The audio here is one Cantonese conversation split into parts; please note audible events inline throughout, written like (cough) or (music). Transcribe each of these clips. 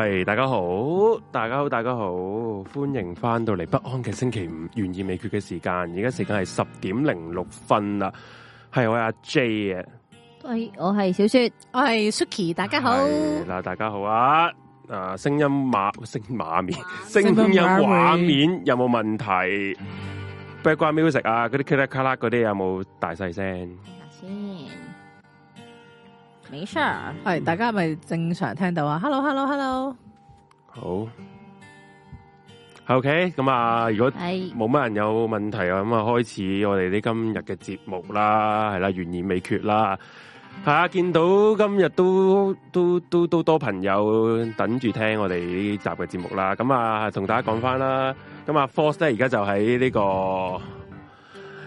係大家好，hey, 大家好，大家好，歡迎翻到嚟不安嘅星期五懸疑未決嘅時間，而家時間係十點零六分啦。係我阿、啊、J 嘅、啊，係我係小雪，我係 Suki，大家好，嗱、hey, 大家好啊，啊，聲音馬聲馬面聲音畫面有冇問題？background music 啊，嗰啲卡啦卡啦嗰啲有冇大細聲？冇事，啊，係大家係咪正常聽到啊？Hello，Hello，Hello，hello 好，OK。咁啊，如果冇乜人有問題啊，咁啊，開始我哋呢今日嘅節目啦，係啦，啊，懸而未決啦，係啊，見到今日都都都都多朋友等住聽我哋呢集嘅節目啦。咁啊，同大家講翻啦。咁啊，Force 咧，而家就喺呢，這個。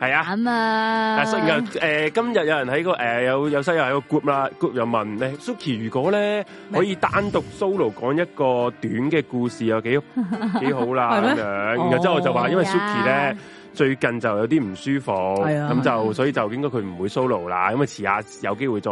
係啊咁啊、呃、今日有人喺個、呃、有有西有個 group 啦，group 又問、欸、Suki 如果咧麼可以單獨 solo 講一個短嘅故事有幾幾好啦，啊、咁 (laughs) 嗎樣，然後之後我就話因為 Suki、啊、咧最近就有啲唔舒服，咁、啊、就所以就應該佢唔會 solo 啦，咁啊遲下有機會再。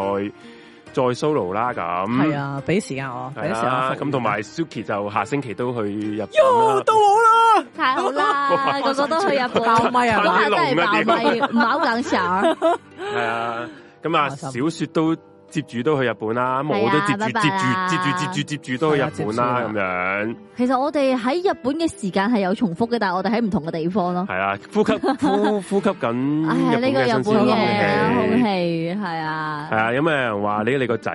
再 solo 啦咁，係啊，俾時間我，俾時間我。咁同埋 Suki 就下星期都去日本，呦，到我啦，太好啦，個個都去日本，搞米啊，真係搞唔好緊係啊，咁啊，小雪都接住都去日本啦，我都接住接住接住接住接住都去日本啦，咁樣。其實我哋喺日本嘅時間係有重複嘅，但係我哋喺唔同嘅地方咯。係啊，呼吸呼呼吸緊。呢個日本嘅空氣，係啊。係啊，有咩人話你你個仔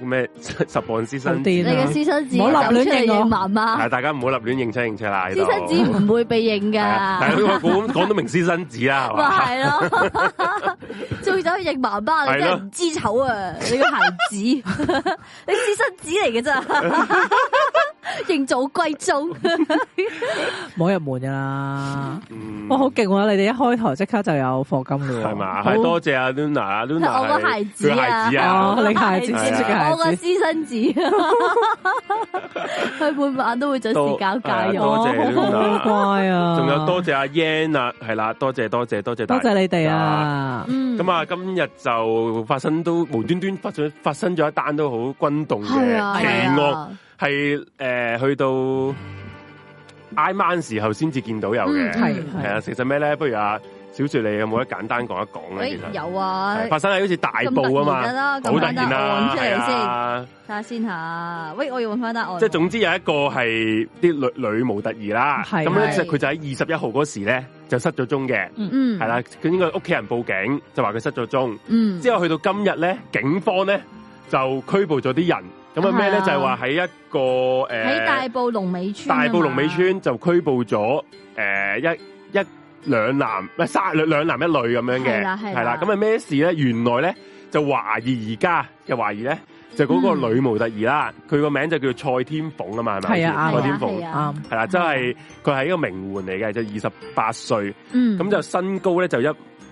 咩十磅私生子？你嘅私生子唔好立亂認媽媽。大家唔好立亂認親認親啦。私生子唔會被認噶。係啊，講講到明私生子啦。咪係咯，仲走去認媽媽？係咯，唔知醜啊！你個孩子，你私生子嚟嘅啫。認祖貴宗，冇入門㗎喇。我好勁，你哋一開台即刻就有課金嘅。係嘛？係多謝阿好 Luna，是是我個孩子啊，的孩子啊我個、啊、私生子，佢 (laughs) (laughs) 每晚都會準時搞家務。多謝好乖啊！仲 (laughs) 有多謝阿 Yen 啊，係啦，多謝多謝多謝，多謝，多謝，多謝你哋啊。咁啊、嗯，今日就發生都無端端發生發生咗一單都好轟動嘅奇案。係誒，去到挨晚時候先至見到有嘅，係係啊。其實咩咧？不如啊，小雪你有冇得簡單講一講咧？其實有啊，發生喺好似大埔啊嘛，好突然啦，出嚟先，睇下先吓。喂，我要換翻得案。即係總之有一個係啲女女模特兒啦，咁咧佢就喺二十一號嗰時咧就失咗蹤嘅，係啦。佢應該屋企人報警，就話佢失咗蹤。嗯，之後去到今日咧，警方咧就拘捕咗啲人。咁啊咩咧就係話，喺一個誒喺大埔龍尾村，大埔龍尾村就拘捕咗誒，一一兩男唔，三兩兩男一女咁樣嘅，係啦。咁啊咩事咧，原來咧就懷疑而家嘅，懷疑咧就嗰個女模特兒啦，佢個名就叫蔡天鳳啊嘛。係啊係啊係啊，蔡天鳳係啦，真係佢係一個名媛嚟嘅，就二十八歲。嗯，咁就身高咧就一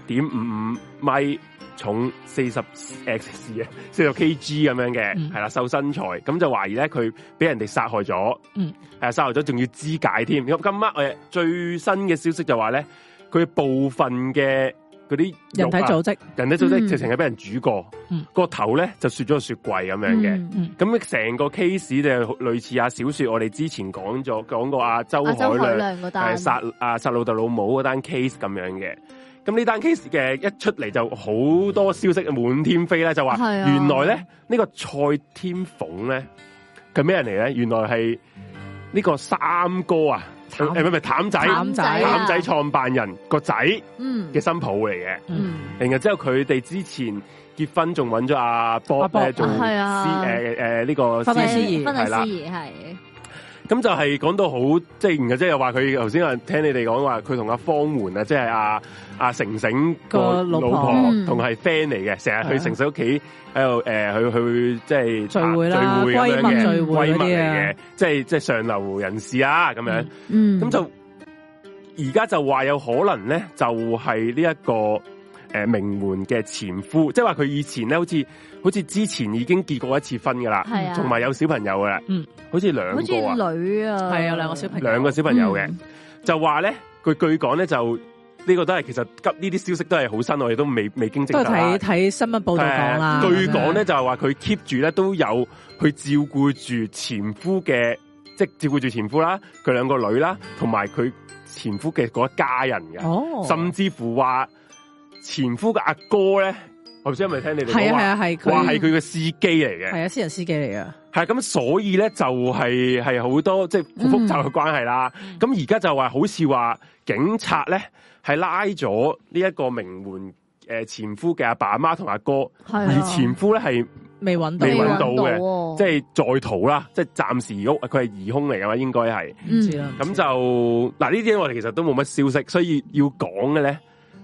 點五五米。重四十 X 嘅，四十 kg 咁樣嘅，係啦、嗯、瘦身材，咁就懷疑咧佢俾人哋殺害咗，係、嗯、啊殺害咗，仲要肢解添。咁今晚誒最新嘅消息就話咧，佢部分嘅嗰啲人體組織，人體組織直情係俾人煮過，嗯、個頭咧就雪咗、嗯嗯、個雪櫃咁樣嘅。咁成個 case 就類似阿小說，我哋之前講咗講過阿、啊、周海亮，係殺阿殺老豆老母嗰單 case 咁樣嘅。咁呢單 case 嘅一出嚟就好多消息滿天飛咧，就話原來咧呢個蔡天鳳咧佢咩人嚟咧？原來係呢個三哥啊，誒唔係唔係譚仔，譚仔、啊、譚仔創辦人個仔嘅新抱嚟嘅。嗯嗯、然後之後佢哋之前結婚仲揾咗阿波，仲係啊誒誒呢個 C，思了司儀，係啦司儀係。咁就係講到好，即、就、係、是，然後即係又話佢頭先啊，聽你哋講話，佢同阿方媛啊，即係阿阿成成個老婆，同係 friend 嚟嘅，成日、嗯、去成成屋企喺度，誒、呃，去去即係、就是、聚會啦，啊、會咁嘅，閨蜜嚟嘅即係即係上流人士啊，咁樣，咁、嗯、就而家、嗯、就話有可能咧，就係呢一個誒名、呃、門嘅前夫，即係話佢以前咧好似。好似之前已經結過一次婚噶啦，同埋、啊、有小朋友噶啦，嗯、好似兩個啊，女啊，係啊，兩個小朋友，兩個小朋友嘅、嗯，就話咧，佢據講咧，就呢個都係其實急呢啲消息都係好新，我哋都未未經證實，睇睇新聞報道講啦，據講咧就係話佢 keep 住咧都有去照顧住前夫嘅，即係照顧住前夫啦，佢兩個女啦，同埋佢前夫嘅嗰一家人嘅，哦、甚至乎話前夫嘅阿哥咧。頭先係咪聽你哋係啊係啊係，話係佢嘅司機嚟嘅，係啊，私人司機嚟噶。係咁，所以咧就係係好多即係、好、複雜嘅關係啦。咁而家就話好似話警察咧係拉咗呢一個名媛誒前夫嘅阿爸阿媽同阿哥，係啊，而前夫咧係未揾到未揾到嘅，即係、哦、在逃啦，即係暫時是空佢係疑凶嚟嘅嘛，應該係唔知啦。咁就嗱呢啲我哋其實都冇乜消息，所以要講嘅咧。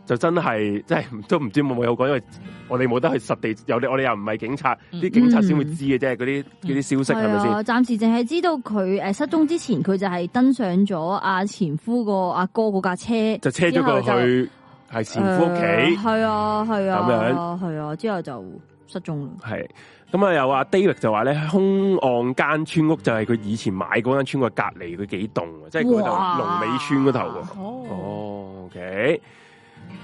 就真係，即係都唔知會唔會有講，因為我哋冇得去實地，有啲我哋又唔係警察，啲、嗯、警察先會知嘅啫，嗰啲嗰啲消息係咪先？我暫、嗯、吧時淨係知道佢誒失蹤之前，佢就係登上咗阿前夫個阿哥嗰架車，就車咗過去係前夫屋企，係啊係啊，咁、啊啊、樣係啊，啊，之後就失蹤喇。係咁啊，又話 David 就話咧，空岸間村屋就係佢以前買嗰間村嘅隔離，佢幾棟，即係嗰度龍、是、尾村嗰頭。哦哇、oh，OK。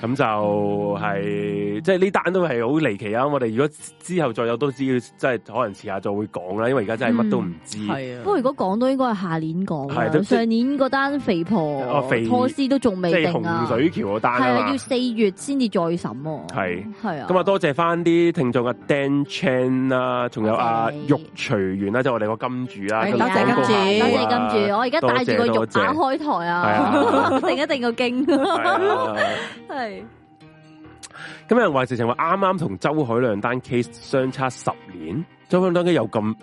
咁就係、是嗯、即係呢單都係好離奇啊！我哋如果之後再有都知，即係可能遲下就會講啦。因為而家真係乜都唔知。係、嗯、啊。不過如果講都應該係下年講。係、啊。上年嗰單肥婆。哦、啊，肥。拖都仲未定洪、啊、水橋嗰單,單、啊。係啊，要四月先至再審。係。係啊。咁啊，多謝翻啲聽眾嘅 Dan Chan 啦，仲有阿、啊、玉隨員啦，即、就、係、是、我哋個金主啦、啊。啊啊、多謝金主，多謝金主，多謝金主。我而家帶住個玉瓦開台啊，定、啊、 (laughs) 一定要經。 (laughs) 係，今日話事情話啱啱同周海亮單 case 相差十年，周海亮單 case 有咁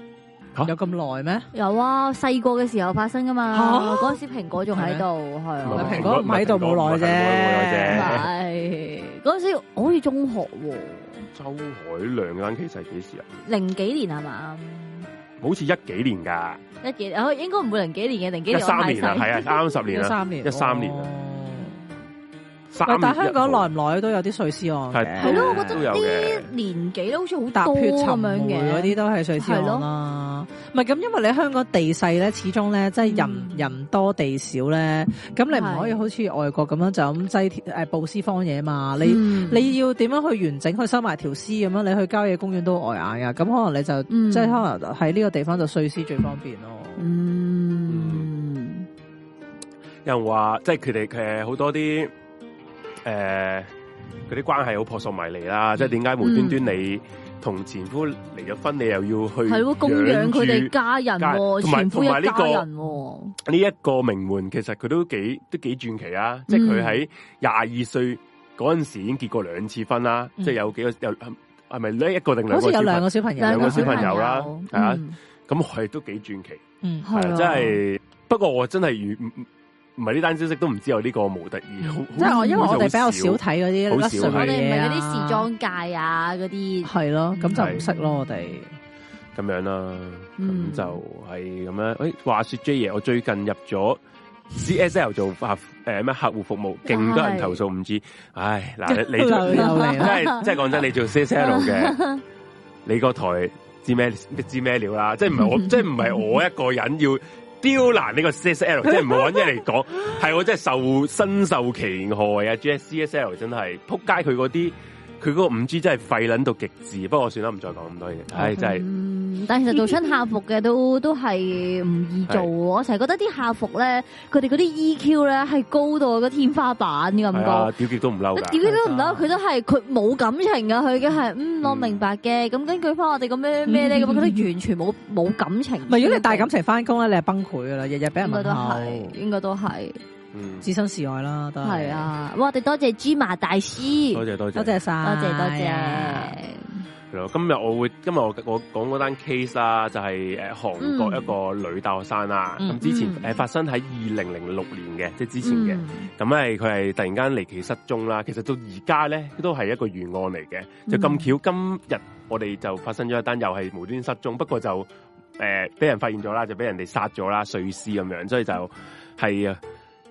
吓有咁耐咩？有啊，細個嘅時候發生噶嘛，嗰時蘋果仲喺度，係蘋果唔喺度冇耐啫，唔係嗰時好似中學。周海亮單 case 係幾時啊？零幾年係嘛？好似一幾年噶，一幾啊？應該唔會零幾年嘅，零幾年一三年啊，係啊，啱十年啦，一三年。但香港耐唔耐都有啲碎屍案，係咯？我覺得啲年紀好都好似好多咁樣嘅嗰啲都係碎屍案啦。唔係咁的，因為你香港地勢咧，始終咧即係人、嗯、人多地少咧，咁你唔可以好似外國咁樣就咁擠、哎、布佈屍荒野啊嘛！你、嗯、你要點樣去完整去收埋條屍咁樣？你去郊野公園都礙眼噶，咁可能你就即係、嗯、可能喺呢個地方就碎屍最方便咯。嗯，嗯有人話即係佢哋其實好多啲。誒，嗰啲關係好撲朔迷離啦，即係點解無端端你同前夫離咗婚，你又要去係供養佢哋家人，前夫一家人，同埋同埋呢個呢一個名門，其實佢都幾都幾傳奇啊！即係佢喺廿二歲嗰陣時已經結過兩次婚啦，即係有幾個有係咪呢一個定兩個？好似有兩個小朋友，兩個小朋友啦，係啊，咁佢都幾傳奇，係真係。不過我真係如唔係呢單消息都唔知有呢個冇得意，即係我因為我哋比較少睇嗰啲，我哋唔係啲時裝界啊嗰啲，係咯，咁就唔識咯我哋。咁樣啦，咁就係咁啦。誒，話説 J 爺，我最近入咗 CSL 做客咩客戶服務，勁多人投訴唔知，唉，嗱，你做，即係即係講真，你做 CSL 嘅，你個台知咩？知咩料啦？即係唔係我？即係唔係我一個人要？刁難呢個 C S L，即係唔好揾嘢嚟講，係 (laughs) 我真係受深受其害啊！G S C (laughs) S L 真係，撲街佢嗰啲。佢嗰個五 G 真係廢捻到極致，不過我算啦，唔再講咁多嘢。係真係，就是、嗯，但其實做親客服嘅都都係唔易做。 (laughs) 我成日覺得啲客服咧，佢哋嗰啲 EQ 咧係高到個天花板咁高。啊、都唔嬲，表杰都唔嬲，佢、啊、都係佢冇感情噶。佢已經係，嗯，嗯我明白嘅。咁根據翻我哋個咩咩咧，咁覺得完全冇冇感情。咪如果你大感情翻工咧，你係崩潰噶啦，日日俾人問應該。應該都係，應該都係。嗯，置身事外啦，都係啊，我哋多謝芝麻大師，多謝多謝多謝晒，多謝多謝。係咯，今日我會今日我我講嗰單 case 啦，就係誒韓國一個女大學生啦。咁之前誒發生喺二零零六年嘅，即係之前嘅。咁咧，佢係突然間離奇失蹤啦。其實到而家咧，都係一個懸案嚟嘅。就咁巧，今日我哋就發生咗一單又係無端失蹤，不過就誒俾人發現咗啦，就俾人哋殺咗啦，碎屍咁樣，所以就係啊。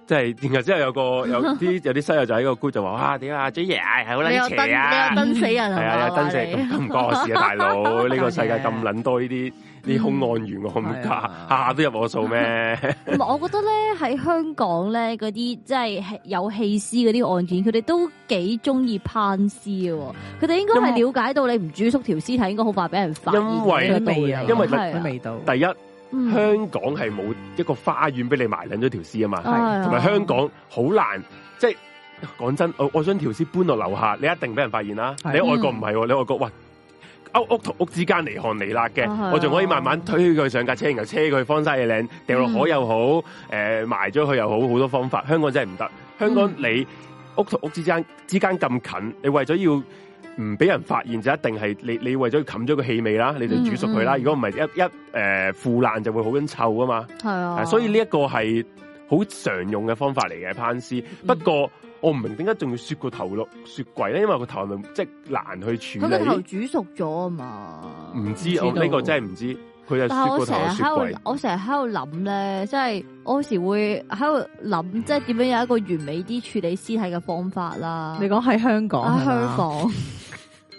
即係然後之後有個有啲有啲西人就喺個姑就話啊，點啊 J 爺，係好撚邪啊，死人係啊，有死咁唔關我事。大佬，呢個世界咁撚多呢啲呢兇案員㗎，下下都入我數咩？我覺得咧喺香港咧嗰啲即係有棄屍嗰啲案件，佢哋都幾鍾意攀屍嘅。佢哋應該係了解到你唔煮熟條屍體，應該好快俾人發現嘅味道。因為第一。嗯、香港係冇一個花園俾你埋捻咗條屍啊嘛，同埋是香港好難，即係講真，我我想條屍搬到樓下，你一定俾人發現啦的、哦。你喺外國唔係，你外國喂屋屋同屋之間離寒離辣嘅，的我仲可以慢慢推佢上架車，然後車佢去荒山野嶺，掉落海又好，誒的、呃、埋咗佢又好，好很多方法。香港真係唔得，香港你屋同屋之間之間咁近，你為咗要。唔俾人發現就一定係你你為咗冚咗個氣味啦，你就煮熟佢啦。如果唔係一一、誒、呃、腐爛就會好緊臭㗎嘛。係啊，所以呢一個係好常用嘅方法嚟嘅，烹屍。不過我唔明點解仲要雪個頭落雪櫃咧，嗯、因為個頭咪即係難去處理。咁樣頭煮熟咗啊嘛？唔知，知我呢個真係唔知，佢就雪個頭雪櫃。我成日喺度諗咧，即、就、係、是、我時會喺度諗，即係點樣有一個完美啲處理屍體嘅方法啦。你講喺香港？啊、吧香港。 (laughs)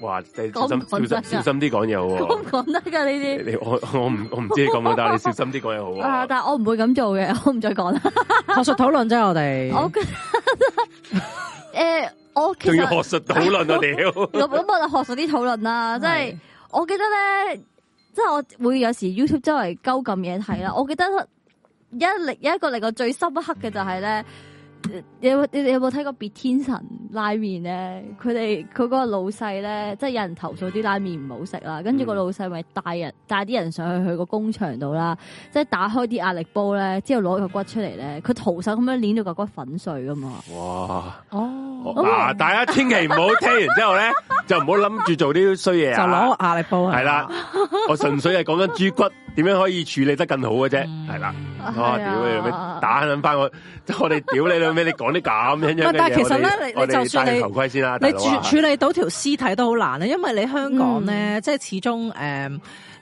哇，小心小心小心，啲講嘢好講得噶呢啲。我我唔我唔知你講唔得，你小心啲講嘢好啊。但係我唔會咁做嘅，我唔再講啦。學術討論啫，我哋。我嘅，誒,我仲要學術討論我哋！咁咁我學術啲討論啦，即係我記得咧，即係我會有時 YouTube 周圍勾咁嘢睇啦。我記得一嚟，有一個令我最深刻嘅就係咧。有冇你你有冇睇過別天神拉麵咧？佢哋佢嗰個老細咧，即係有人投訴啲拉麵唔好食啦，跟住個老細咪帶人帶啲人上去去個工場度啦，即係打開啲壓力煲咧，之後攞個骨出嚟咧，佢徒手咁樣捻到個骨粉碎噶嘛。哇！哦，嗱，大家千祈唔好聽完之後咧，就唔好諗住做啲衰嘢啊！就攞壓力煲啊！係啦， (laughs) 我純粹係講緊豬骨。點樣可以處理得更好嘅啫？係啦，屌你打響翻我，我哋屌你老咩？你講啲咁樣樣。但係其實咧，你就算你頭盔先啦，你處處理到條屍體都好難咧，因為你香港咧，即係始終誒，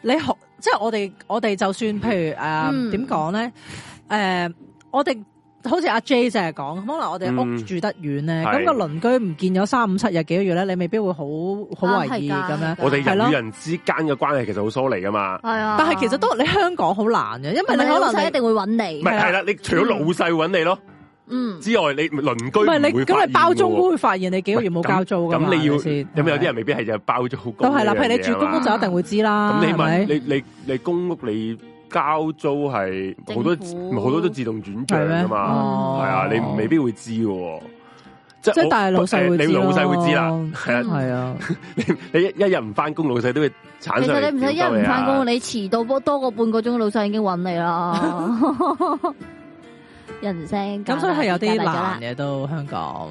你學即係我哋，我哋就算譬如誒，點講咧？誒，我哋。好似阿 J 就係講，可能我哋屋住得遠咧，咁個鄰居唔見咗三五七日幾個月咧，你未必會好好維繫咁樣。我哋人與人之間嘅關係其實好疏離噶嘛。係啊，但係其實都你香港好難嘅，因為你老細一定會搵你。唔係係啦，你除咗老細揾你咯，嗯之外，你鄰居唔係你咁，你包租會發現你幾個月冇交租噶。咁你要，有冇有啲人未必係就包租好高？都係啦，譬如你住公屋就一定會知啦。咁你問你你你公屋你？交租係好多好多都自動轉賬噶嘛，係啊，你未必會知嘅，即係但係老細會，你老細會知啦，係啊係啊，你你一一日唔翻工老細都會鏟上嚟。其實你唔使一日唔翻工你遲到多多過半個鐘，老細已經搵你啦。人聲咁所以係有啲難嘅，都香港。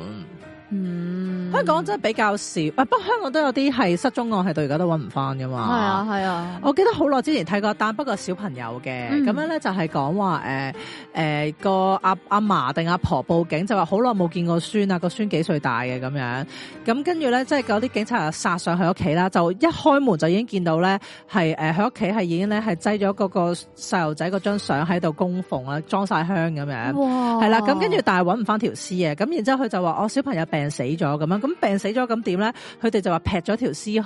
嗯，他香港真係比較少，誒，不過香港都有啲係失蹤案，係到而家都揾唔翻噶嘛。係啊，係啊。我記得好耐之前睇過但不過小朋友嘅，咁、嗯、樣咧就係講話，誒、呃，誒個阿阿嫲定阿婆報警，就話好耐冇見過孫啊，個孫幾歲大嘅咁樣，咁跟住咧即係啲警察殺上去屋企啦，就一開門就已經見到咧係誒佢屋企係已經咧係擠咗個細路仔張相喺度供奉啊，裝晒香咁樣，係啦哇，咁跟住但係揾唔翻條屍嘅，咁然之後佢就話我、哦、小朋友病。死咗咁樣，咁病死咗咁點咧？佢哋就話劈咗條屍去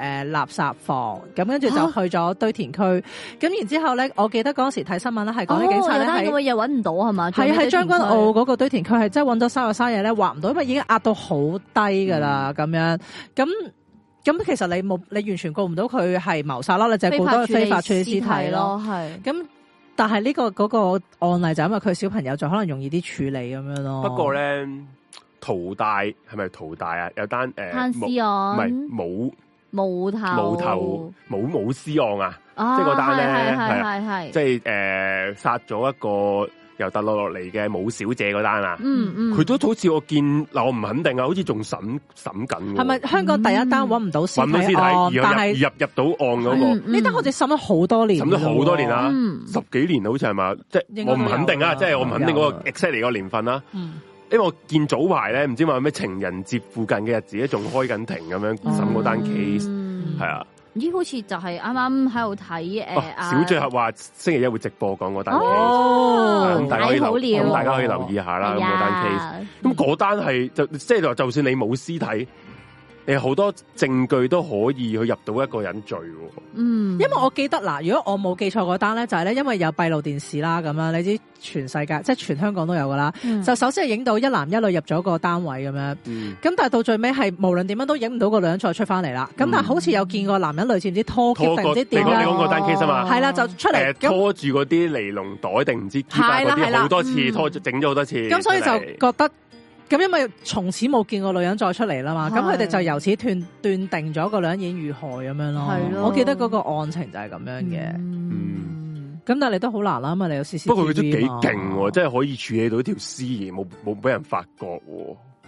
誒垃圾房，咁跟住就去咗堆填區。咁、啊、然之後咧，我記得嗰時睇新聞啦係講啲警察係係咁嘅嘢搵唔到係嘛？係係將軍澳嗰個堆填區係真係揾咗三日三夜咧，挖唔到，因為已經壓到好低噶啦，咁、嗯、樣咁咁，其實你冇你完全告唔到佢係謀殺咯，嗯、你就係告到非法處理屍體咯，係咁。但係呢、這個嗰、那個案例就因為佢小朋友就可能容易啲處理咁樣咯。不過咧。淘大係咪淘大啊？有單誒，冇冇頭冇冇屍案啊？即係嗰單咧，係係係即係誒殺咗一個由特洛落嚟嘅冇小姐嗰單啊！嗯嗯，佢都好似我見嗱，我唔肯定啊，好似仲審審緊嘅。係咪香港第一單揾唔到屍體案？但係入入到案嗰個呢單我哋審咗好多年，審咗好多年啦，十幾年好似係嘛？即係我唔肯定啊，即係我唔肯定嗰個 exactly 個年份啦。因為我見早排咧，唔知話咩情人節附近嘅日子咧，仲開緊庭咁樣審嗰單 case，係啊，你好似就係啱啱喺度睇誒，啊啊、小最合話星期一會直播講嗰單，咁、哦啊、大家可以留，咁大家可以留意下啦。咁嗰單 case，咁嗰單係就即係就算你冇屍體。好多證據都可以去入到一個人罪喎。嗯，因為我記得嗱，如果我冇記錯嗰單咧，就係咧，因為有閉路電視啦，咁樣你知全世界即係全香港都有噶啦。就首先係影到一男一女入咗個單位咁樣，咁但係到最尾係無論點樣都影唔到個女人再出翻嚟啦。咁但係好似有見過男人類似唔知拖定唔知點，你講過單 case 啊嘛？係啦，就出嚟、呃、拖住嗰啲尼龍袋定唔知，係啦、係啦、好多次拖整咗好多次。咁、嗯嗯嗯嗯嗯、所以就覺得。咁因為從此冇見過女人再出嚟啦嘛，咁佢哋就由此斷斷定咗個女人已經遇害咁樣咯。係咯，我記得嗰個案情就係咁樣嘅。嗯，嗯，咁但係你都好難啦，咁啊你有 C C T V 不過佢都幾勁，啊、真係可以處理到條屍，冇冇俾人發覺。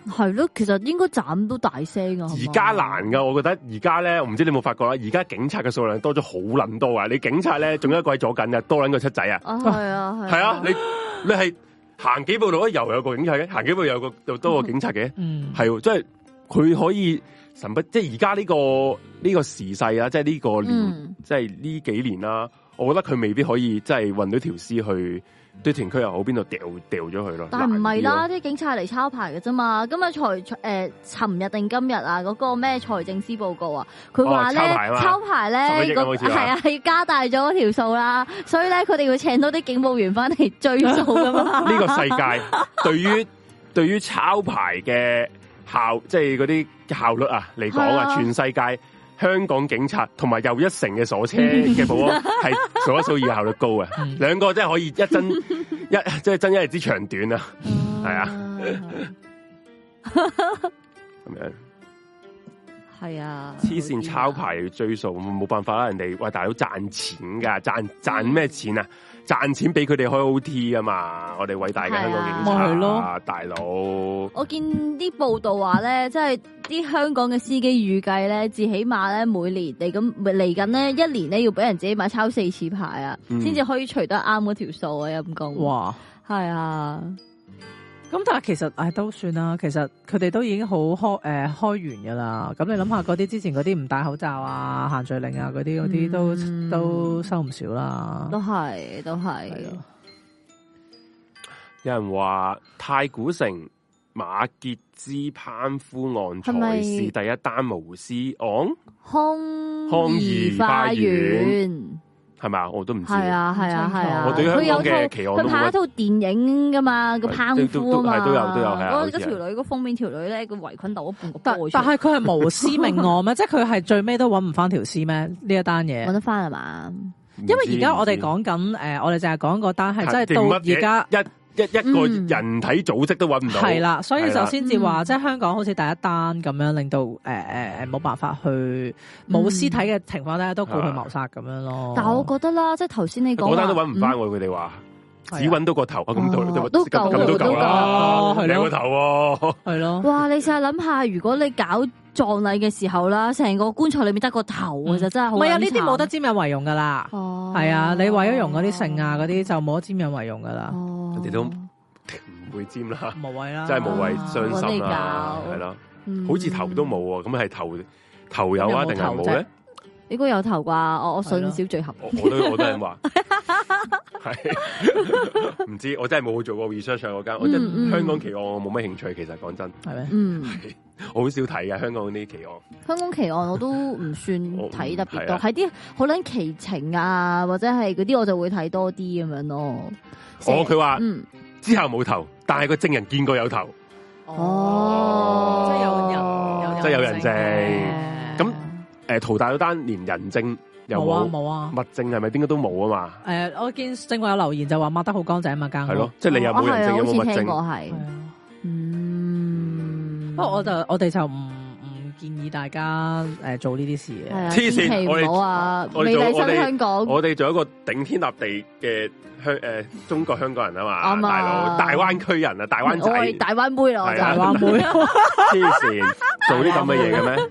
係咯，其實應該斬都大聲噶。而家難噶，我覺得而家咧，唔知你有冇發覺啦？而家警察嘅數量多咗好捻多啊！你警察咧仲有一個係坐緊噶，多捻個七仔啊！啊，係啊，係啊，你你係。行幾步路、哎、又有個警察嘅；行幾步又有個又多個警察嘅。嗯，係，即係佢可以神不？即係而家呢個呢、這個時勢啊，即係呢個年，嗯、即係呢幾年啦、啊。我覺得佢未必可以，即係運到條屍去。堆填區又好，邊度掉掉咗佢咯？但唔係啦，啲警察嚟抄牌嘅啫嘛。咁啊財、呃、尋日定今日啊，嗰、嗰個咩財政司報告啊，佢話咧抄牌咧，係啊係、啊、加大咗條數啦。所以咧，佢哋要請多啲警務員翻嚟追數噶嘛。呢 (laughs) 個世界對於對於抄牌嘅效，即係嗰啲效率啊嚟講是啊，全世界。香港警察同埋又一城嘅鎖車嘅保安係數一數二效率高啊！ (laughs) 兩個真係可以一爭 (laughs) 一即係、就是、爭一日之長短啊！係啊，咁樣係啊！黐線抄牌追數，冇冇辦法啊！人哋喂大佬賺錢㗎，賺賺咩錢啊？賺錢俾佢哋開 OT 啊嘛！我哋偉大嘅香港警察，大佬。我見啲報道話咧，即係啲香港嘅司機預計咧，至起碼咧每年嚟，咁嚟緊咧一年咧要俾人自己買抄四次牌啊，先至、嗯、可以除得啱嗰條數啊！有冇講？哇！係啊。咁但係其實，唉，都算啦，其實佢哋都已經好開誒、呃、開完噶啦。咁你諗下嗰啲之前嗰啲唔戴口罩啊、限聚令啊嗰啲、嗰啲都都收唔少啦。都係都係。了有人話太古城馬傑之烹夫案才是第一單無屍案。康康怡花園。空係咪啊？我都唔知。係啊，係啊，係啊。佢、啊、有套佢拍一套電影噶嘛？個胖夫啊嘛。係都有，都有嗰條女，嗰封面條女咧，個圍困到咗半個。但但係佢係無屍命案咩？即係佢係最尾都搵唔翻條屍咩？呢一單嘢。搵得翻係嘛？因為而家我哋講緊誒，我哋淨係講個單係，真係到而家一。一一個人體組織都揾唔到。係啦，嗯，所以就先至話，嗯，即係香港好似第一單咁樣，令到誒誒冇辦法去冇屍體嘅情況底下都告佢謀殺咁樣咯，啊。但係我覺得啦，即係頭先你講，第一單都揾唔翻喎，佢哋話。只揾到個頭啊，咁多都夠，咁都夠啦，係兩個頭。係咯。係咯。哇，你試下諗下，如果你搞葬禮嘅時候啦，成個棺材裏面得個頭，其實真係好係啊。呢啲冇得瞻仰遺容噶啦，係啊。你為咗用嗰啲剩啊嗰啲，就冇得瞻仰遺容噶啦，人哋都唔會瞻啦，冇謂啦，真係無謂傷心啊，係咯。好似頭都冇啊，咁係頭頭有啊，定係冇咧？應該有頭啩，我我信少組合。我都我都有話，係唔知，我真係冇做過 research 上嗰間，真香港奇案我冇咩興趣。其實講真，係咩？嗯，我好少睇嘅香港啲奇案。香港奇案我都唔算睇得太多，喺啲好捻奇情啊，或者係嗰啲我就會睇多啲咁樣咯。哦，佢話嗯，之後冇頭，但係個證人見過有頭。哦，真係有人，真係有人證。誒，淘大嗰單，連人證有冇？冇啊，冇啊。物證係咪邊個都冇啊嘛？誒，我見正話有留言就話抹得好乾淨啊嘛，間係咯，即係你又冇人證冇物證。我係之前聽過係嗯，不過我就我哋就唔唔建議大家誒做呢啲事嘅。黐線，我哋我哋我哋我哋做一個頂天立地嘅香誒中國香港人啊嘛，大佬大灣區人啊，大灣大我係大灣區咯，大灣區，黐線，做啲咁嘅嘢嘅咩？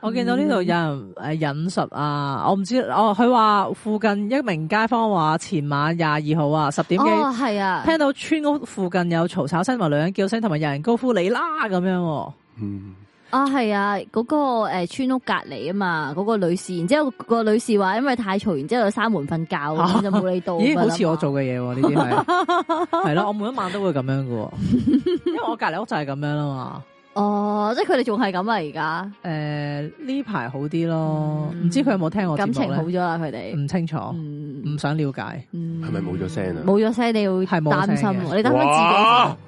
我見到呢度有人誒引述啊，我唔知哦，佢、啊、話附近一名街坊話前晚廿二號啊十點幾，哦係啊，聽到村屋附近有嘈吵聲同埋女人叫聲，同埋有人高呼你啦咁樣、啊。嗯，啊係啊，嗰、啊嗰個誒、呃、村屋隔籬啊嘛，嗰、嗰個女士，然之後個女士話因為太嘈，然之後就閂門瞓覺，啊、哈哈就冇理到、啊。咦，好似我做嘅嘢呢啲係，係啦，我每一晚都會咁樣噶、啊，因為我隔籬屋就係咁樣啦、啊、嘛。哦，即係佢哋仲係咁啊，而家誒呢排好啲咯，唔、嗯、知佢有冇聽我？感情好咗啦，佢哋唔清楚，唔、嗯、想了解，係咪冇咗聲啊？冇咗聲，你要係擔心，你等佢自己。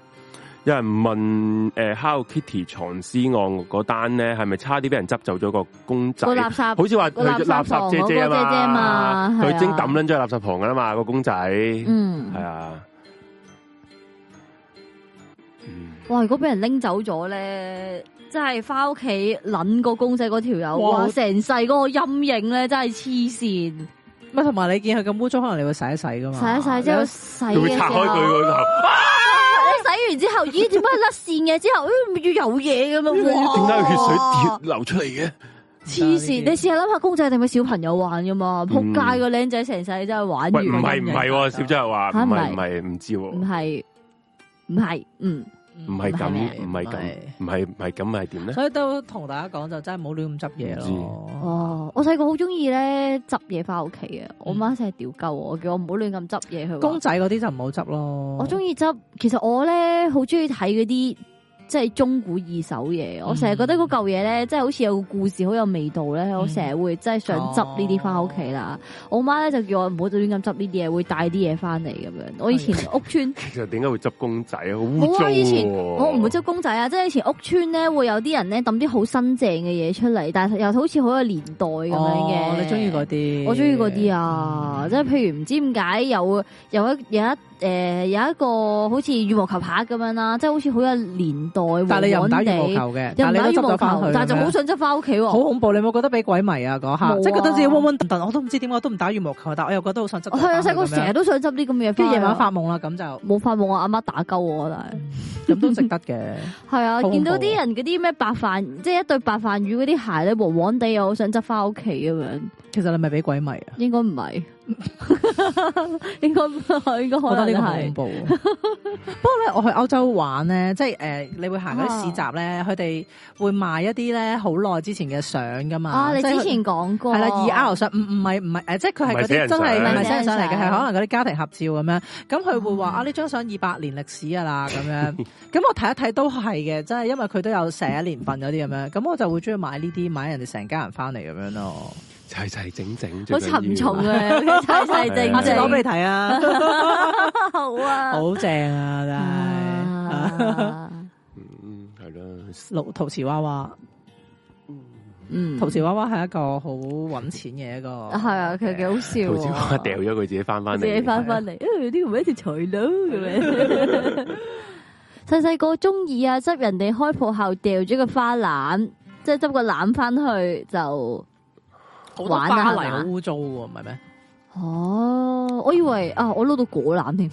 有人問誒、欸、，Hello Kitty 藏屍案嗰單咧，係咪差啲俾人執走咗個公仔？個垃圾，好似話佢垃圾姐姐啊嘛，佢正抌捻咗喺垃圾旁噶啦嘛，個公仔。嗯嘩，係啊。哇！如果俾人拎走咗咧，真係翻屋企捻個公仔嗰條友，哇！成世嗰個陰影咧，真係黐線。咪同埋你見佢咁污糟，可能你會洗一洗噶嘛？洗一洗之後，洗嘅時候。洗完之後，咦，點解甩線嘅？之後誒，要有嘢咁樣？點解血水流出嚟嘅？黐線，你試下諗下公仔定係小朋友玩㗎嘛？嗯、仆街個靚仔成世真係玩呢啲嘢。唔係唔係，小姐話唔係唔係唔知喎，唔係唔係，嗯。唔係咁，唔係咁，唔係唔係咁，係點咧？是呢，所以都同大家講，就真係唔好亂咁執嘢咯。哦，我細個好中意咧執嘢翻屋企啊！我媽成日屌鳩我，叫我唔好亂咁執嘢去、嗯。說公仔嗰啲就唔好執咯。我中意執，其實我咧好中意睇嗰啲。即係中古二手嘢，嗯、我成日覺得嗰舊嘢咧，即係好似有個故事，好、嗯、有味道咧。嗯、我成日會即係想執呢啲翻屋企啦。哦、我媽咧就叫我唔好再亂咁執呢啲嘢，會帶啲嘢翻嚟咁樣。我以前屋邨， (laughs) 其實點解會執公仔好污糟、啊啊？以前我唔會執公仔啊，即、就、係、是、以前屋邨咧會有啲人咧抌啲好新淨嘅嘢出嚟，但係又好似好有年代咁樣嘅、哦。你中意嗰啲？我中意嗰啲啊，即係、嗯、譬如唔知點解有有一有一。有一誒，有一個好似羽毛球拍咁樣啦，即係好似好有年代但你又，又唔打羽毛球嘅。又唔打羽毛球，但係就好想執翻屋企。好恐怖，你有冇覺得俾鬼迷啊？嗰下，即係覺得自己嗡嗡騰騰，我都唔知點解，都唔打羽毛球，但我又覺得好想執。係啊，細個成日都想執啲咁嘅嘢，即係夜晚發夢啦，咁就冇發夢，我阿媽打鳩我，但係咁都值得嘅。係啊，見到啲人嗰啲咩白飯，即係一對白飯魚嗰啲鞋咧，黃黃地，又好想執翻屋企咁樣。其實你咪俾鬼迷啊？應該唔係，應該應該可能係，我覺得呢個恐怖。不過咧，我去歐洲玩咧，即係誒，你會行嗰啲市集咧，佢哋會賣一啲咧好耐之前嘅相噶嘛。啊，你之前講過係啦，二 R 相唔唔係唔係誒，即係佢係嗰啲真係，係真係上嚟嘅，係可能嗰啲家庭合照咁樣。咁佢會話啊，呢張相二百年歷史啊啦，咁樣。咁我睇一睇都係嘅，真係因為佢都有寫一年份嗰啲咁樣。咁我就會中意買呢啲，買人哋成家人翻嚟咁樣咯。齊齊整整，好沉重嘅，齊齊整整，我講俾你睇啊，好啊， (laughs) 好正啊，係，嗯，係囉、 (laughs) 嗯，六陶瓷娃娃，嗯，陶瓷娃娃係一個好揾錢嘅一個，係啊， (laughs) 佢幾好笑，陶瓷娃娃掉咗佢自己翻翻嚟，自己翻翻嚟，咦的，呢、哎這個唔係一條財佬嘅咩？細細個中意啊，執人哋開鋪後掉咗個花籃，即係執個籃翻去就。花好污糟喎，唔係咩？哦，我以為啊，我攞到果籃添，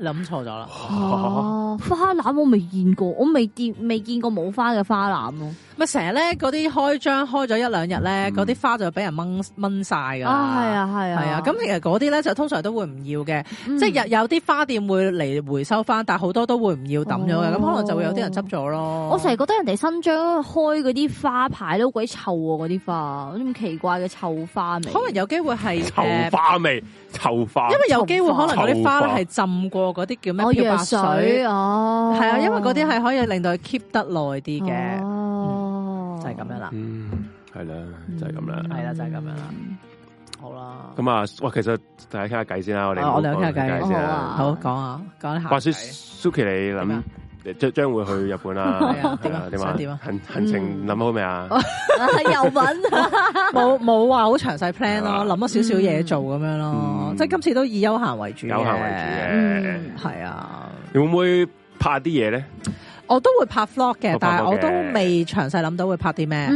諗錯咗啦。哦，花籃我未見過，我未見未見過冇花嘅花籃咯。咪成日咧嗰啲開張開咗一兩日咧，嗰啲、嗯、花就俾人掹掹曬㗎啦。啊，係啊，係啊。係啊，咁其實嗰啲咧就通常都會唔要嘅，嗯、即係有有啲花店會嚟回收翻，但係好多都會唔要抌咗嘅，咁、哦、可能就會有啲人執咗咯。我成日覺得人哋新張開嗰啲花牌都鬼臭喎，嗰啲花咁奇怪嘅臭花味。可能有機會係臭花味，臭花。因為有機會可能嗰啲花咧係浸過嗰啲叫咩漂白水，水哦。係啊，因為嗰啲係可以令到佢 keep 得耐啲嘅。哦就係咁樣啦，係啦，就係咁啦，係啦，就係咁樣啦，好啦。咁啊，喂，其實大家傾下偈先啦，我哋我哋傾下偈先啦，好講啊，講下。話說 Suki，你諗將將會去日本啊？點啊？點啊？行程諗好未啊？又問，冇冇話好詳細 plan 咯，諗咗少少嘢，做咁樣咯，即係今次都以休閑為主，休閑為主嘅，係啊。你會唔會拍啲嘢咧？我都會拍 vlog 嘅，但係我都未詳細諗到會拍啲咩，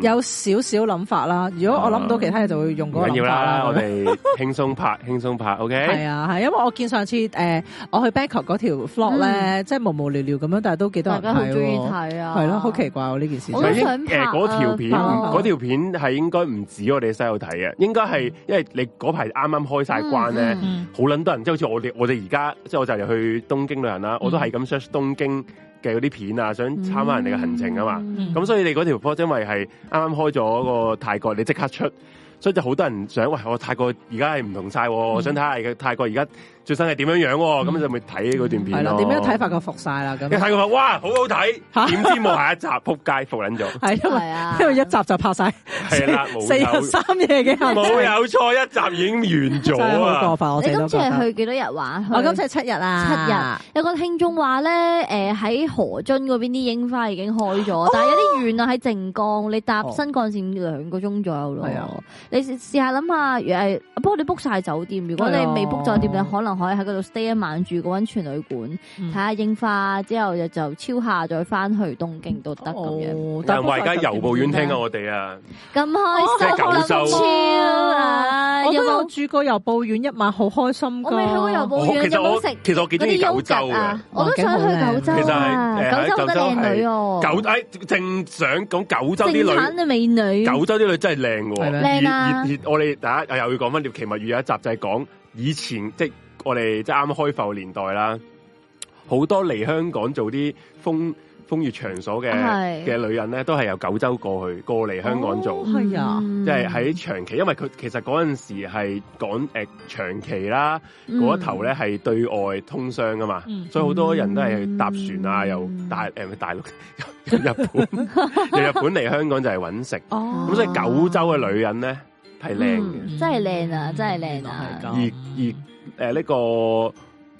有少少諗法啦。如果我諗唔到其他嘢，就會用嗰個諗法啦。我哋輕鬆拍，輕鬆拍，OK？係啊，係因為我見上次誒，我去 Bangkok 嗰條 vlog 咧，即係無無聊聊咁樣，但係都幾多人鍾意睇啊，係咯，好奇怪喎呢件事。嗰條片嗰條片係應該唔止我哋細路睇嘅，應該係因為你嗰排啱啱開晒關咧，好撚多人，即係好似我哋我哋而家即係我就嚟去東京旅行啦，我都係咁 search 東京，嘅啲片啊，想參加人哋嘅行程啊嘛，咁、嗯嗯嗯、所以你嗰條波，因為係啱啱開咗個泰國，你即刻出，所以就好多人想，喂，我泰國而家係唔同曬，嗯、我想睇下泰國而家。最新係點樣樣喎？咁就咪睇嗰段片咯。係啦，點樣睇法？佢服晒啦。咁你睇個話，哇，好好睇嚇，點知冇下一集，撲街服撚咗。係因為啊，因為一集就拍晒。係啦，冇有錯。四日三夜嘅冇有錯，一集已經完咗啊！你今次係去幾多日玩？我今次係七日啊。七日有個聽眾話咧，誒喺河津嗰邊啲櫻花已經開咗，但係有啲遠啊，喺靜岡，你搭新幹線兩個鐘左右咯。係啊，你試下諗下，不過你 book 晒酒店，如果你未 book 酒店，你可能。可以喺嗰度 stay 一晚住個溫泉旅館，睇下櫻花，之後又就超下再翻去東京都得咁樣。但係而家由布院聽啊，我哋啊咁開心，九州啊！我今日住過由布院一晚，好開心。我未去過由布院，其實我其實幾鍾意九州啊！我都想去九州其實係。九州得靚女哦，九正想講九州啲女，靚嘅美女。九州啲女真係靚嘅，靚啦。我哋大家又要講翻碟《奇物語》有一集就係講以前即我哋即係啱啱開埠年代啦，好多嚟香港做啲風風月場所嘅嘅是女人咧，都係由九州過去過嚟香港做，係啊、哦，即係喺長期，因為佢其實嗰陣時係講誒、呃、長期啦，嗰、嗯、一頭咧係對外通商噶嘛，嗯、所以好多人都係搭船啊，又、嗯、大誒、呃、大陸有有日本，入 (laughs) 日本嚟香港就係揾食，咁所以九州嘅女人咧係靚嘅，真係靚啊，真係靚啊，而而。而誒，呢個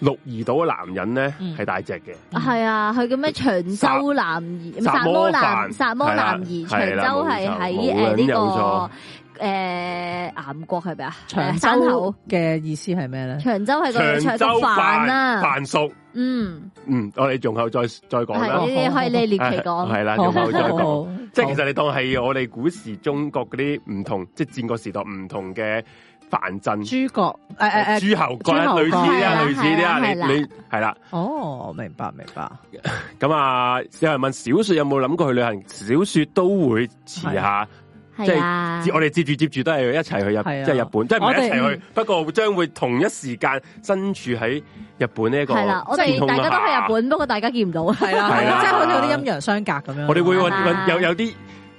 鹿兒島嘅男人咧，係大隻嘅，係啊，佢叫咩？長州男兒，薩摩男，薩摩男兒，長州係喺誒呢個誒岩國係咪啊？長州嘅意思係咩咧？長州係個長州藩啊？藩屬？嗯嗯，我哋隨後再再講啦，你可以你奇講，係啦，隨後再講。即係其實你當係我哋古時中國嗰啲唔同，即係戰國時代唔同嘅。凡震諸葛誒誒誒，諸侯國類似啲啊，類似啲啊，你你係啦。哦，明白明白。咁啊，有人問小說有冇諗過去旅行？小說都會遲下，即係我哋接住接住都係一齊去日，即係日本，即係唔係一齊去，不過將會同一時間身處喺日本呢一個。係啦，即係大家都去日本，不過大家見唔到，係啊，即係好似有啲陰陽相隔咁樣。我哋會揾有有啲。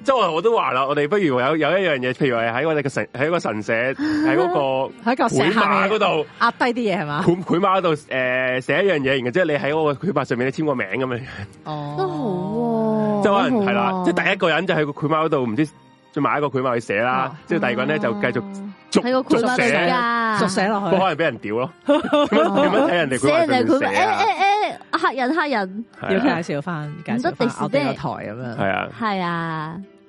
都我都話啦，我哋不如有有一樣嘢，譬如話喺我哋嘅神喺個神社喺個個喺個碼嗰度壓低啲嘢係嘛？血馬嗰度誒寫一樣嘢，然後即係你喺我個血碼上面你簽個名咁樣哦，都好喎。即係可能係啦，即係第一個人就喺個血馬嗰度，唔知再買一個血碼去寫啦。即係第二個人咧就繼續喺個血馬度續寫落去，可能俾人屌咯。點樣睇人哋？寫人哋血碼誒誒誒，客人黑人，要介紹翻，介紹啱啱上台咁樣，係啊，係啊。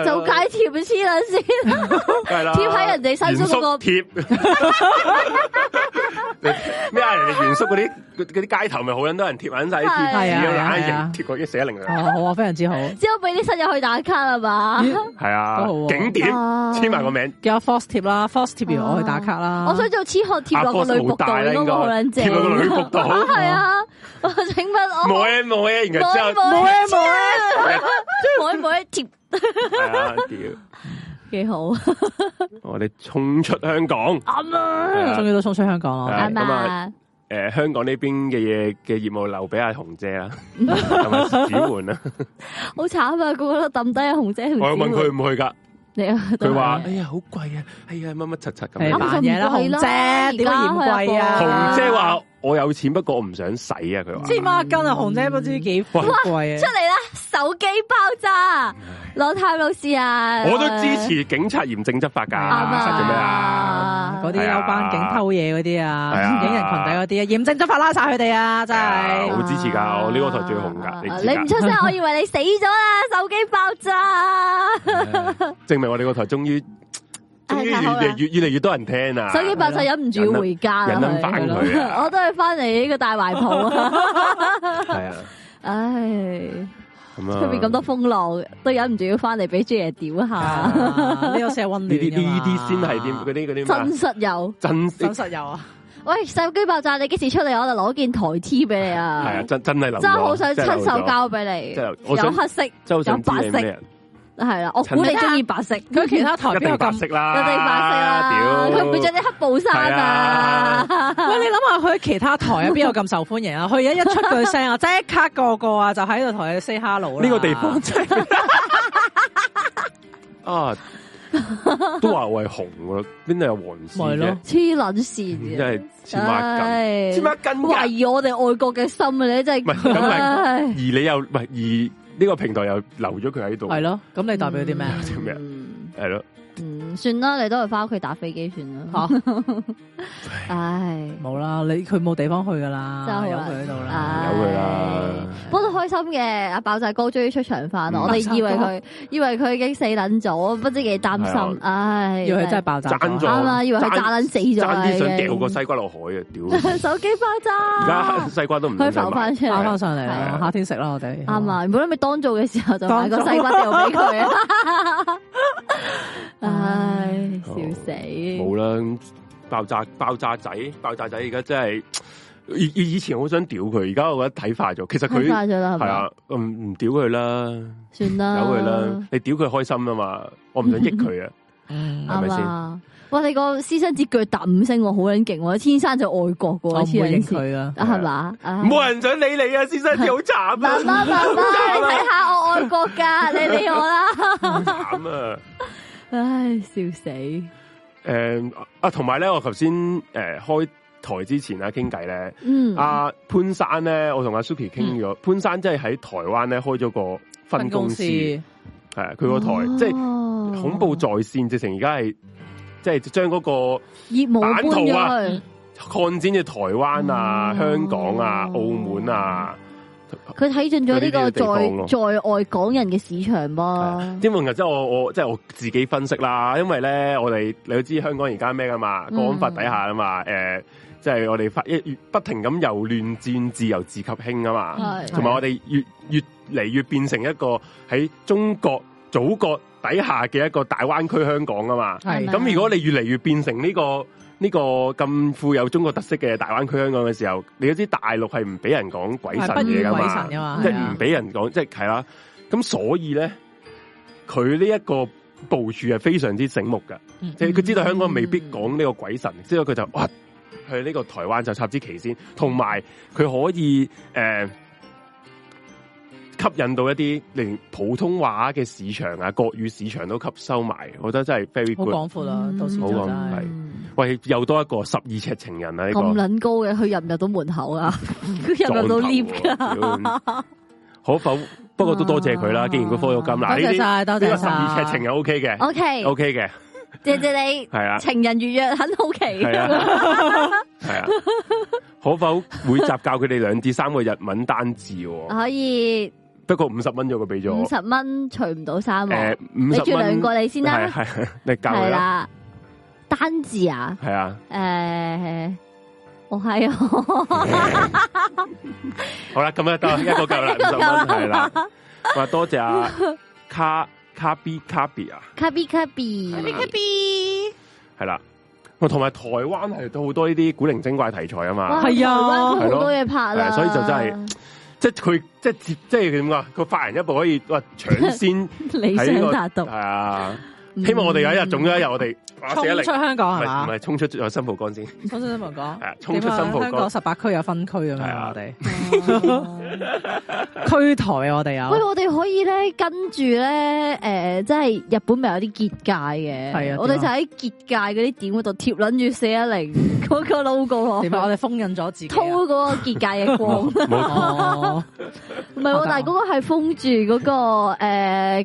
就解貼黐啦先，貼喺人哋新宿嗰個貼，咩啊？原宿嗰啲嗰啲街頭咪好撚多人貼緊晒啲貼，係啊，貼過一死一零好啊，非常之好。之後俾啲新人去打卡係嘛？係啊，好啊。景點簽埋個名，叫我 Foster 貼啦 Foster 貼，我去打卡啦。我想做黐殼貼嗰個女僕咯，好靚正啊！貼個女僕啊，係啊，請問我？冇啊冇啊，然後之後冇啊冇啊，冇冇貼。幾好，我哋衝出香港，啱啦！終於都衝出香港啦，咁啊，誒，香港呢邊嘅嘢嘅業務留俾阿紅姐啦，同埋主管啊！好慘啊，個個都抌低阿紅姐，我問佢唔去噶，你啊？佢話哎呀好貴啊，哎呀乜乜柒柒咁，嘢啦，紅姐點貴啊？紅姐話。我有錢，不過我唔想使啊！佢話黐孖筋啊，紅呢不知幾貴。出嚟啦！手機爆炸，老太老師啊！我都支持警察嚴正執法㗎。啱啊！嗰啲有班警偷嘢嗰啲啊，影人裙底嗰啲啊，嚴正執法拉曬佢哋啊！真係，好支持㗎！我呢個台最紅㗎，你唔出聲，我以為你死咗啦！手機爆炸，證明我哋個台終於越嚟越越嚟越多人聽啊！手機爆炸，忍唔住要回家，忍翻佢。我都係翻嚟呢個大懷抱。係啊，唉，出面咁多風浪，都忍唔住要翻嚟俾朱爺屌下。呢個成溫暖呢啲先係邊啲啲真實友，真實友啊！喂，手機爆炸，你幾時出嚟？我就攞件台 T 俾你啊！真真係真真好想親手交俾你。有黑色，有白色。係啦，我估你中意白色。佢其他台邊有咁？一定白色啦，佢着啲黑布衫啊！喂，你諗下佢其他台啊，邊有咁受歡迎啊？佢一出句聲啊，即刻個個啊就喺度同你 say hello。呢個地方真啊，都話我係紅咯，邊度有黃線嘅？黐捻線嘅，黐孖筋，黐孖筋，懷疑我哋愛國嘅心你真係。唔係而你又唔而。呢個平台又留咗佢喺度，係咯？咁你代表啲咩？嗯、啲咩？係咯？嗯，算啦，你都係翻屋企打飛機算啦。唉，冇啦，你佢冇地方去噶啦，有佢喺度啦，有佢啦，我都開心嘅。阿爆炸哥終於出場返我哋以為佢，以為佢已經死撚咗，不知幾擔心。唉，以為佢真爆炸，啱啊，以為佢炸撚死咗，差啲想掉個西瓜落海啊！屌，手機爆炸，而家西瓜都唔可以浮翻出，翻上嚟，夏天食啦我哋。啱啊，本嚟咪當做嘅時候就買個西瓜掉俾佢。唉，笑死！冇啦，爆炸爆炸仔，爆炸仔而家真係以前好想屌佢，而家我覺得睇化咗。其實佢睇化咗啦，係咪？係啊，唔唔屌佢啦，算啦，走佢啦，你屌佢開心啦嘛，我唔想益佢啊，係咪先？哇，你個私生子腳踏五星，好撚勁，天生就愛國噶，我黐線佢啊，係嘛？冇人想理你啊，私生子好慘啊！爸爸爸爸，你睇下我愛國噶，你理我啦。啊。唉，笑死！誒、呃、啊，同埋咧，我頭先誒開台之前啦，傾偈咧，嗯，阿、啊、潘生咧，我同阿 Suki 傾咗，嗯、潘生即係喺台灣咧開咗個分公司，係佢個台，哦、即係恐怖在線，直情而家係即係將嗰個母版圖啊，擴展至台灣啊、嗯、香港啊、哦、澳門啊。佢睇進咗呢個在在，在外港人嘅市場嘛？點講啊？即係我我即係我自己分析啦，因為咧我哋你都知香港而家咩噶嘛？國安法底下啊嘛，誒、嗯，即係、呃就是、我哋法一越不停咁由亂轉治由治及興啊嘛，同埋的我哋越越嚟越變成一個喺中國祖國底下嘅一個大灣區香港啊嘛，係咁嗎如果你越嚟越變成呢、這個。呢個咁富有中國特色嘅大灣區香港嘅時候，你都知大陸係唔俾人講鬼神嘢噶嘛？即係唔俾人講，即係係啦。咁、就是啊、所以咧，佢呢一個部署係非常之醒目㗎。即係佢知道香港未必講呢個鬼神，之後佢就哇去呢個台灣就插支旗先，同埋佢可以誒。呃吸引到一啲連普通話嘅市場啊，國語市場都吸收埋，我覺得真係 very good。好廣闊啦，到時就真係。喂，又多一個十二尺情人啊！咁卵高嘅，佢入唔入到門口啊？佢入唔入到 lift 噶？可否？不過都多謝佢啦。既然佢科玉金，嗱呢啲呢個十二尺情人 OK 嘅，OK OK 嘅，謝謝你。係啊，情人越約很好奇。係啊，可否每集教佢哋兩至三個日文單字？可以。不過五十蚊就佢俾咗五十蚊除唔到三，你住兩個你先啦。係係，你教啦。係啦，單字啊。係啊。誒，我係。好啦，咁啊得一個夠啦，五十蚊係啦。我話多謝啊，卡卡 B 卡 B 啊，卡 B 卡 B 卡 B 卡 B，係啦，我同埋台灣係都好多呢啲古靈精怪題材啊嘛。係啊，台灣好多嘢拍啦，所以就真係。即係佢，即係即係點講？佢發人一步可以哇，搶先 (laughs) 理想達到係啊！希望我哋有一日，總有一日，我哋衝出香港係嘛？唔係衝出咗新浦江先，衝出新浦江係 (laughs) 啊！衝出新浦江，十八區有分區是啊嘛們，我哋。區台我哋啊？喂，我哋可以咧跟住咧，誒，即係日本咪有啲結界嘅？係啊，我哋就喺結界嗰啲點嗰度貼撚住四一零嗰個 logo 咯。我哋封印咗自己，偷嗰個結界嘅光。唔係，但係嗰個係封住嗰個，誒，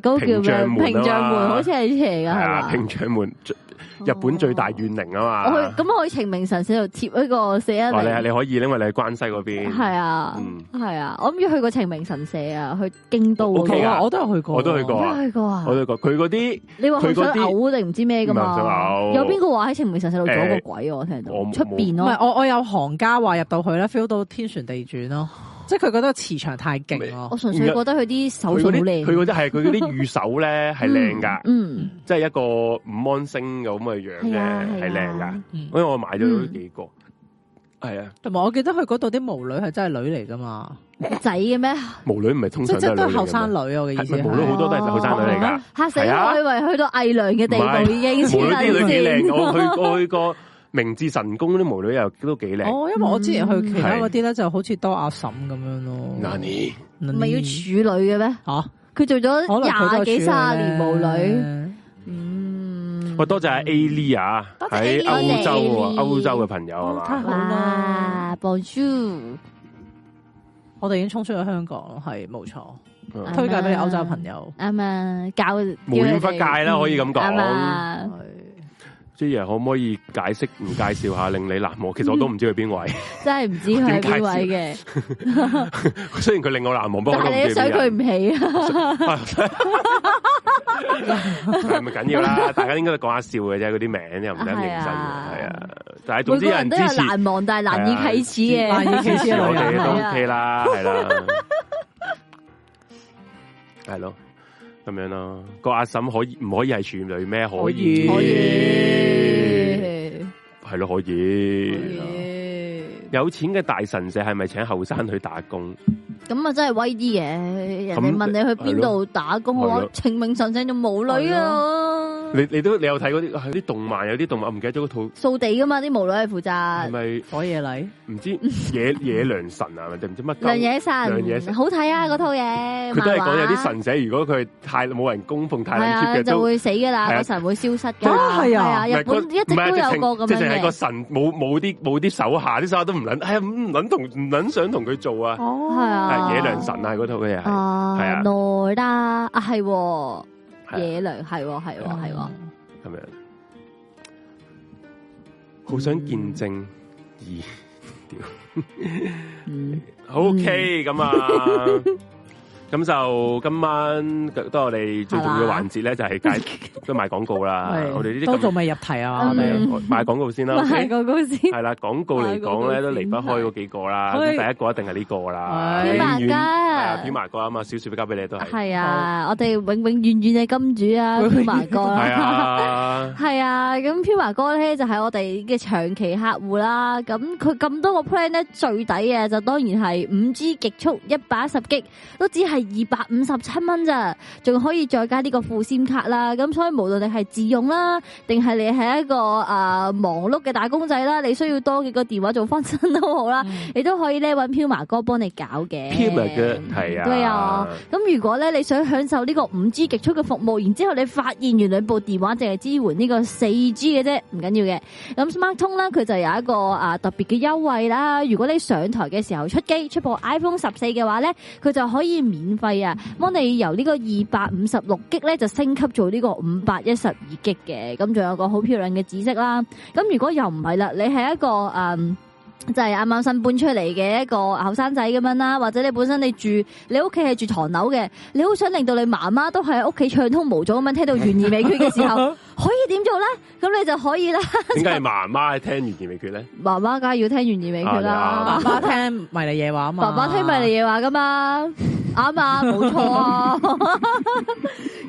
嗰個叫咩？屏障門，好似係邪噶。係啊，屏障門。日本最大怨靈啊嘛，咁我去晴明神社度貼呢個寫一，你係你可以咧，因為你喺關西嗰邊，係啊，係啊，我諗要去過晴明神社啊，去京都啊，我都有去過，我都去過，我都去過，佢嗰啲，你話去想嘔定唔知咩噶嘛，有邊個話喺晴明神社度撞過鬼，我聽到，出邊咯，係我我有行家話入到去咧，feel 到天旋地轉咯。即係佢覺得磁場太勁咯，我純粹覺得佢啲手好靚，佢覺得係佢嗰啲御守咧係靚噶，嗯，即係一個五芒星咁嘅樣嘅，係靚噶，所以我買咗幾個，係啊，同埋我記得佢嗰度啲巫女係真係女嚟噶嘛，仔嘅咩？巫女唔係通常都係後生女，我嘅意思，巫女好多都係後生女嚟噶，吓死我，以為去到偽娘嘅地步已經，巫女啲女幾靚，我去過。明治神宮啲巫女又都幾靚哦，因為我之前去其他嗰啲咧，就好似多阿嬸咁樣咯，嗯。Nanny 唔係要處女嘅咩？吓，啊，佢做咗廿幾卅年巫女。嗯，喂，多謝阿 Aria 喺歐洲啊，歐洲嘅朋友。哦，太好啦，Bonjour！我哋已經衝出咗香港，係冇錯。們推介俾你歐洲朋友。啱啊，教無遠弗屆啦，可以咁講。啲嘢可唔可以解釋？唔介紹下令你難忘，其實我都唔知佢邊位，真係唔知佢係邊位嘅。雖然佢令我難忘，不過你想佢唔起啊！係咪緊要啦？大家應該都講下笑嘅啫，嗰啲名又唔使認真。係啊，但係總之有人知是難忘，但係難以啟齒嘅。難以啟齒，我哋都 OK 啦，係啦。係咯。咁樣囉，啊，個阿嬸可以唔可以係處女咩？可以，可以，係咯以，可以。可以啊，有錢嘅大神社係咪請後生去打工？咁啊，真係威啲嘢？人哋問你去邊度打工，我晴明神社就冇女啊。你你都你有睇嗰啲係啲動漫，有啲動漫，我唔記得咗嗰套掃地噶嘛，啲巫女係負責，係咪火野女？唔知野野良神啊，定唔知乜良野神？良野好睇啊！嗰套嘢佢都係講有啲神社，如果佢太冇人供奉太緊要嘅，就會死噶啦，個神會消失嘅。係啊，日本一直都有個咁樣嘅。即係個神冇冇啲冇啲手下，啲手下都唔捻，哎呀唔捻同唔捻想同佢做啊。哦，係啊，野良神啊，嗰套嘢係啊，來啦啊，係。嘢嚟，係係係，咁樣，好想見證咦、嗯欸、，OK，咁啊。 (laughs) 咁就今晚都係我哋最重要嘅環節咧，就係介都賣廣告啦。我哋呢啲都仲未入題啊，賣廣告先啦。賣廣告先係啦，廣告嚟講咧都離不開嗰幾個啦。第一個一定係呢個啦，飄麻哥，飄麻哥啊嘛，少少交俾你都係。係啊，我哋永永遠遠嘅金主啊，飄麻哥啦。係啊，咁飄麻哥咧就係我哋嘅長期客戶啦。咁佢咁多個 plan 咧最抵嘅就當然係五 G 極速一百一十 G，都只係。二百五十七蚊咋，仲可以再加呢個副線卡啦，咁所以無論你係自用啦，定係你係一個誒、呃、忙碌嘅打工仔啦，你需要多幾個電話做分身都好啦，嗯、你都可以咧揾 Puma 哥幫你搞嘅，Puma 哥。係啊，對啊，咁如果咧你想享受呢個五 G 極速嘅服務，然之後你發現原來部電話淨係支援個呢個四 G 嘅啫，唔緊要嘅，咁 Smart 通啦，佢就有一個誒、啊、特別嘅優惠啦，如果你上台嘅時候出機出部 iPhone 十四嘅話咧，佢就可以免。免費啊！幫你由呢個二百五十六級咧，就升級做呢個五百一十二級嘅。咁仲有個好漂亮嘅紫色啦。咁如果又唔係啦，你係一個誒，即係啱啱新搬出嚟嘅一個後生仔咁樣啦，或者你本身你住你屋企係住唐樓嘅，你好想令到你媽媽都喺屋企暢通無阻咁樣聽到懸而未決嘅時候。可以點做咧？咁你就可以啦。點解係媽媽係聽完語秘訣咧？媽媽梗係要聽完語尾訣啦。爸爸、啊、聽迷你夜話啊嘛。爸爸聽迷你夜話噶嘛，啱 (laughs) 啊，冇錯啊。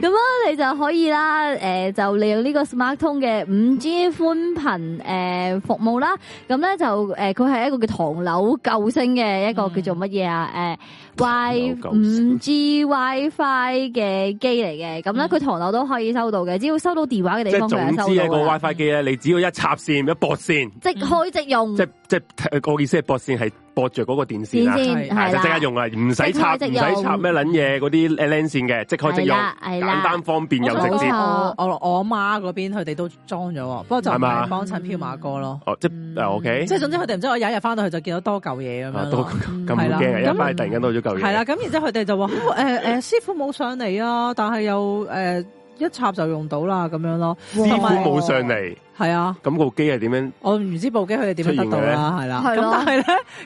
咁你就可以啦。誒，就利用呢個 smart 通嘅五 G 寬頻誒服務啦。咁咧就誒，佢係一個叫唐樓救星嘅一個叫做乜嘢啊？誒、嗯。5G WiFi 嘅機嚟嘅，咁咧佢唐樓都可以收到嘅，只要收到電話嘅地方，佢係收到嘅。即係總之 WiFi 機咧，你只要一插線一駁線，即開即用即。即即個意思係駁線係。過著嗰個電線係就即刻用啊，唔使插唔使插咩捻嘢嗰啲 line 線嘅，即開即用，簡單方便又正線。我我阿媽嗰邊佢哋都裝咗，不過就唔係幫襯飄馬哥咯。即 O K，即總之佢哋唔知我有一日翻到去就見到多舊嘢咁樣多係嘛？咁驚一翻嚟突然間多咗舊嘢。係啦，咁然之後佢哋就話誒誒，師傅冇上嚟啊，但係又誒。一插就用到啦，咁樣咯。師傅冇上嚟，係啊，咁部機係點樣？我唔知部機佢哋點樣得到啦，係啦。咁但係咧，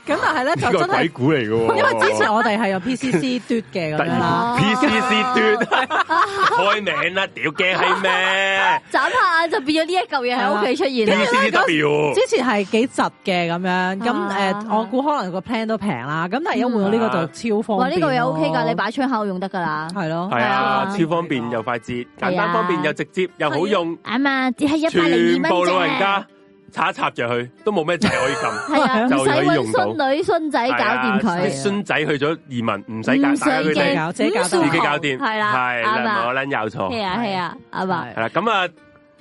咁但係咧就真係鬼股嚟嘅。因為之前我哋係用 PCC 嘟嘅咁樣啦，PCC 嘟。開名啦，屌驚係咩？眨下眼就變咗呢一嚿嘢喺屋企出現。幾先得？之前係幾窒嘅咁樣，咁誒，我估可能個 plan 都平啦。咁但係有換到呢個就超方。哇，呢個又 OK 噶，你擺窗口用得噶啦，係咯。係啊，超方便又快捷，簡單方便又直接又好用。啱啊，只係一百零二蚊老人家插一插著佢，都冇咩掣可以撳，就可以用到。孫女孫仔搞掂佢，孫仔去咗移民，唔使搞掂佢哋。自己，自己搞掂，係啦，係啦，唔好捻有錯。係啊係啊，啱吧？係啦，咁啊，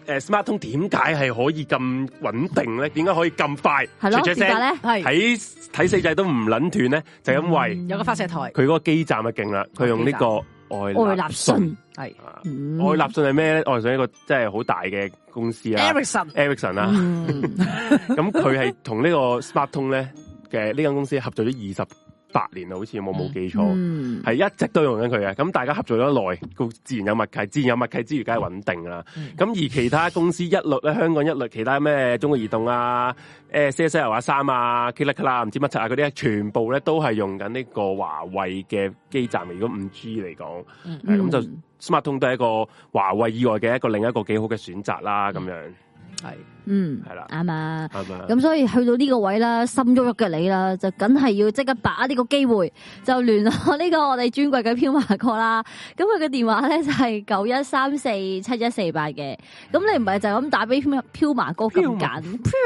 誒，SmarTone 點解係可以咁穩定咧？點解可以咁快？係咯，時間咧，係睇睇四仔都唔捻斷咧，就因為有個發射台，佢嗰個基站啊，勁啦，佢用呢個。愛立信係，愛立信係咩咧？愛立信是一個真係好大嘅公司啦，Ericsson，Ericsson 啦，咁佢係同呢個 Spark 通咧嘅呢間公司合作咗二十八年好似我冇記錯，係、嗯、一直都用緊佢嘅。咁大家合作咗耐，自然有默契，自然有默契之餘梗係穩定啦。咁、嗯、而其他公司一律咧，香港一律其他咩，中國移動啊、欸、，CSL 啊，三啊，K L 卡拉，唔知乜七啊，嗰啲、啊、全部咧都係用緊呢個華為嘅基站。如果五 G 嚟講，咁、嗯、就、嗯、Smart 通都係一個華為以外嘅一個另一個幾好嘅選擇啦。咁、嗯、樣.嗯，係啦，啱啊，咁所以去到呢個位啦，心喐喐嘅你啦，就梗係要即刻把握呢個機會，就聯絡呢個我哋專櫃嘅飄麻哥啦。咁佢嘅電話咧就係九一三四七一四八嘅。咁你唔係就咁打俾飄麻哥咁簡，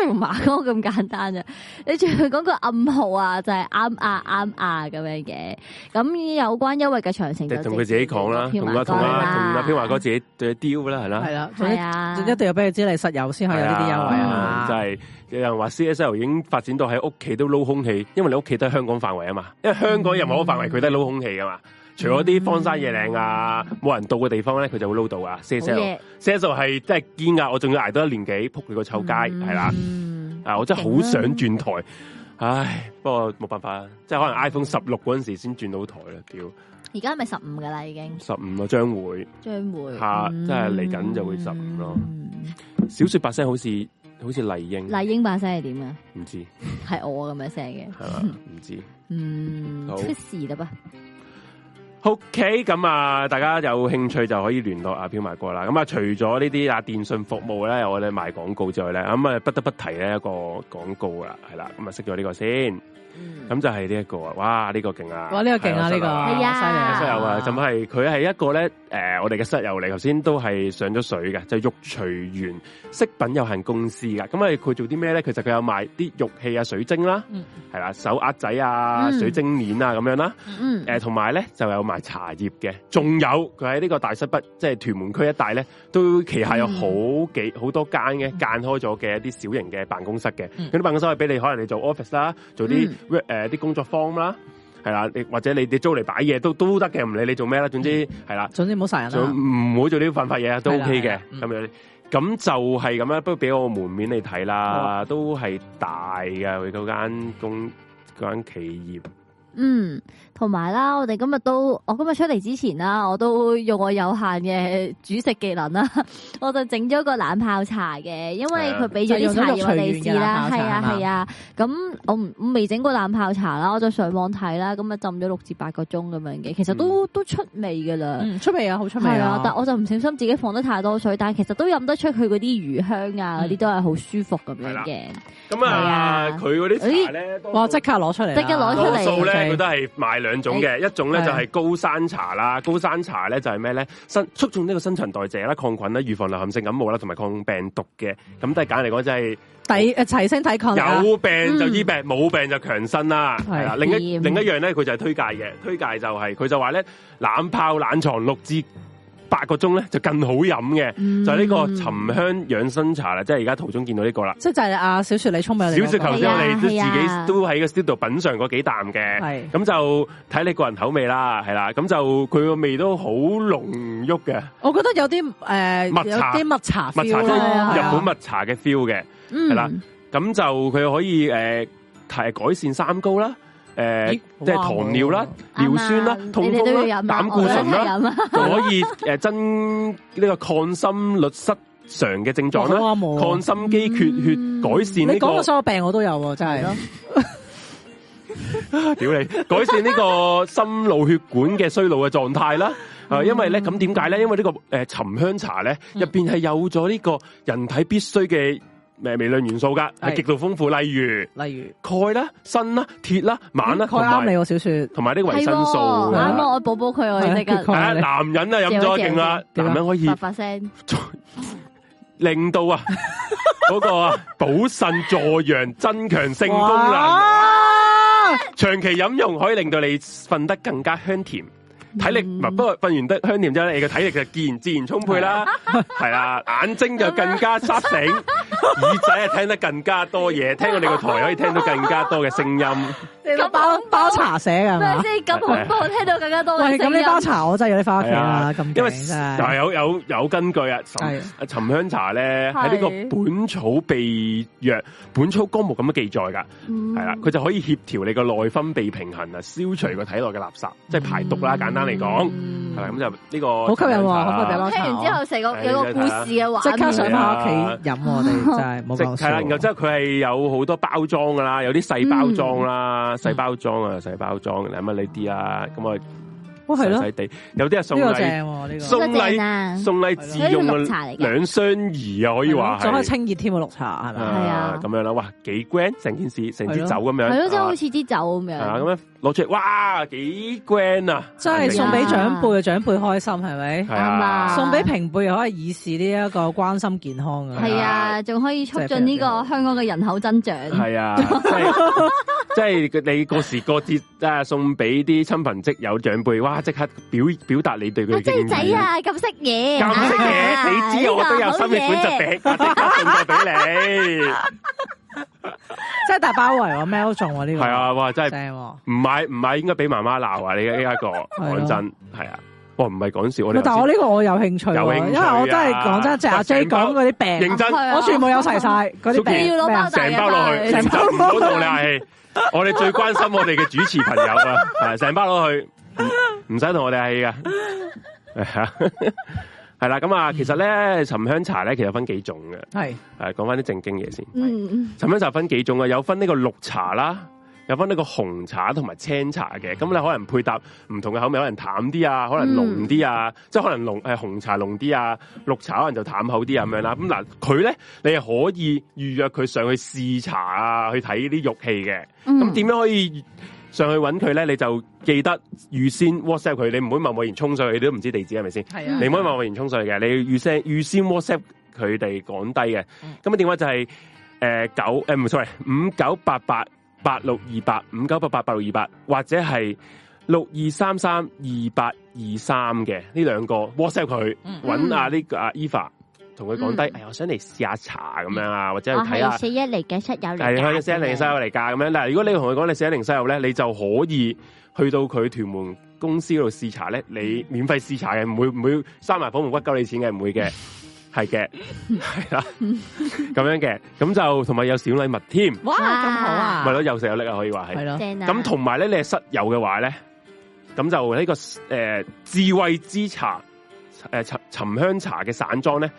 飄麻哥咁簡單啫。你仲要講個暗號啊，就係啱啊啱啊咁樣嘅。咁有關優惠嘅詳情就同佢自己講啦，同阿同阿飄麻哥自己對話啦，係啦，係啦，總之一定要俾佢知你室友先可以。啊！就係、是、有人話 C S L 已經發展到喺屋企都撈空氣，因為你屋企都係香港範圍啊嘛。因為香港任何範圍佢都撈空氣啊嘛。除咗啲荒山野嶺啊、冇人到嘅地方咧，佢就會撈到啊。C S L C S L 係真係堅噶，我仲要捱多一年幾扑佢個臭街係啦。啊，我真係好想轉台，啊、唉，不過冇辦法啦，即係可能 iPhone 十六嗰陣時先轉到台啦。屌，而家係咪十五噶啦已經？十五咯，將會將會、啊嗯、即下即係嚟緊就會十五咯。嗯小說把聲好似好似麗英，麗英把聲係點噶？唔知係 (laughs) 我咁樣聲嘅，係 (laughs) 嘛、啊？唔知道嗯，好出事啦吧？OK，咁啊，大家有興趣就可以聯絡阿飄賣哥啦。咁啊，了除咗呢啲啊電信服務咧，我哋賣廣告之外咧，咁啊不得不提呢一個廣告啦，係啦，咁啊識咗呢個先，咁、嗯、就係呢一個啊，哇，呢、這個勁啊！哇，呢、這個勁啊，呢對個係啊，犀利犀利啊！咁係佢係一個咧。誒、呃，我哋嘅室友嚟，頭先都係上咗水嘅，就是、玉隨緣飾品有限公司噶。咁啊，佢做啲咩咧？其實佢有賣啲玉器啊、水晶啦，係啦、嗯，手鐲仔啊、嗯、水晶鏈啊咁樣啦。誒、嗯，同埋咧就有賣茶葉嘅，仲有佢喺呢個大西北，即、就、係、是、屯門區一帶咧，都旗下有好幾好多間嘅間開咗嘅一啲小型嘅辦公室嘅。咁啲、嗯、辦公室可以俾你，可能你做 office 啦，做啲誒啲工作坊啦。嗯呃係啦，你或者你你租嚟擺嘢都都得嘅，唔理你做咩啦，總之係啦。嗯、的總之唔好殺人啦。就唔好做呢啲犯法嘢都 OK 嘅咁樣，咁就係咁啦。不過俾我嘅門面你睇啦，哦、都係大嘅佢嗰間公間企業。嗯。同埋啦，我哋今日都，我今日出嚟之前啦，我都用我有限嘅煮食技能啦， (laughs) 我就整咗個冷泡茶嘅，因為佢俾咗啲茶葉嚟試啦，係啊係啊，咁我未整過冷泡茶啦，我就上網睇啦，咁啊浸咗六至八個鐘咁樣嘅，其實都都出味噶啦，出味啊，好出味啊，但係我就唔小心自己放得太多水，但係其實都飲得出佢嗰啲魚香啊，嗰啲，嗯嗯、都係好舒服咁樣嘅。咁、嗯、啊，佢嗰啲茶哇，即刻攞出嚟，即刻攞出嚟，都係兩種嘅，一種咧就係高山茶啦，的高山茶咧就係咩咧？新促進呢個新陳代謝啦、抗菌啦、預防流行性感冒啦，同埋抗病毒嘅，咁都係簡單嚟講就係抵誒齊聲抵抗。有病就醫病，冇、嗯、病就強身啦。係啦，另一另一樣咧，佢就係推介嘅，推介就係、是、佢就話咧冷泡冷藏六支。八個鐘咧就更好飲嘅，就呢、是、個沉香養生茶啦，即係而家途中見到呢個啦。即係阿小雪你聰明、這個，小雪頭先我哋都自己、哎、呀都喺個 studio 品嘗過幾啖嘅，咁是就睇你個人口味啦，係啦，咁就佢個味都好濃郁嘅。我覺得有啲誒，有啲抹茶，抹茶即係、就是、日本抹茶嘅 feel 嘅，係啦，咁就佢可以誒、呃，改善三高啦。誒，即、就、係、是、糖尿啦、尿哇酸啦、啊、痛風啦、膽固醇啦，可以誒增呢、這個抗心律失常嘅症狀啦，抗心肌缺血改善呢、這個你講嘅所有病我都有喎，真係咯！屌你了， (laughs) 改善呢個心腦血管嘅衰老嘅狀態啦！啊、嗯，因為咧咁點解咧？因為呢個誒沉香茶咧入邊係有咗呢個人體必須嘅。咩微量元素噶係極度豐富，例如例如鈣啦、鋅啦、鐵啦、錳啦，鈣啱你我少說，同埋呢啲維生素。啱啊，我補補佢我而家。男人啊，飲咗勁啦，男人可以發聲，令到啊嗰個補腎助陽、增強性功能，長期飲用可以令到你瞓得更加香甜。體力不過瞓完得香甜之後你個體力就自然自然充沛啦，係啦，眼睛就更加 sharp 醒，耳仔啊聽得更加多嘢，聽我哋個台可以聽到更加多嘅聲音。咁包茶寫噶，即係咁，我聽到更加多。喂，咁你包茶我真係有啲花樣啦，咁因為就係有有有根據啊，沉香茶咧喺呢個《本草備藥》《本草綱目》咁樣記載㗎，係啦，佢就可以協調你個內分泌平衡啊，消除個體內嘅垃圾，即係排毒啦，簡單。嚟講係咪咁就呢個好吸引喎？聽完之後成個有個故事嘅話，即刻想翻屋企飲我哋真係冇錯。係啦，然後即係佢係有好多包裝噶啦，有啲細包裝啦，細包裝啊，細包裝，例如呢啲啦，咁啊，細細地，有啲係送禮，送禮，送禮自用嘅茶嚟嘅，兩相宜啊，可以話仲可以清熱添，綠茶係咪？係啊，咁樣啦，哇，幾 grand 成件事，成支酒咁樣，係咯，即係好似支酒咁樣，係啊，咁樣。攞出嚟，哇，幾 grand 啊！真係送俾長輩，長輩開心係咪？係啊！送俾平輩又可以以示呢一個關心健康啊！係啊，仲可以促進呢個香港嘅人口增長。係啊，即係你過時過節送俾啲親朋戚友長輩，哇！即刻表表達你對佢嘅敬意啊！咁識嘢，咁識嘢，你知我都有心血管疾病送到俾你。即係大包圍，咩都中，呢個係啊！哇，真係唔係唔係，應該俾媽媽鬧啊！你呢一個講真係啊，我唔係講笑我但我呢個我有興趣，有因為我真係講真，阿 J 講嗰啲病，我全部有齊晒嗰啲病，成包落去，唔好同你嗌氣，我哋最關心我哋嘅主持朋友啊，成包落去，唔使同我哋嗌氣㗎。係啦，咁啊，其實咧沉香茶咧其實分幾種嘅，係是，誒，講翻啲正經嘢先。是沉香茶分幾種啊？有分呢個綠茶啦，有分呢個紅茶同埋青茶嘅。咁你可能配搭唔同嘅口味，可能淡啲啊，可能濃啲啊，即係、嗯、可能濃係紅茶濃啲啊，綠茶可能就淡口啲咁樣啦。咁嗱、嗯，佢咧你係可以預約佢上去試茶啊，去睇呢啲玉器嘅。咁點樣可以？上去揾佢咧，你就記得預先 WhatsApp 佢，你唔好貿貿然衝上去，你都唔知地址係咪先？係啊，你唔可以貿貿然沖上去嘅，你預先預先 WhatsApp 佢哋講低嘅。咁啊電話就係九 sorry，五九八八八六二八，五九八八八六二八，或者係六二三三二八二三嘅呢兩個 WhatsApp 佢揾，啊呢個啊 Eva。同佢講低，嗯、哎，我想嚟試，試茶，嗯、下茶咁樣啊，或者去睇下。四一零嘅室友嚟，係四一零嘅室友嚟噶咁樣。嗱、嗯，如果你同佢講你四一零室友咧，你就可以去到佢屯門公司嗰度試茶咧，你免費試茶嘅，唔會唔會閂埋房門骨鳩你錢嘅，唔會嘅，係嘅， (laughs) 係啦，咁 (laughs) 樣嘅，咁就同埋有小禮物添。哇，咁哇好啊！咪咯，有食有力啊，可以話係。咁同埋咧，你係室友嘅話咧，咁就呢、這個誒、呃、智慧之茶，誒沉沉香茶嘅散裝咧。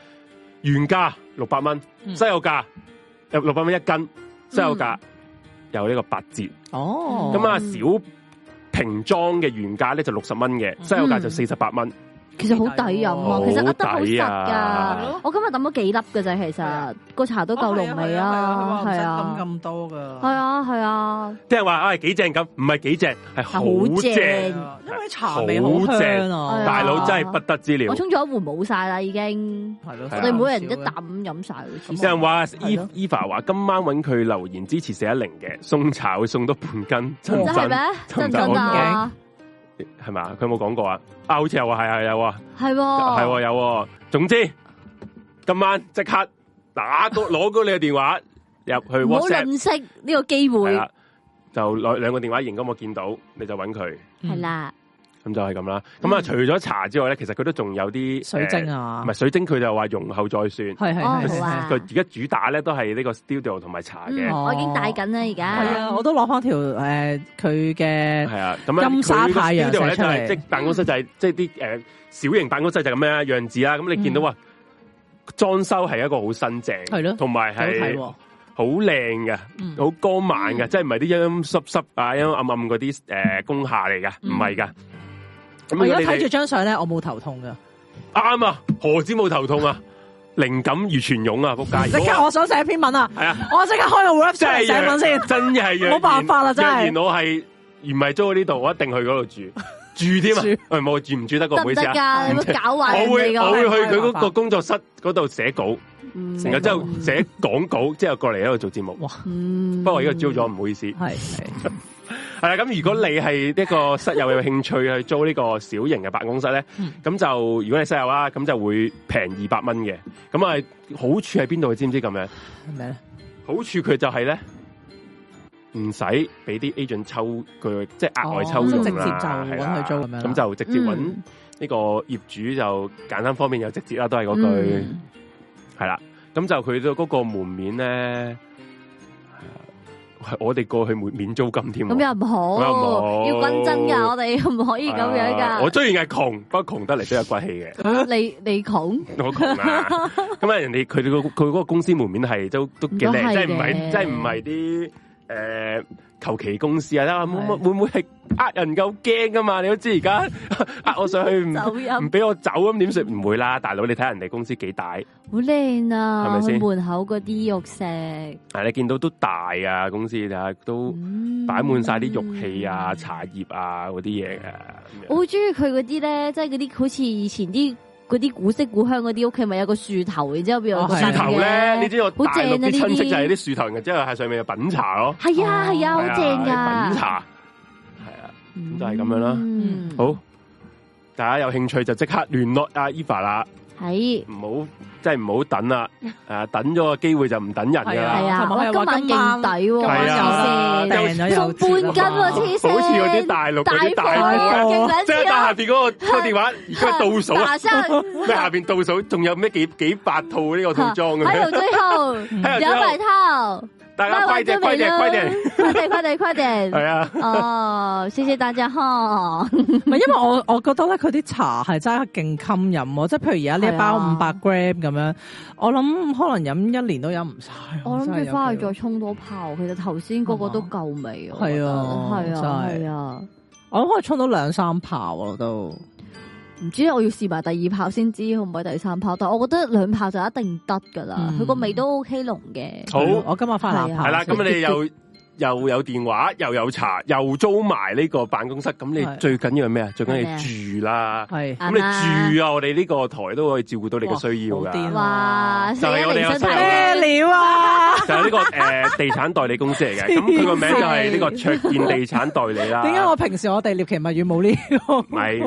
原價六百蚊，嗯、西柚價有六百蚊一斤，西柚價有呢個八折。哦，咁啊、嗯、小瓶裝嘅原價咧就六十蚊嘅，西柚價就四十八蚊。嗯其實好抵飲喎，其實得得好實噶，我今日抌咗幾粒㗎啫。其實個茶都夠濃味啊，係啊，抌咁多噶。係啊，係啊。聽人話，哎，幾正咁？唔係幾正，係好正，因為茶好正啊！大佬真係不得之了。我沖咗一壺冇晒啦，已經。係咯。我哋每人一啖飲晒。有人話，E Eva 話今晚搵佢留言支持四一零嘅送茶會送多半斤，真真咩？真係？係嘛？佢有冇講過啊？啊，好似有,、啊、有啊，係係是、啊有,啊、有啊，係，係有。總之今晚即刻打到攞到你嘅電話入 (laughs) 去。唔好吝嗇呢個機會、啊。就兩兩個電話型咁我見到你就揾佢。係啦。咁就係咁啦，咁啊除咗茶之外咧，其實佢都仲有啲水晶啊，唔係水晶，佢就話容後再算。係係係，佢而家主打咧都係呢個 studio 同埋茶嘅。我已經戴緊啦，而家係啊，我都攞翻條誒佢嘅，係啊，咁啊金沙太陽即係辦公室就係即係啲誒小型辦公室就咁樣樣子啦。咁你見到啊，裝修係一個好新淨係咯，同埋係好靚嘅，好光猛嘅，即係唔係啲陰陰濕濕啊陰陰暗暗嗰啲誒工廈嚟嘅，唔係噶。我而家睇住張相咧，我冇頭痛噶。啱啊，何止冇頭痛啊，靈感如泉湧啊，仆街，即刻我想寫篇文啊。係啊，我即刻開個 Word，寫文先。真嘅係，冇辦法啦，真係。我係而唔係租喺呢度，我一定去嗰度住住添啊。唔住唔住得個唔好意思啊？搞壞我，我會去佢嗰個工作室嗰度寫稿，成日之後寫講稿，之後過嚟喺度做節目。哇，不過我而家招咗，唔好意思，係。係啦，咁 (laughs) 如果你係一個室友有興趣去租呢個小型嘅辦公室咧，咁 (laughs) 就如果你室友啊，咁就會平二百蚊嘅。咁啊，好處喺邊度？你知唔知咁樣？咩咧？好處佢就係咧，唔使俾啲 agent 抽佢，即係額外抽、哦、直接就揾佢租咁樣。咁、啊、就直接揾呢個業主就、嗯、簡單方便又直接啦，都係嗰句。係啦、嗯，咁、啊、就佢都嗰個門面咧。我哋過去免免租金添，咁又唔好，好要均真噶，啊、我哋唔可以咁樣噶。我雖然係窮，不過窮得嚟都有骨氣嘅。 (laughs) 你你窮，我窮啊。咁啊，人哋佢哋個佢個公司門面係都都幾靚，即係唔係即係唔係啲誒。呃求其公司啊，會會會唔會係呃人夠驚㗎嘛？你都知而家呃我上去唔唔俾我走咁，點算？唔會啦，大佬，你睇人哋公司幾大，好靚啊，係咪先？門口嗰啲玉石，係、嗯、你見到都大啊！公司啊，都擺滿晒啲玉器啊、茶葉啊嗰啲嘢嘅。啊、我、就是、好中意佢嗰啲咧，即係嗰啲好似以前啲。嗰啲古色古香嗰啲屋企咪有個樹頭然之後邊有係嘅，樹頭咧，你知有有個我大陸啲親戚就係啲樹頭嘅，即係喺上面品茶咯。係啊係啊，好正噶，品茶，係啊，咁、啊、就係、是、咁樣啦。嗯、好，大家有興趣就即刻聯絡阿、e、Eva 啦。係是，唔好。真係唔好等啦，啊等咗個機會就唔等人噶啦。係啊，今晚勁抵喎，今晚先，仲半斤，黐線，好似嗰啲大陸嗰啲大貨，即係打下邊嗰個個電話，而家倒數，咩下邊倒數，仲有咩幾幾百套呢個套裝？還有最後兩百套。大家快啲，快啲，快啲，快啲，快啲，快啲，係啊！哦，謝謝大家哈。唔係，因為我我覺得咧，佢啲茶係真係勁襟飲啊！即係譬如而家呢一包五百 gram 咁樣，我諗可能飲一年都飲唔晒。我諗住翻去再沖多泡。其實頭先個個都夠味啊，係啊，係啊，係啊，係啊。我可可以沖到兩三泡啊都。唔知我要試埋第二泡先知，好唔好？第三泡，但係我覺得兩泡就一定得噶啦，佢個、嗯、味都 O K 濃嘅。好，我今日翻下係啦，咁對你又。又有電話，又有茶，又租埋呢個辦公室，咁你最緊要係咩啊？最緊要住啦。係咁，你住啊！我哋呢個台都可以照顧到你嘅需要㗎。電話就係我哋有室友啊，就係呢個誒地產代理公司嚟嘅。咁佢個名就係呢個卓健地產代理啦。點解我平時我哋獵奇物語冇呢個？唔係，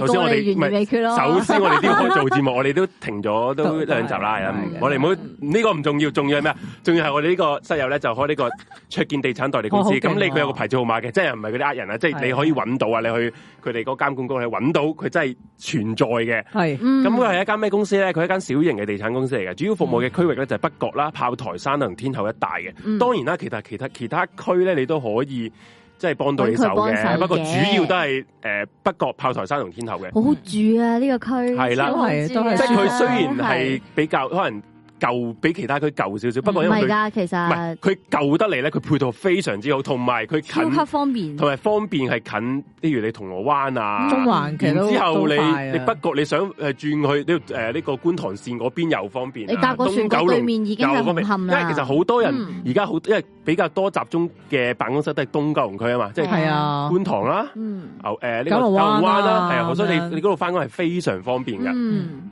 首先我哋唔係未決咯。首先我哋都要做節目，我哋都停咗都兩集啦。係，我哋唔好呢個唔重要，重要係咩？仲要係我哋呢個室友咧，就開呢個卓健。地產代理公司，咁你佢有個牌照號碼嘅，即係唔係嗰啲呃人啊，即係你可以揾到啊，你去佢哋嗰個監管局去揾到，佢真係存在嘅。係，咁佢係一間咩公司咧？佢係一間小型嘅地產公司嚟嘅，主要服務嘅區域咧就係北角啦、炮台山同天后一帶嘅。當然啦，其他其他其他區咧，你都可以即係幫到你手嘅。不過主要都係誒北角、炮台山同天后嘅。好好住啊！呢個區係啦，都係即係佢雖然係比較可能。舊比其他區舊少少，不過因為佢唔其實唔係佢舊得嚟，咧，佢配套非常之好，同埋佢近，方便，同埋方便係近，比如你銅鑼灣啊、中環，然之後你你不過你想誒轉去呢誒呢個觀塘線嗰邊又方便，你搭個轉角對面已經好方便。因為其實好多人而家好，因為比較多集中嘅辦公室都係東九龍區啊嘛，即係係啊觀塘啦，嗯，誒呢個九龍灣啦，係啊，所以你你嗰度翻工係非常方便噶，嗯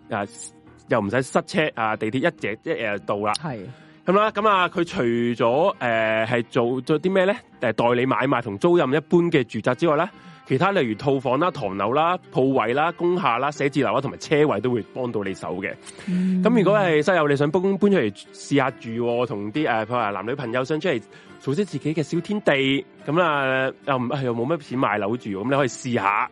又唔使塞車啊！地鐵一直一直到啦。係咁啦，咁啊、嗯，佢除咗誒係做咗啲咩咧？誒、呃、代理買賣同租賃一般嘅住宅之外咧，其他例如套房啦、啊、唐樓啦、啊、鋪位啦、啊、工廈啦、啊、寫字樓啦、啊，同埋車位都會幫到你手嘅。咁、嗯嗯、如果係室友你想搬搬出嚟試下住、啊，同啲誒譬如男女朋友想出嚟組織自己嘅小天地，咁、嗯、啊、呃、又唔係又冇乜錢買樓住、啊，咁你可以試下。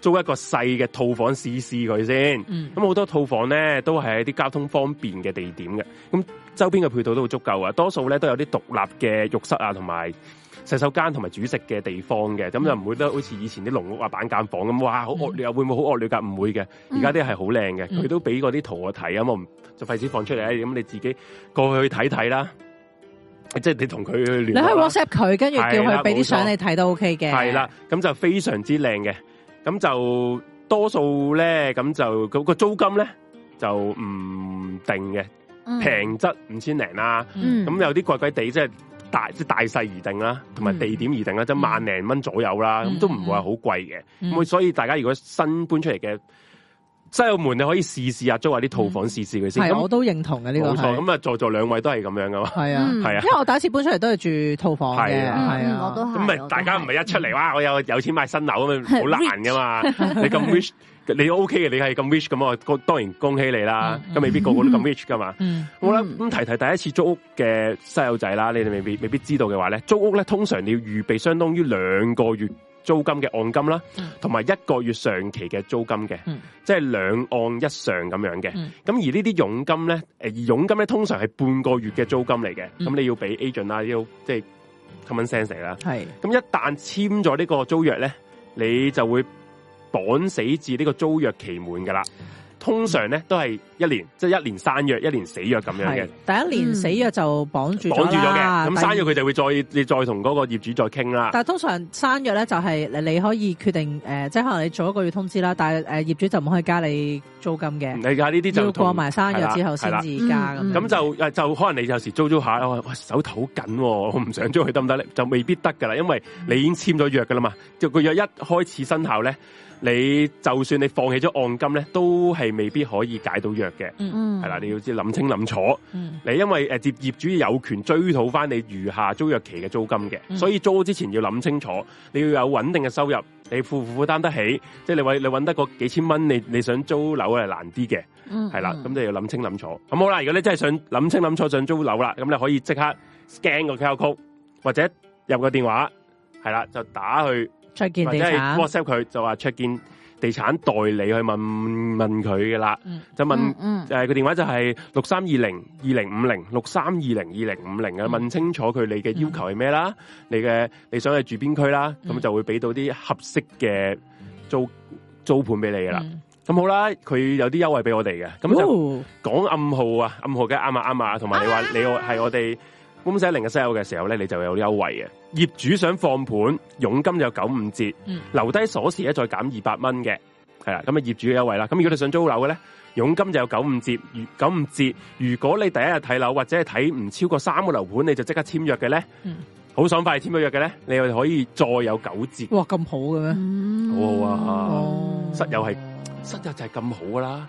租一個細嘅套房試試佢先、嗯嗯。咁好多套房咧都係一啲交通方便嘅地點嘅，咁周邊嘅配套都好足夠啊。多數咧都有啲獨立嘅浴室啊，同埋洗手間同埋煮食嘅地方嘅，咁、嗯、就唔會得好似以前啲籠屋啊、板間房咁。哇！好惡劣啊？嗯、會唔會好惡劣噶？唔、嗯、會嘅，而家啲係好靚嘅。佢、嗯、都俾嗰啲圖我睇啊，我就費事放出嚟啊。咁、嗯、你自己過去睇睇啦。即、就、係、是、你同佢去聯，你可以 WhatsApp 佢，跟住叫佢俾啲相你睇都 OK 嘅。係啦，咁就非常之靚嘅。咁就多數咧，咁就嗰、那個租金咧就唔定嘅，平質、嗯、五千零啦，咁、嗯、有啲貴貴地即係大即係、就是、大細而定啦，同埋地點而定啦，即、嗯、萬萬零蚊左右啦，咁、嗯、都唔會係好貴嘅，咁、嗯、所以大家如果新搬出嚟嘅。西澳門你可以試試啊，租下啲套房試試佢先。我都認同嘅呢個。冇錯，咁啊在座兩位都係咁樣噶嘛。係啊，係啊，因為我第一次搬出嚟都係住套房嘅。係啊，係啊，我都係。咁咪大家唔係一出嚟哇，我有有錢買新樓咁好難噶嘛。你咁 rich 你 OK 嘅，你係咁 rich 咁我當然恭喜你啦。咁未必個個都咁 rich 噶嘛。好啦咁提提第一次租屋嘅西友仔啦，你哋未必未必知道嘅話咧，租屋咧通常要預備相當於兩個月租金嘅按金啦，同埋一個月上期嘅租金嘅，嗯、即係兩按一上咁樣嘅。咁、嗯、而呢啲佣金咧，誒佣金咧通常係半個月嘅租金嚟嘅。咁、嗯、你要俾 agent 啦、啊，要即係、就是、common sense 啦。係是。咁一旦簽咗呢個租約咧，你就會綁死至呢個租約期滿噶啦。通常咧、嗯、都係一年，即、就、係、是、一年生約、一年死約咁樣嘅。第一年死約就綁住、嗯、綁住咗嘅，咁二生約佢就會再你再同嗰個業主再傾啦。但係通常生約咧就係、是、你可以決定誒、呃，即係可能你做一個月通知啦，但係誒、呃、業主就唔可以加你租金嘅。你係噶，呢啲就要過埋生約之後先至加。咁。咁、嗯、樣就就可能你有時租租下、哎啊，我手頭好緊，我唔想租佢得唔得咧？就未必得噶啦，因為你已經簽咗約噶啦嘛，嗯、就個約一開始生效咧。你就算你放棄咗按金咧，都係未必可以解到約嘅，係啦、嗯，你要知諗清諗楚。嗯、你因為誒業業主有權追討翻你餘下租約期嘅租金嘅，嗯、所以租之前要諗清楚，你要有穩定嘅收入，你負負，負擔得起，即、就、係、是、你揾你揾得個幾千蚊，你你想租樓係難啲嘅，係啦、嗯，咁你要諗清諗楚。咁、嗯、好啦，如果你真係想諗清諗楚想租樓啦，咁你可以即刻 scan 個 call code，或者入個電話，係啦，就打去。c h 或者係 WhatsApp 佢就話 check 見地產代理去問問佢噶啦，嗯、就問誒個、嗯嗯呃、電話就係六三二零二零五零六三二零二零五零啊，50, 50，嗯、問清楚佢你嘅要求係咩啦，你嘅你想去住邊區啦，咁、嗯、就會俾到啲合適嘅租租盤俾你噶啦。咁、嗯、好啦，佢有啲優惠俾我哋嘅，咁就講暗號，哦、暗號啊，暗號嘅啱啊啱啊，同埋你話你係我哋。啊咁寫另嘅室友嘅時候咧，你就有優惠嘅。業主想放盤，佣金就有九五折，留低鎖匙咧再減二百蚊嘅，係啦、嗯。咁啊業主嘅優惠啦。咁如果你想租樓嘅咧，佣金就有九五折。九五折，如果你第一日睇樓或者係睇唔超過三個樓盤，你就即刻簽約嘅咧，好爽快簽咗約嘅咧，你又可以再有九折。哇，咁好嘅咩？好好啊，室友係。室友就係咁好噶啦，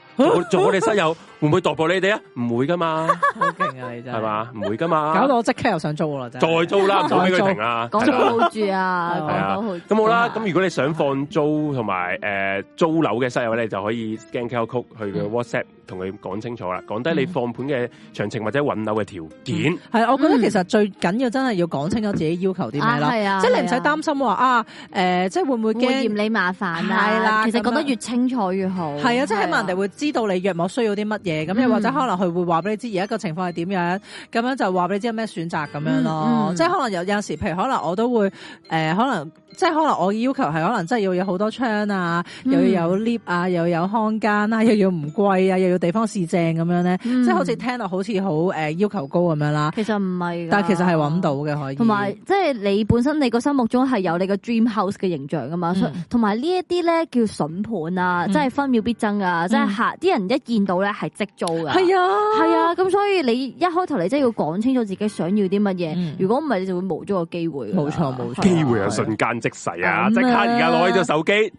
做我哋室友會唔會踱步你哋啊？唔會噶嘛，好勁啊！你真係嘛？唔會噶嘛？搞到我即刻又想租啦，真係再租啦，唔俾佢停啊！租住啊，係啊，咁好啦。咁如果你想放租同埋誒租樓嘅室友，你就可以 scan call call 去個 WhatsApp 同佢講清楚啦，講低你放盤嘅詳情或者揾樓嘅條件。係啊，我覺得其實最緊要真係要講清楚自己要求啲咩啦。係啊，即係你唔使擔心話啊，誒，即係會唔會驚嫌你麻煩啊？係啦，其實講得越清楚越。係啊，即係希望人哋會知道你約我需要啲乜嘢，咁又是、啊、或者可能佢會話俾你知而家個情況係點樣，咁樣就話俾你知有咩選擇咁樣咯，即係、嗯嗯、可能有有陣時，譬如可能我都會誒、呃，可能。即係可能我要求係可能真係要有好多窗啊，又要有 lift 啊，又有空間啊，又要唔貴啊，又要地方四正咁樣咧。即係好似聽落好似好誒要求高咁樣啦。其實唔係，但係其實係搵到嘅可以。同埋即係你本身你個心目中係有你個 dream house 嘅形象噶嘛？同埋呢一啲咧叫笋盤啊，即係分秒必爭啊！即係吓啲人一見到咧係即租嘅。係啊，係啊，咁所以你一開頭你真係要講清楚自己想要啲乜嘢，如果唔係你就會冇咗個機會。冇錯，冇錯，機會有瞬間。即時啊！即刻而家攞起咗手機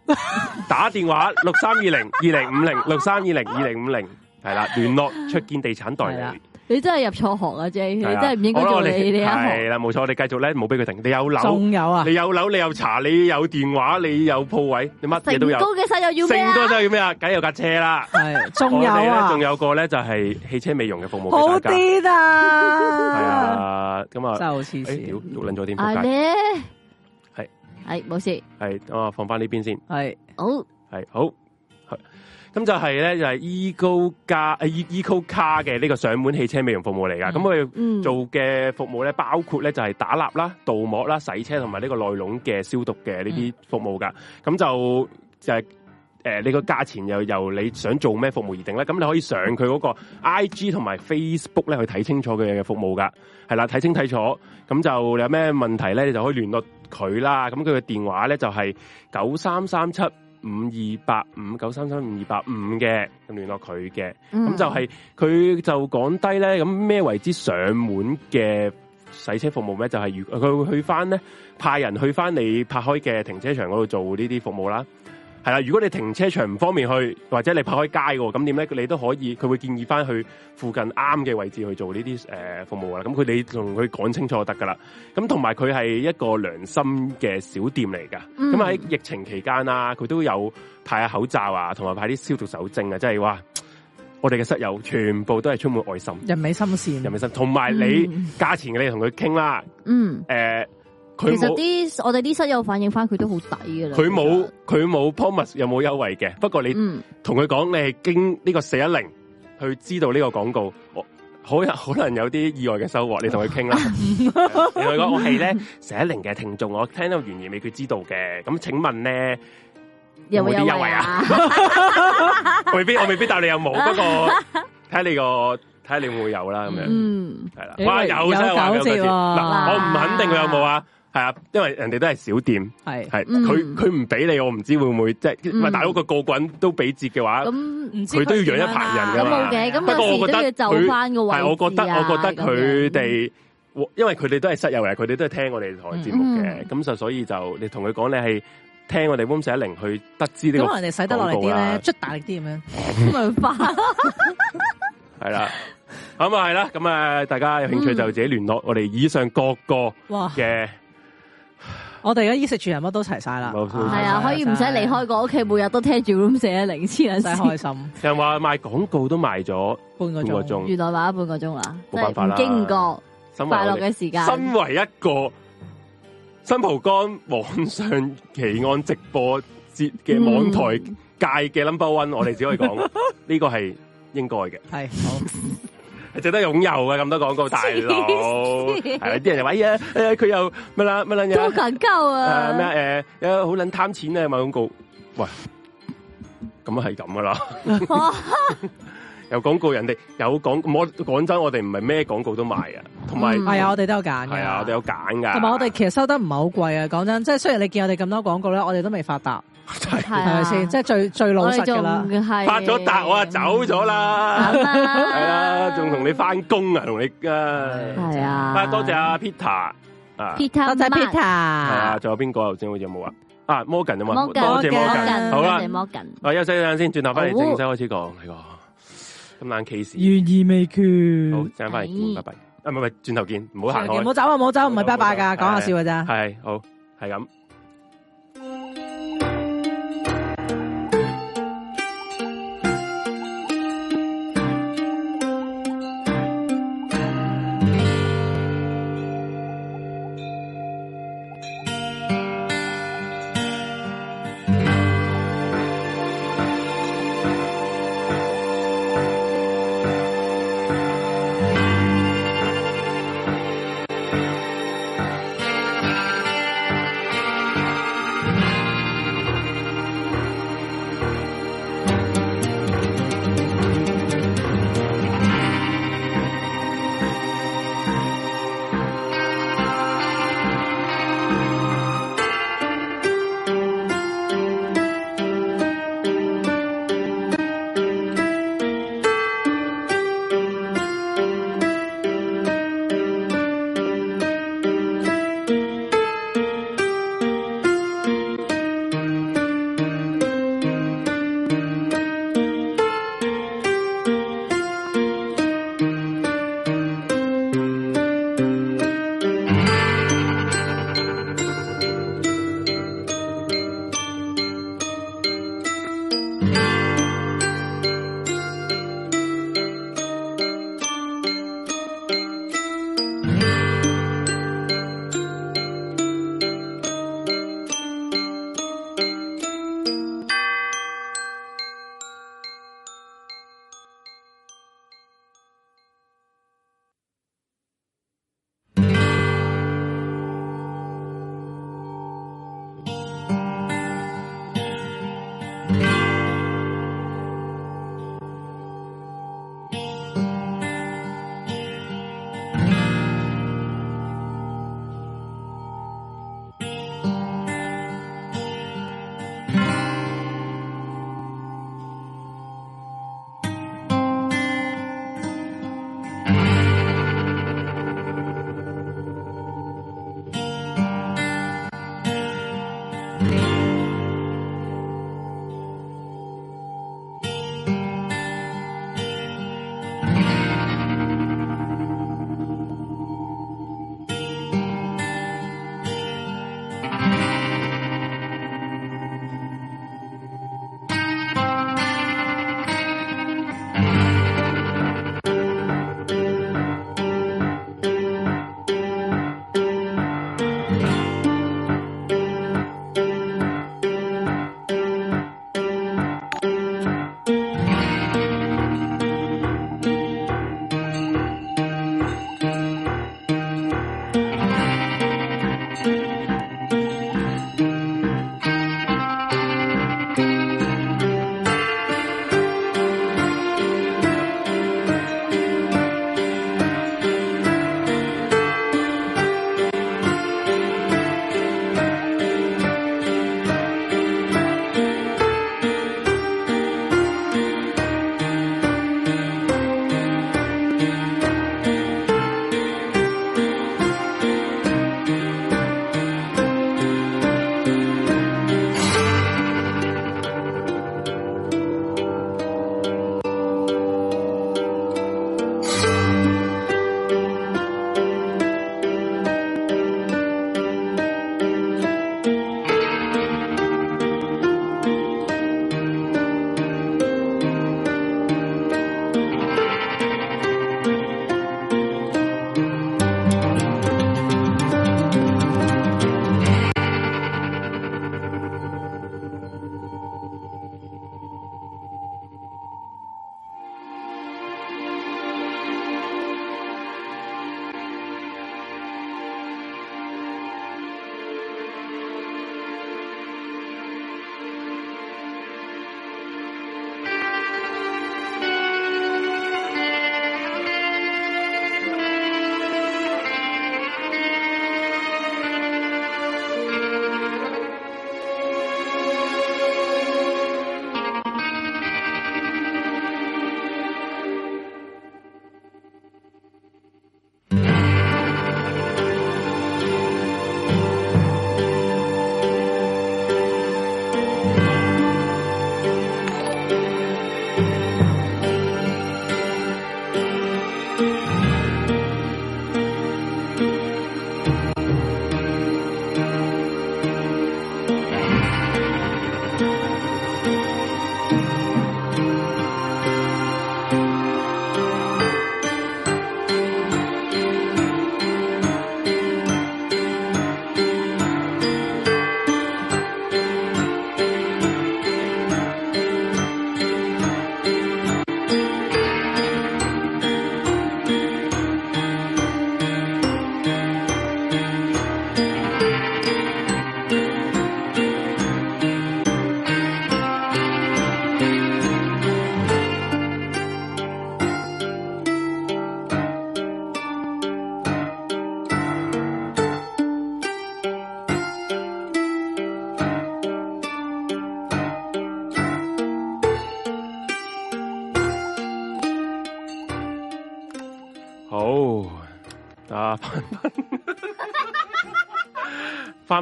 打電話，六三二零二零五零六三二零二零五零係啦，聯絡出建地產代理。你真係入錯行啊！即係你真係唔應該做你你一行。係啦，冇錯，你繼續咧，冇俾佢停。你有樓，仲有啊！你有樓，你又查，你有電話，你有鋪位，你乜嘢都有。高幾晒又要升多晒要咩啊？梗係有架車啦，係。仲有仲有個咧，就係汽車美容嘅服務。好啲啦，係啊。咁啊，就係好黐線。哎，又捻咗啲。係冇事，係放翻呢邊先，係是好，係好，咁就係咧、e 啊，就係 ECO 加誒 E ECO 卡嘅呢個上門汽車美容服務嚟噶，咁佢、嗯、做嘅服務咧包括咧就係、是、打蠟啦、鍍膜啦、洗車同埋呢個內籠嘅消毒嘅呢啲服務噶，咁、嗯、就就係、是。誒、呃，你個價錢又由你想做咩服務而定咧，咁你可以上佢嗰個 I G 同埋 Facebook 咧去睇清楚佢嘅服務噶，係啦，睇清睇楚，咁就有咩問題咧，你就可以聯絡佢啦。咁佢嘅電話咧就係九三三七五二八五九三三五二八五嘅，咁聯絡佢嘅。咁、嗯、就係、是、佢就講低咧，咁咩為之上門嘅洗車服務咧？就係、是、如佢會去翻咧，派人去翻你拍開嘅停車場嗰度做呢啲服務啦。係啦，如果你停車場唔方便去，或者你拍開街喎，咁點咧？你都可以，佢會建議翻去附近啱嘅位置去做呢啲誒服務啦。咁佢哋同佢講清楚就得噶啦。咁同埋佢係一個良心嘅小店嚟噶。咁喺疫情期間啦、啊，佢都有派下口罩啊，同埋派啲消毒手證啊，即係話我哋嘅室友全部都係充滿愛心、人美心善、人美心。同埋你、嗯、價錢你同佢傾啦。嗯。呃其實啲我哋啲室友反映返佢都好抵嘅啦。佢冇佢冇 promise 有冇優惠嘅？不過你同佢講你係經呢個四一零去知道呢個廣告，我好有可能有啲意外嘅收穫。你同佢傾啦，你同佢講我係咧四一零嘅聽眾，我聽到完而未佢知道嘅。咁請問咧有冇啲優惠啊？未必我未必答你有冇，不過睇下你個睇下你會有啦咁樣。嗯，係啦，哇有真係有嗱，我唔肯定佢有冇啊。係啊，因為人哋都係小店，係係，係係佢佢唔俾你，我唔知會唔會即係，唔係大佬個個滾都俾折嘅話，咁唔、嗯、知佢、啊、都要養一排人噶冇嘅，咁、啊、不過我覺得佢係，我覺得我覺得佢哋，嗯、因為佢哋都係室友嚟，佢哋都係聽我哋台節目嘅，咁就、嗯、所以就你同佢講，你係聽我哋 w 一零去得知個得呢個，人哋使得嚟啲咧，出大力啲咁樣，咁咪係啦，咁啊係啦，咁啊大家有興趣就自己聯絡我哋以上各個嘅。我哋而家衣食住行乜都齊晒啦，係啊，可以唔使離開個屋企，每日都聽住 room 四一零，真係開心。成日話賣廣告都賣咗半個鐘，原來賣咗半個鐘啦，冇辦法啦，經過快樂嘅時間。身為一個新蒲崗網上奇案直播節嘅網台界嘅 number one，、嗯、我哋只可以講呢 (laughs) 個係應該嘅。係好。值得擁有啊咁多廣告大佬，啲人就話：哎佢、哎、又乜啦乜撚嘢？都肯告啊！咩、啊？誒，好、哎、撚貪錢啊，買廣告。喂，咁啊係咁噶啦！有廣告人哋有廣我講真，我哋唔係咩廣告都賣啊。同埋，係啊、嗯哎，我哋都有揀嘅。係啊，我哋有揀噶。同埋，我哋其實收得唔係好貴啊。講真，即係雖然你見我哋咁多廣告咧，我哋都未發達。係咪先？即係最最老實噶啦，發咗達我啊走咗啦，係啦，仲同你翻工啊，同你啊，係啊，多謝阿 Peter，Peter，多謝 Peter，啊，仲有邊個？頭先好似冇啊？啊，Morgan 多謝 Morgan，好啦，Morgan，啊，休息一陣先，轉頭翻嚟正式開始講，係個今晚 case 懸而未決，好，陣翻嚟見，拜拜，啊，唔係唔係，轉頭見，唔好行開，唔好走啊，唔好走，唔係拜拜噶，講下笑噶咋，係好，係咁。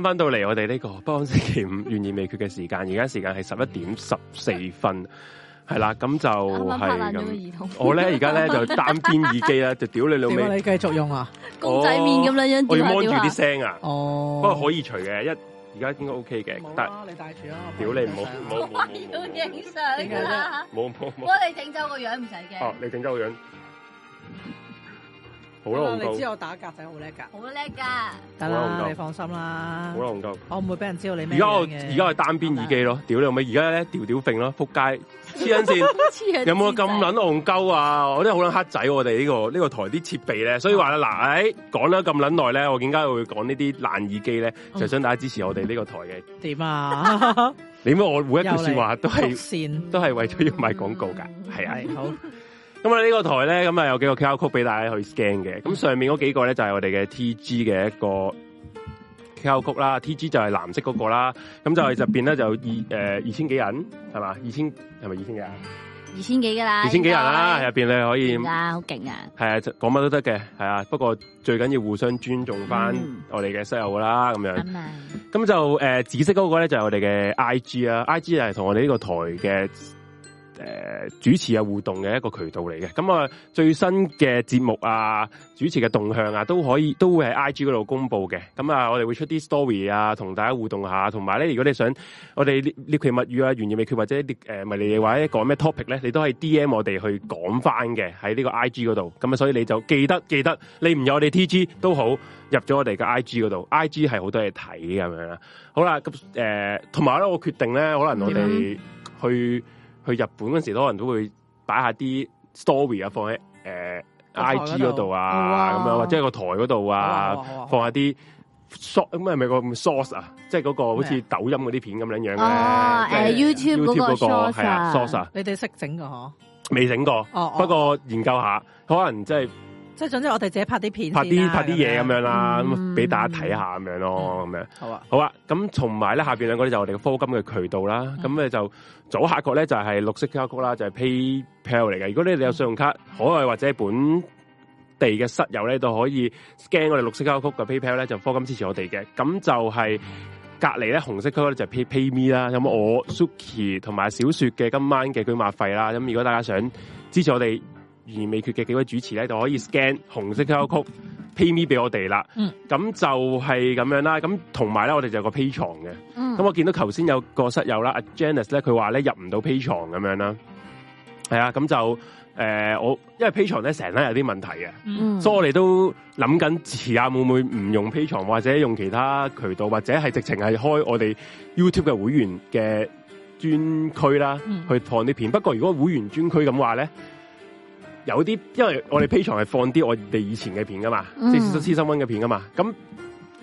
翻到嚟，我哋呢個不按星期五懸而未決嘅時間，而家時間係十一點十四分，係啦， (laughs) 咁就係我咧而家咧就單邊耳機咧，就屌你老味，你繼續用啊，公仔、哦、面咁樣樣。一一一我要摸住啲聲啊，哦，不過可以除嘅，一而家應該 OK 嘅。但啦，你戴住啦，屌你唔好，冇要影相噶啦，冇冇冇，我哋整走個樣唔使驚。你整走個樣。好啦，我知我打格仔好叻噶，好叻噶，得啦，你放心啦，好啦，我唔會俾人知道你咩。而家我而家係單邊耳機咯，屌你老味，而家咧屌屌揈咯，扑街，黐撚線，有冇咁撚戇鳩啊？我真係好撚黑仔，我哋呢個呢個台啲設備咧，所以話啦嗱，誒，講咗咁撚耐咧，我點解會講呢啲爛耳機咧？就想大家支持我哋呢個台嘅。點啊？點解我每一句說話都係都係為咗要賣廣告噶？係啊，好。咁啊呢個台咧，咁、嗯、啊有幾個 QR code 俾大家去 scan 嘅。咁上面嗰幾個咧就係、是、我哋嘅 T G 嘅一個 QR code 啦。T G 就係藍色嗰個啦。咁就係入邊咧就二誒二千幾人係嘛？二千係咪二千幾？二千幾噶啦？是是二千幾人啦，入邊你可以啊，好勁啊！係啊，講乜都得嘅，係啊。不過最緊要互相尊重翻我哋嘅室友啦，咁、嗯、樣。咁就誒、呃、紫色嗰個咧就係、是、我哋嘅 I G 啊，I G 就係同我哋呢個台嘅。誒、呃，主持啊，互動嘅一個渠道嚟嘅。咁、嗯、啊，最新嘅節目啊，主持嘅動向啊，都可以都會喺 I G 嗰度公布嘅。咁、嗯、啊，我哋會出啲 story 啊，同大家互動下。同埋咧，如果你想我哋呢呢期物語啊，懸而未決，或者誒，咪、呃、或者講咩 topic 咧，你都可以 D M 我哋去講返嘅。喺呢個 I G 嗰度。咁、嗯、啊，所以你就記得記得，你唔入我哋 T G 都好，入咗我哋嘅 I G 嗰度。I G 係好多嘢睇咁樣啦。好啦，咁、嗯、誒，同埋咧，我決定咧，可能我哋去。去日本嗰時，可能都會擺下啲 story 啊，放喺誒 IG 嗰度啊，咁樣或者個台嗰度啊，放下啲 source 咁係咪個 source 啊？即係嗰個好似抖音嗰啲片咁樣樣嘅。誒 YouTube 嗰個係啊，source 啊，你哋識整個嗬？未整過，不過研究下，可能即係。即係總之，我哋自己拍啲片、啊，拍啲些拍啲嘢咁樣啦、啊，咁俾、嗯、大家睇下咁樣咯、啊，咁、嗯、樣啊好啊，好啊。咁同埋咧，下邊兩個咧就我哋嘅科金嘅渠道啦。咁咧、嗯、就左下角咧就係、是、綠色交曲啦，就係、是、PayPal 嚟嘅。如果你哋有信用卡，海外、嗯、或者本地嘅室友咧都可以 scan 我哋綠色交曲嘅 PayPal 咧就科金支持我哋嘅。咁就係隔籬咧紅色區咧就係 PayPayMe 啦。咁我 Suki 同埋小雪嘅今晚嘅居馬費啦。咁如果大家想支持我哋。而未決嘅幾位主持咧，就可以 scan 紅色交曲 pay me 俾我哋啦。嗯，咁就係咁樣啦。咁同埋咧，我哋就有個 pay 床嘅。嗯，咁我見到頭先有個室友啦 a i c e s 咧，佢話咧入唔到 pay 床咁樣啦。係啊，咁就誒、呃，我因為 pay 床咧成日有啲問題嘅。嗯、所以我哋都諗緊遲下會唔會唔用 pay 床，或者用其他渠道，或者係直情係開我哋 YouTube 嘅會員嘅專區啦，嗯、去放啲片。不過如果會員專區咁話咧。有啲，因為我哋 Patreon 係放啲我哋以前嘅片噶嘛，即係私私生溫嘅片噶嘛。咁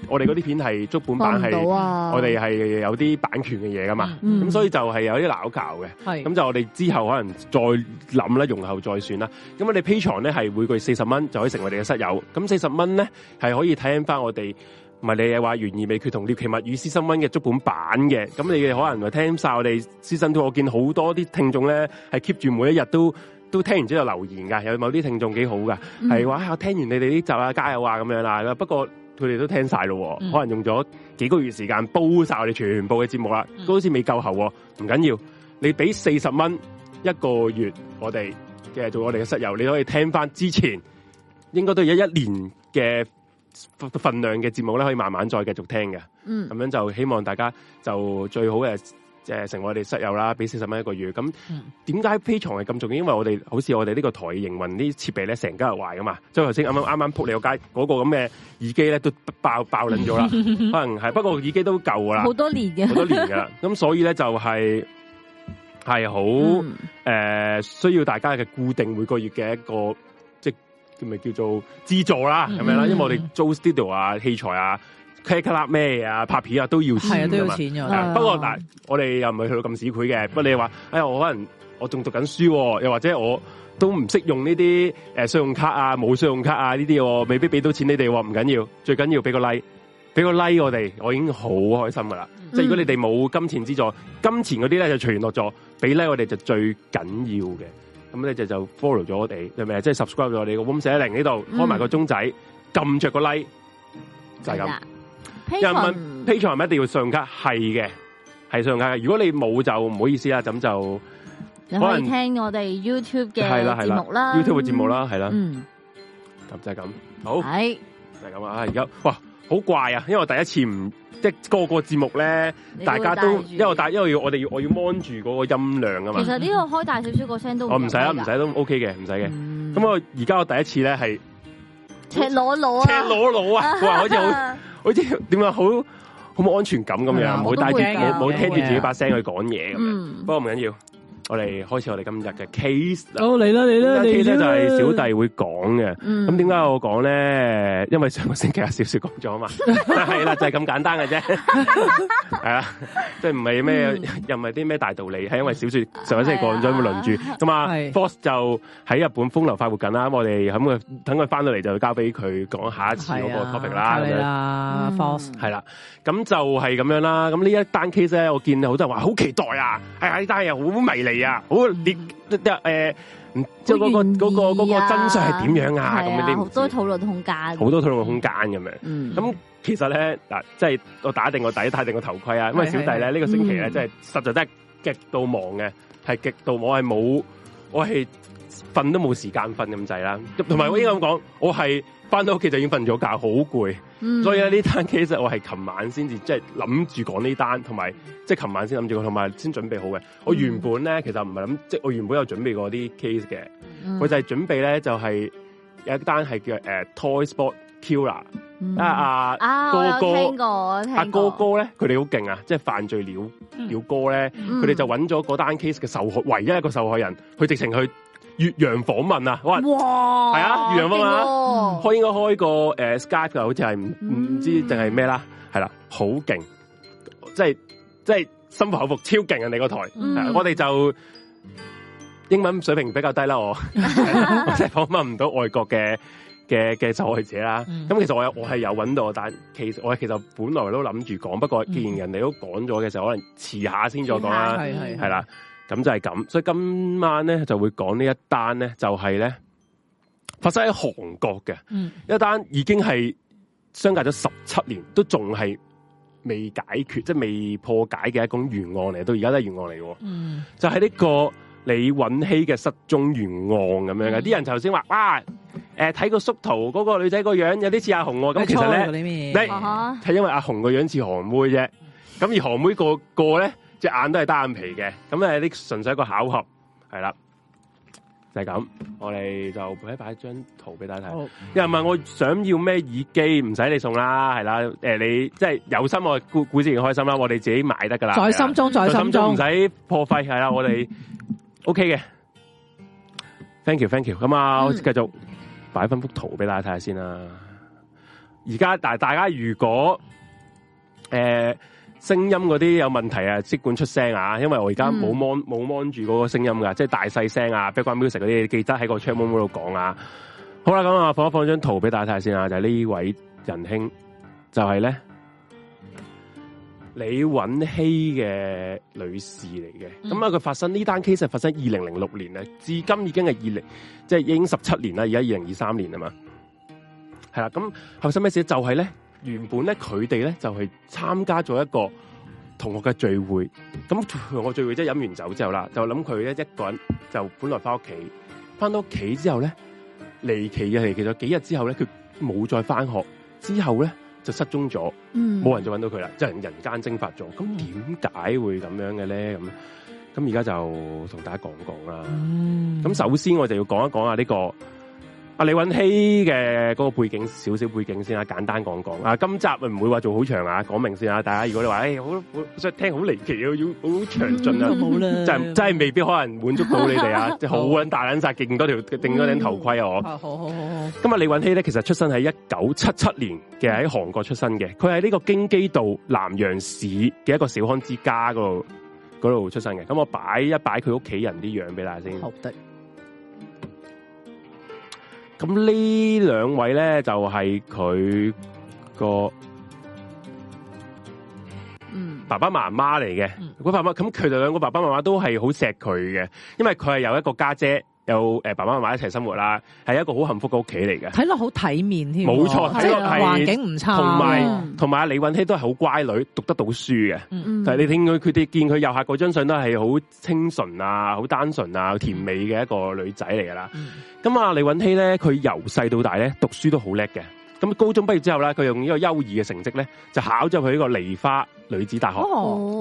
我哋嗰啲片係足本版，係、啊、我哋係有啲版權嘅嘢噶嘛。咁、嗯、所以就係有啲拗撬嘅。係咁是就我哋之後可能再諗啦，容後再算啦。咁我哋 Patreon 咧係每個月四十蚊就可以成為你嘅室友。咁四十蚊咧係可以聽翻我哋，唔係你話懸疑未決同獵奇物語私生溫嘅足本版嘅。咁你哋可能聽晒我哋私生，我見好多啲聽眾咧係 keep 住每一日都。都聽完之後留言噶，有某啲聽眾幾好噶，係話、嗯哎、我聽完你哋啲集啊，加油啊咁樣啦。不過佢哋都聽晒咯，嗯、可能用咗幾個月時間煲晒我哋全部嘅節目啦，都好似未夠喉。唔緊要，你俾四十蚊一個月我哋嘅，我哋嘅做我哋嘅室友，你可以聽翻之前應該都有一年嘅份量嘅節目咧，可以慢慢再繼續聽嘅。嗯，咁樣就希望大家就最好嘅。即係、呃、成為我哋室友啦，俾四十蚊一個月。咁點解非床係咁重要？因為我哋好似我哋呢個台嘅營運啲設備咧，成家係壞噶嘛。即係頭先啱啱啱啱仆你個街嗰個咁嘅耳機咧，都爆爆撚咗啦。 (laughs) 可能係，不過耳機都舊啦，好多年嘅，好多年嘅。咁 (laughs) 所以咧就係係好誒，需要大家嘅固定每個月嘅一個，即係咪叫，叫做資助啦咁樣啦。因為我哋租 studio 啊，器材啊。卡啦咩啊拍片啊都要，都要錢，啊、不過嗱、啊，我哋又唔係去到咁市儈嘅。嗯、不過你話，哎呀，我可能我仲讀緊書，啊，又或者我都唔識用呢啲誒信用卡啊，冇信用卡啊呢啲，未必俾到錢你哋。唔緊要，最緊要俾個 like，俾個 like 我哋，我已經好開心噶啦。嗯、即係如果你哋冇金錢資助，金錢嗰啲咧就隨緣樂助。俾 like 我哋就最緊要嘅。咁咧就 fo 就 follow、是、咗我哋，又咪即係 subscribe 咗我哋嘅 o 零呢度，開埋個鐘仔，撳着、嗯、個 like 就係、是、咁。有人問，Patreon 係咪一定要上架？係嘅，係上架。如果你冇就唔好意思啦，咁就你可以聽我哋 YouTube 嘅係啦係啦，YouTube 嘅節目啦，係啦。咁就係咁，好係就係咁啊！而家哇，好怪啊！因為我第一次唔即係個個節目咧，大家都因為大因為要我哋要我要 mon 住嗰個音量啊嘛。其實呢個開大少少個聲都我唔使啦，唔使都 OK 嘅，唔使嘅。咁我而家我第一次咧係赤裸裸，赤裸裸啊！我話好似好。好似點啊，好好冇安全感咁樣，唔好帶住冇冇聽住自己把聲去講嘢咁，不，不過唔緊要。我哋開始我哋今日嘅 case。哦，嚟啦嚟啦，case 就係小弟會講嘅。咁點解我講咧？因為上個星期阿小雪講咗嘛，係啦，就係咁簡單嘅啫。係啦，即係唔係咩？又唔係啲咩大道理？係因為小雪上個星期講咗，咁輪住咁啊。Force 就喺日本風流快活緊啦。咁我哋咁啊，等佢翻到嚟就交俾佢講下一次嗰個 topic 啦。咁樣，Force 係啦。咁就係咁樣啦。咁呢一單 case 咧，我見好多人話好期待啊。係啊，呢單又好迷離。啊，好你，誒、嗯，即係嗰個個、嗰個真相係點樣啊？咁啊，好多討論空間，好多討論空間咁樣。嗯，咁、嗯、其實咧嗱，即係我打定個底，戴定個頭盔啊。嗯、因為小弟咧呢係係呢個星期咧，真係實在真係極度忙嘅，係極度我係冇，我係瞓都冇時間瞓咁滯啦。同埋我應該咁講，我係。嗯我翻到屋企就已經瞓咗覺，好攰。嗯、所以咧呢單 case 我係琴晚先至即係諗住講呢單，同埋即係琴晚先諗住，同埋先準備好嘅。嗯、我原本咧其實唔係諗，即、就、係、是、我原本有準備過啲 case 嘅。佢、嗯、就係準備咧就係有一單係叫、uh, Toy Sport Killer、嗯、啊阿、啊、哥哥阿哥哥咧佢哋好勁啊！即係、就是、犯罪呢、嗯、了了哥咧佢哋就揾咗嗰單 case 嘅受害唯一一個受害人，佢直情去，越洋訪問啊，可能哇，係啊，越洋訪問啊，哦嗯、開應該開個誒，Skype 好似係唔唔知定係咩啦，係啦，好勁，即係即係心服口服，超勁啊！你個台，嗯啊、我哋就英文水平比較低啦，我 (laughs) 我即係訪問唔到外國嘅嘅嘅受害者啦。咁、嗯、其實我，我是有我係有揾到，但其實我其實本來都諗住講，不過既然人哋都講咗嘅時候，可能遲下先再講啦，係啦。嗯咁就係咁，所以今晚咧就會講呢一單咧，就係、是、咧發生喺韓國嘅，嗯、一單已經係相隔咗十七年，都仲係未解決，即係未破解嘅一種懸案嚟，到而家都係懸案嚟嘅。嗯、就係呢個李允熙嘅失蹤懸案咁樣嘅，啲、嗯、人頭先話，哇，誒睇個縮圖嗰個女仔個樣有啲似阿紅、哦，咁其實咧，係因為阿紅個樣似韓妹啫，咁 (laughs) 而韓妹個個咧。眼都係單眼皮嘅，咁誒，你、呃、純粹一個巧合係啦，就係、是、咁，我哋就再擺張圖俾大家睇。哦、又唔係我想要咩耳機，唔使你送啦，係啦，誒、呃，你即係、呃就是、有心，我自己心，我估估自己開心啦，我哋自己買得噶啦，在心中，在了心中，唔使破費係啦，我哋 (laughs) OK 嘅，thank you，thank you。咁啊，繼續擺翻幅圖俾大家睇下先啦。而家但係大家如果誒。呃聲音嗰啲有問題啊，即管出聲啊，因為我而家冇 m 冇 m 住嗰個聲音噶，即係大細聲啊，BigBang 美食嗰啲，記得喺個窗門嗰度講啊。好啦，咁啊，放一放一張圖俾大家睇下先啊，就係、是、呢位仁兄，就係、是、咧、嗯、李允熙嘅女士嚟嘅。咁啊、嗯，佢發生呢單 case 係發生二零零六年咧，至今已經係二零，即係已經十七年啦，而家二零二三年啊嘛，係啦，咁後生咩事就係、是、咧？原本咧，佢哋咧就係、是、參加咗一個同學嘅聚會。咁同學聚會即係飲完酒之後啦，就諗佢咧一個人就本來翻屋企，翻到屋企之後咧離奇嘅係其實幾日之後咧，佢冇再翻學，之後咧就失蹤咗，冇、嗯、人再揾到佢啦，即係人間蒸發咗。咁點解會咁樣嘅咧？咁咁而家就同大家講一講啦。咁、嗯、首先我就要講一講下呢個。阿李允熙嘅嗰個背景，少少背景先啦，啊，簡單講講。啊，今集唔會話做好長啊，講明先啊。大家如果你話，誒、哎，好，好，即係聽好離奇啊，要好詳盡啊，真真係未必可能滿足到你哋啊，即係好揾大揾曬，勁多條，定多頂頭盔啊，我。好好好好。咁阿李允熙咧，其實出生喺一九七七年嘅，喺韓國出生嘅，佢喺呢個京畿道南陽市嘅一個小康之家嗰度度出生嘅。咁我擺一擺佢屋企人啲樣俾大家先。好的。咁呢兩位咧就係佢個爸爸媽媽嚟嘅，佢爸爸媽媽，咁佢哋兩個爸爸媽媽都係好錫佢嘅，因為佢係有一個家姐。有誒爸爸媽媽一齊生活啦，係一個好幸福嘅屋企嚟嘅，睇落好體面添。冇錯，睇落係，即係環境唔差，同埋同埋阿李允希都係好乖女，讀得到書嘅。嗯嗯，但係你聽佢佢哋見佢右下嗰張相都係好清純啊，好單純啊，好甜美嘅一個女仔嚟噶啦。咁啊、嗯，李允希咧，佢由細到大咧讀書都好叻嘅。咁高中畢業之後咧，佢用一個優異嘅成績咧，就考咗去呢個梨花女子大學，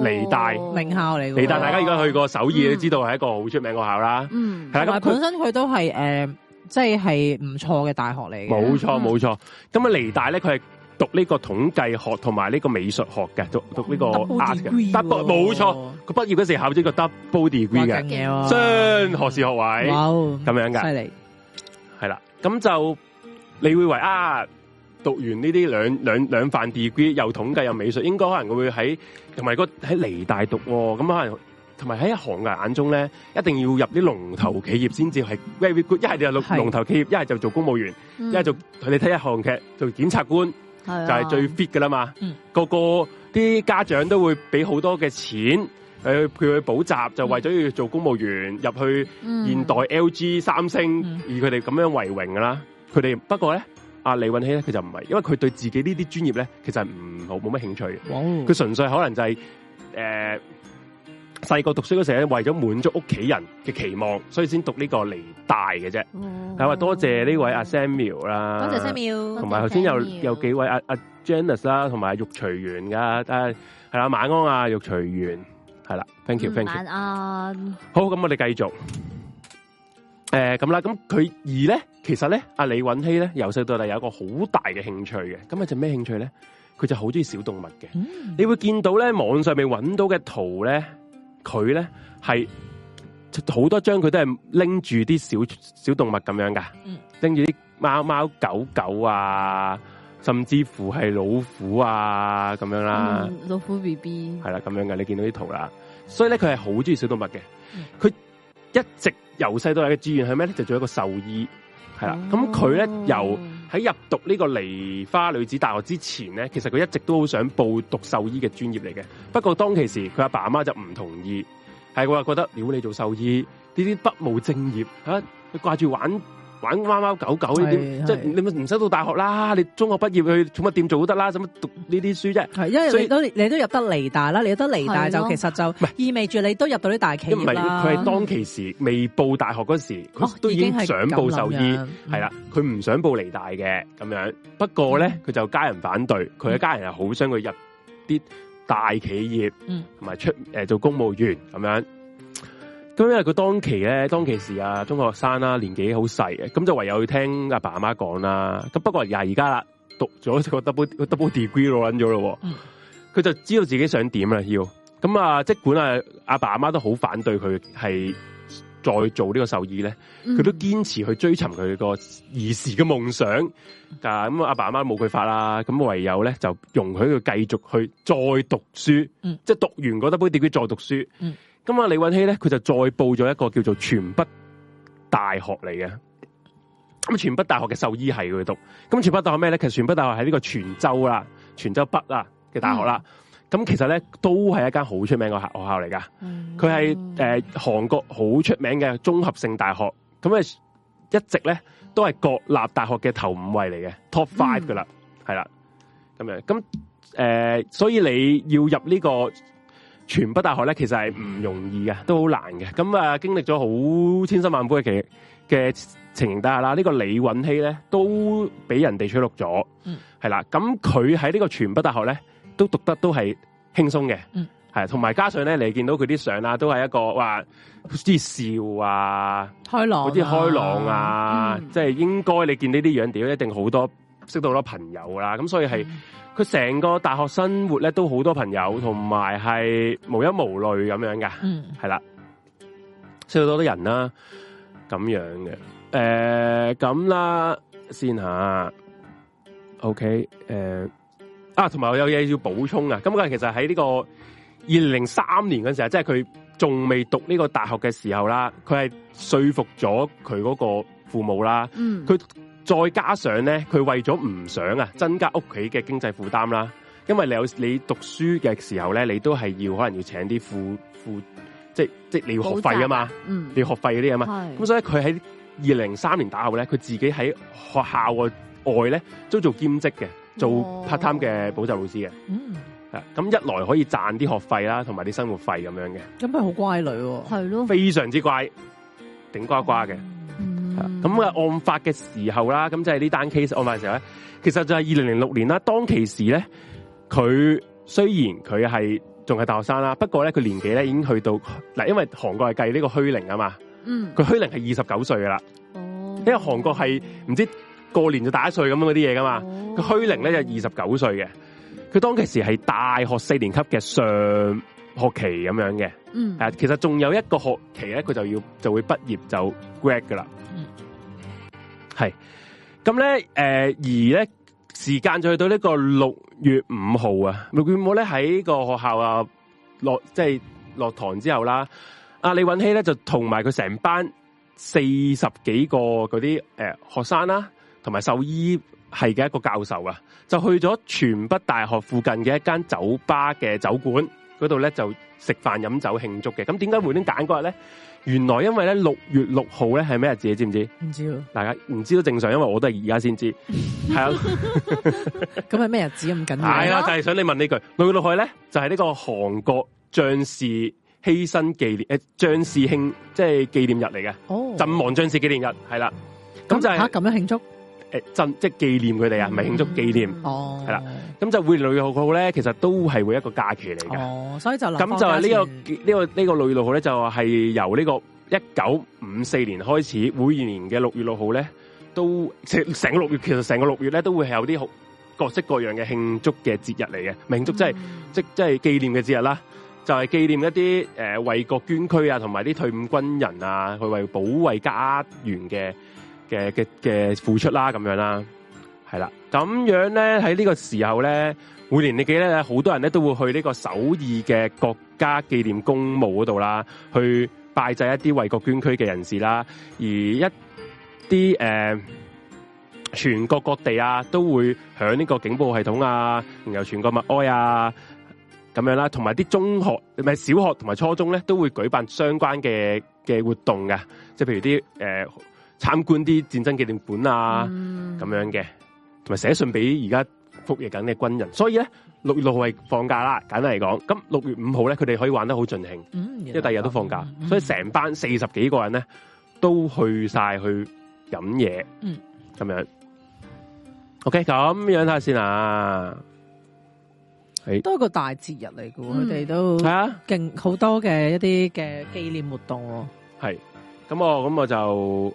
梨大名校嚟，梨大大家如果去過首爾都知道係一個好出名個校啦。嗯，同埋本身佢都係誒，即係唔錯嘅大學嚟。冇錯冇錯，咁啊梨大咧，佢係讀呢個統計學同埋呢個美術學嘅，讀讀呢個 art 嘅，double 冇錯，佢畢業嗰時考咗個 double degree 嘅，雙學士學位，哇，咁樣噶，犀利，係啦，咁就你會為啊！讀完呢啲兩兩兩份 degree，又統計又美術，應該可能佢會喺同埋個喺離大讀、哦，咁可能同埋喺一行嘅眼中咧，一定要入啲龍頭企業先至係 very good，一係就龍龍頭企業，一係是就做公務員，一係就佢哋睇一行劇做檢察官，嗯、就係最 fit 噶啦嘛。嗯、個個啲家長都會俾好多嘅錢去佢、呃、去補習，就為咗要做公務員入、嗯、去現代 LG 三星，嗯、以佢哋咁樣為榮噶啦。佢哋不過咧。阿、啊、李允熙咧，佢就唔係，因為佢對自己這些專呢啲專業咧，其實係唔好冇乜興趣嘅。佢純哇粹可能就係、是、誒，細、呃、個讀書嗰陣，為咗滿足屋企人嘅期望，所以先讀呢個嚟大嘅啫。係話哇多謝呢位阿 Samuel 啦、嗯，多謝 Samuel，同埋頭先有有，有幾位阿阿 Janice 啦、啊，同埋玉隨緣噶，誒、啊、係啦，晚安啊玉隨緣，係啦，Thank you thank you，晚安。好，咁我哋繼續。誒，咁啦、呃，咁佢而咧，其實咧，阿李允熙咧，由細到大有個好大嘅興趣嘅，咁係就咩興趣咧？佢就好中意小動物嘅，嗯、你會見到咧網上面揾到嘅圖咧，佢咧係好多張，佢都係拎住啲小小動物咁樣噶，拎住啲貓貓狗狗啊，甚至乎係老虎啊咁樣啦、嗯，老虎 B B 係啦咁樣嘅，你見到啲圖啦，所以咧佢係好中意小動物嘅，佢、嗯、一直。由細到大嘅志願係咩咧？就做一個獸醫，係啦。咁佢咧由喺入讀呢個梨花女子大學之前咧，其實佢一直都好想報讀獸醫嘅專業嚟嘅。不過當其時，佢阿爸阿媽就唔同意，係佢話覺得鳥你做獸醫呢啲不務正業，吓佢掛住玩。玩貓貓狗狗呢啲，即係你唔使到大學啦，你中學畢業去寵物店做都得啦，使乜讀呢啲書啫？係的，所以你都你都入得嚟大啦，你入得離大是的 就其實就唔意味住你都入到啲大企業唔係。佢係當其時未報大學嗰時，都已經想報獸醫，哦，已經係咁樣。係啦，佢唔想報離、哦、大嘅咁樣，不過咧佢就家人反對，佢嘅、嗯、家人係好想佢入啲大企業，同埋、嗯、出誒、呃、做公務員咁樣。咁因為佢當期咧，當期時啊，中學生啦，啊，年紀好細嘅，咁就唯有去聽阿爸阿媽講啦。咁不過廿而家啦，讀咗個 double double degree 咗咯。佢，嗯，就知道自己想點啦，要咁啊，即管啊，阿爸阿媽都好反對佢係再做個授意呢個獸醫咧，佢，嗯，都堅持去追尋佢個兒時嘅夢想。咁，嗯，啊，阿爸阿媽冇佢法啦，咁唯有咧就容許佢繼續去再讀書，嗯，即係讀完個 double degree 再讀書。嗯咁啊，李允熙咧，佢就再報咗一個叫做全北大學嚟嘅。咁全北大學嘅獸醫系佢讀，咁全北大學咩咧？其實全北大學喺呢個全州啦，全州北啦嘅大學啦。咁、嗯、其實咧都係一間好出名嘅學校嚟噶。佢係誒韓國好出名嘅綜合性大學。咁啊一直咧都係國立大學嘅頭五位嚟嘅，top five 噶啦，係啦、嗯。咁樣咁誒、呃，所以你要入呢、這個。全北大學咧，其實係唔容易嘅，都好難嘅。咁啊，經歷咗好千辛萬苦嘅嘅情形底下啦，呢個李允熙咧都俾人哋取錄咗，係啦、嗯。咁佢喺呢個全北大學咧都讀得都係輕鬆嘅，係同埋加上咧，你見到佢啲相啦，都係一個哇，啲笑啊，開朗、啊，啲開朗啊，即係、嗯、應該你見呢啲樣點，一定好多識到好多朋友啦。咁所以係。嗯佢成個大學生活咧都好多朋友，同埋係無憂無慮咁樣㗎，係啦、嗯，識到多啲人啦、啊，咁樣嘅，誒咁啦先吓，OK，誒、呃，啊，同埋我有嘢要補充啊，咁嗰日其實喺呢個二零零三年嘅時候，即係佢仲未讀呢個大學嘅時候啦，佢係說服咗佢嗰個父母啦，嗯，佢。再加上咧，佢為咗唔想啊，增加屋企嘅經濟負擔啦。因為你有你讀書嘅時候咧，你都係要可能要請啲付付，即係即係你要學費啊嘛，嗯，你要學費嗰啲啊嘛。咁是所以佢喺二零三年打後咧，佢自己喺學校外咧都做兼職嘅，做 part time 嘅補習老師嘅。嗯、哦，咁一來可以賺啲學費啦，同埋啲生活費咁樣嘅。咁咪好乖女、啊，係咯的，非常之乖，頂呱呱嘅。嗯咁啊，mm hmm. 案發嘅時候啦，咁就係呢單 case 案發嘅時候咧，其實就係二零零六年啦。當其時咧，佢雖然佢係仲係大學生啦，不過咧佢年紀咧已經去到嗱，因為韓國係計呢個虛齡啊嘛，嗯、mm，佢虛齡係二十九歲噶啦，哦，因為韓國係唔知過年就大一歲咁樣嗰啲嘢噶嘛，佢虛齡咧就二十九歲嘅，佢當其時係大學四年級嘅上學期咁樣嘅，嗯、mm，hmm. 其實仲有一個學期咧，佢就要就會畢業就 grad 噶啦。係，咁咧，誒、呃，而咧，時間就去到呢個六月五號啊，六月五號咧喺個學校啊落，即係落堂之後啦，阿、啊、李允熙咧就同埋佢成班四十幾個嗰啲誒學生啦、啊，同埋獸醫系嘅一個教授啊，就去咗全北大學附近嘅一間酒吧嘅酒館嗰度咧就食飯飲酒慶祝嘅，咁點解會揀呢日咧？原來因為咧六月六號咧係咩日子你知唔知道？唔知。啊、大家唔知都正常，因為我都係而家先知。係啊，咁係咩日子咁緊？係啦，就係、是、想你問呢句。六月六號咧就係、是、呢個韓國將士犧牲紀念誒，將士慶即係紀念日嚟嘅。哦，陣亡將士紀念日係啦，咁、啊、就吓、是、咁、啊、樣慶祝。誒，即係紀念佢哋啊，唔係、嗯、慶祝紀念，係啦、哦，咁就會六月六號咧，其實都係會一個假期嚟嘅。哦，所以就咁就係、呢個、呢個呢、呢個呢、呢個六月六號咧，就係、是、由呢個一九五四年開始，每年嘅六月六號咧，都成成個六月，其實成個六月咧，都會有啲好各式各樣嘅慶祝嘅節日嚟嘅，慶祝即係即即係紀念嘅節日啦，就係、是、紀念一啲誒、呃、為國捐軀啊，同埋啲退伍軍人啊，去為保衛家園嘅嘅嘅嘅付出啦，咁樣啦，係啦，咁樣咧喺呢個時候咧，每年你記得咧，好多人咧都會去呢個首爾嘅國家紀念公墓嗰度啦，去拜祭一啲為國捐軀嘅人士啦，而一啲誒、呃、全國各地啊，都會響呢個警報系統啊，然後全國默哀啊，咁樣啦，同埋啲中學唔係小學同埋初中咧，都會舉辦相關嘅嘅活動嘅，即係譬如啲誒。呃參觀啲戰爭紀念館啊，咁、嗯、樣嘅，同埋寫信俾而家服役緊嘅軍人。所以咧，六月六號係放假啦，簡單嚟講。咁六月五號咧，佢哋可以玩得好盡興，嗯、因為第二日都放假。嗯嗯、所以成班四十幾個人咧，都去晒去飲嘢，嗯，咁樣。OK，咁樣睇下先啊，係。都係一個大節日嚟嘅，佢哋、嗯、都係啊，勁好、嗯、多嘅一啲嘅紀念活動。係、啊，咁我咁我就。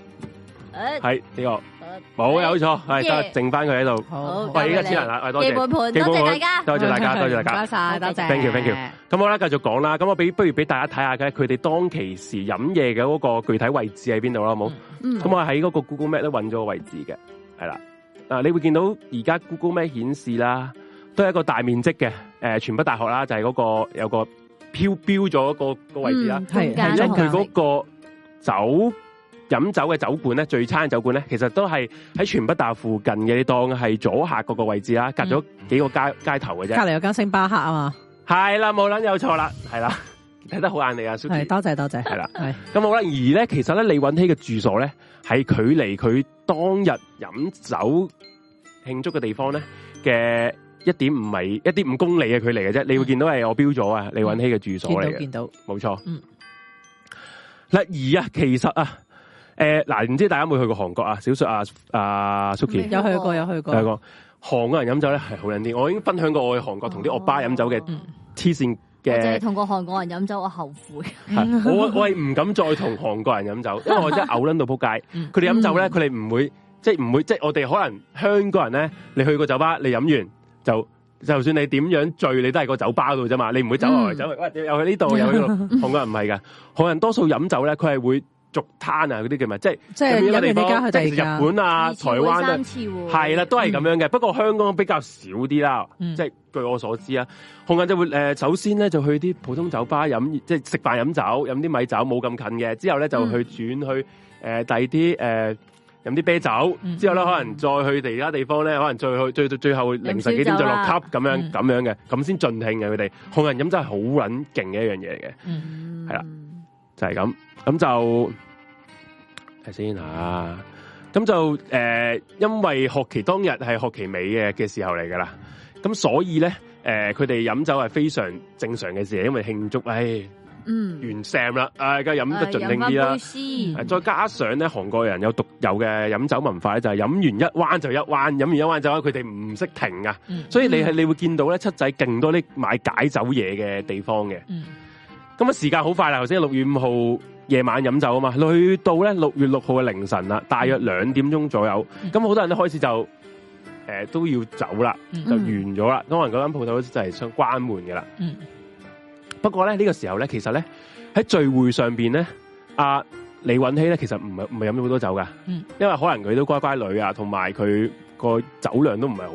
係呢個冇有錯，係得剩翻佢喺度。好，我而家只能啦，多謝，多謝大家，多謝大家，多謝大家，多謝。thank you，thank you。咁好咧繼續講啦。咁我俾不如俾大家睇下嘅，佢哋當其時飲嘢嘅嗰個具體位置喺邊度啦，好冇？咁我喺嗰個 Google Map 都揾咗個位置嘅，係啦。啊，你會見到而家 Google Map 顯示啦，都係一個大面積嘅，誒，傳播大學啦，就係嗰個有個飄標咗個個位置啦，係，因為佢嗰個酒。飲酒嘅酒館咧，聚餐酒館咧，其實都係喺全北大附近嘅，你當係左下角個位置啦，嗯、隔咗幾個街街頭嘅啫。隔籬有間星巴克啊嘛，係啦，冇諗有錯啦，係啦，睇 (laughs) 得好眼力啊，小弟，多謝多謝，係啦，係了。咁 (laughs) 對好啦，而咧，其實咧，李允熙嘅住所咧，係距離佢當日飲酒慶祝嘅地方咧嘅一點五米，一點五公里嘅距離嘅啫。嗯、你會見到係我標咗啊，嗯、李允熙嘅住所嚟嘅，見到，冇錯錯，嗯。嗱而啊，其實啊。誒嗱，唔、呃、知大家有冇去過韓國啊？小雪啊，阿、啊、Suki 有去過，有去過。去過韓國人飲酒咧係好靚啲，我已經分享過我去韓國同啲歐巴飲酒嘅黐線嘅。即係同個韓國人飲酒，我後悔。 (laughs) 我我係唔敢再同韓國人飲酒，因為我真係嘔撚到仆街。佢哋飲酒咧，佢哋唔會即係唔會即係我哋可能香港人咧，你去個酒吧，你飲完就就算你點樣醉，你都係個酒吧度啫嘛，你唔會走外走。喂、嗯哎，又去呢度，又去呢度。 (laughs) 韓國人唔係㗎，韓人多數飲酒咧，佢係會。續攤啊，嗰啲叫咪，即係咁啲地方，日本啊、台灣啊，係啦，都係咁樣嘅。不過香港比較少啲啦，即係據我所知啊，紅人就會誒，首先咧就去啲普通酒吧飲，即係食飯飲酒，飲啲米酒冇咁近嘅。之後咧就去轉去誒第二啲誒飲啲啤酒。之後咧可能再去而家地方咧，可能再去最到最後凌晨幾點就落級咁樣咁樣嘅，咁先盡興嘅。佢哋紅人飲真係好撚勁嘅一樣嘢嘅，係啦。就係咁，咁就係先吓、啊，咁就誒、呃，因為學期當日係學期尾嘅嘅時候嚟噶啦，咁所以咧，誒、呃，佢哋飲酒係非常正常嘅事，因為慶祝，誒、哎，嗯，完 sem 啦，誒、呃，而家飲得盡興啲啦，呃、再加上咧，韓國人有獨有嘅飲酒文化咧，就係、是、飲完一彎就一彎，飲完一彎就彎，佢哋唔識停啊。嗯、所以你係、嗯、你會見到咧，七仔勁多啲買解酒嘢嘅地方嘅。嗯咁啊，時間好快啦！頭先六月五號夜晚飲酒啊嘛，去到咧六月六號嘅凌晨啦，大約兩點鐘左右，咁好、嗯、多人都開始就、呃、都要走啦，就完咗啦。嗯、當然嗰間鋪頭就係想關門嘅啦。嗯、不過咧，呢、呢個時候咧，其實咧喺聚會上面咧，阿李允熙咧，其實唔唔係飲咗好多酒噶，嗯、因為可能佢都乖乖女啊，同埋佢個酒量都唔係好。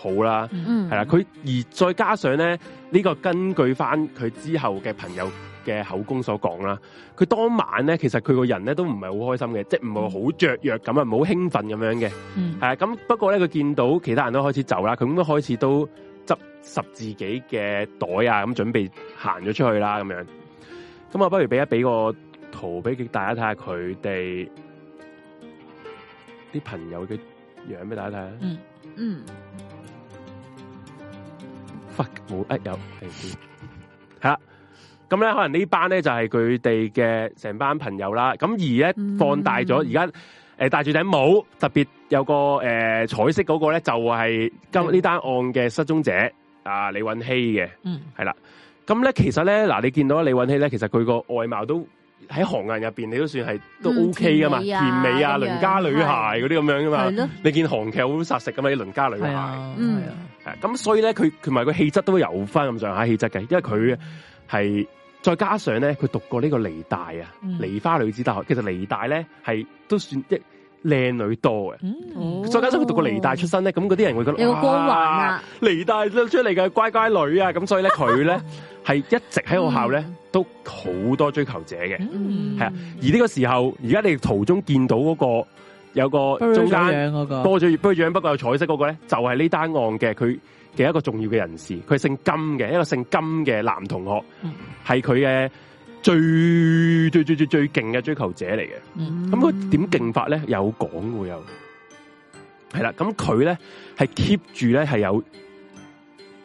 好啦，係啦、嗯，佢而再加上咧呢、呢個根據翻佢之後嘅朋友嘅口供所講啦，佢當晚咧其實佢個人咧都唔係好開心嘅，即係唔係好雀躍咁啊，唔好興奮咁樣嘅，係啊、嗯。咁不過咧佢見到其他人都開始走啦，佢應該開始都執拾自己嘅袋啊，咁準備行咗出去啦咁樣。咁啊，不如俾一俾個圖俾大家睇下佢哋啲朋友嘅樣俾大家睇下啊、嗯，嗯。冇誒、啊，有係啲係啦，咁咧可能呢班咧就係佢哋嘅成班朋友啦，咁而咧放大咗而家誒戴住頂帽，特別有個誒、呃、彩色嗰個咧就係今呢單案嘅失蹤者的啊李允熙嘅，係啦，咁咧、嗯、其實咧嗱你見到李允熙咧，其實佢個外貌都。喺韓人入邊，你都算係都 OK 噶嘛，嗯，甜美啊，鄰、啊、家女孩嗰啲咁樣噶嘛。的你見韓劇好殺食噶嘛啲鄰家女孩。嗯，係咁所以咧，佢同埋個氣質都會有返咁上下氣質嘅，因為佢係再加上咧，佢讀過呢個梨大啊，梨、嗯、花女子大學。其實梨大咧係都算一。靚女多嘅，再加上佢讀過黎大出身咧，咁嗰啲人會覺得有光環啊！黎大出出嚟嘅乖乖女啊，咁所以咧佢咧係一直喺學校咧、嗯、都好多追求者嘅，係啊、嗯。而呢個時候，而家你途中見到嗰、那個有個中間多咗月杯獎，不，那個、不，不過有彩色嗰個咧，就係、是、呢單案嘅佢嘅一個重要嘅人士，佢係姓金嘅，嗯、一個姓金嘅男同學，係佢嘅。最最最最最勁嘅追求者嚟嘅，咁佢點勁法咧？有講嘅，有係啦。咁佢咧係 keep 住咧係有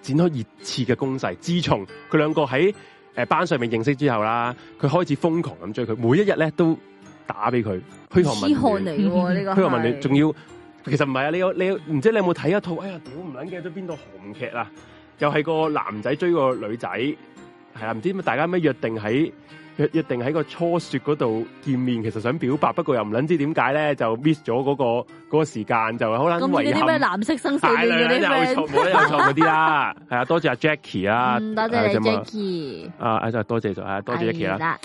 展開熱刺嘅攻勢。自從佢兩個喺誒班上面認識之後啦，佢開始瘋狂咁追佢，每一日咧都打俾佢。噓寒嚟嘅，呢個噓寒問暖，仲要其實唔係啊？你有你唔知你有冇睇一套？哎呀，我唔撚記得咗邊套韓劇啊？又係個男仔追個女仔。係啊，唔知大家咩約定喺約，約定喺個初雪嗰度見面，其實想表白，不過又唔捻知點解咧就 miss 咗嗰個嗰、嗰個時間就，好啦，咁維下藍色生死戀嗰啲 friend，冇錯嗰啲啦，係啊，多謝阿 Jacky 啊，多謝你 Jacky 啊，就多謝咗啊，多謝 Jacky 啦。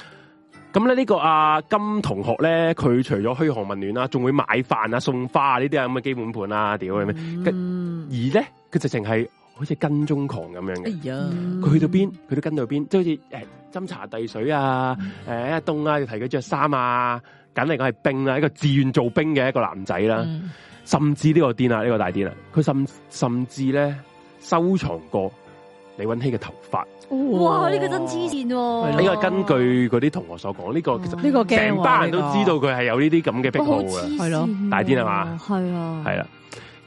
咁咧呢個阿、啊、金同學咧，佢除咗噓寒問暖啦、啊，仲會買飯啊、送花啊呢啲啊咁嘅基本盤啊屌，嗯、而咧佢直情係。好似跟蹤狂咁樣嘅，佢、哎、呀去到邊佢都跟到邊，即係好似誒斟茶遞水啊，誒一凍啊要提佢着衫啊，簡嚟講係兵啊。一個自願做兵嘅一個男仔啦，甚至呢個癲啦，呢個大癲啦，佢甚甚至咧收藏過李允熙嘅頭髮，哇呢哇個真黐線喎，呢、啊啊、個根據嗰啲同學所講，呢、這個其實成班、這個、人都知道佢係有呢啲咁嘅癖好啊。係咯，大癲係嘛？係啊，係啦、啊。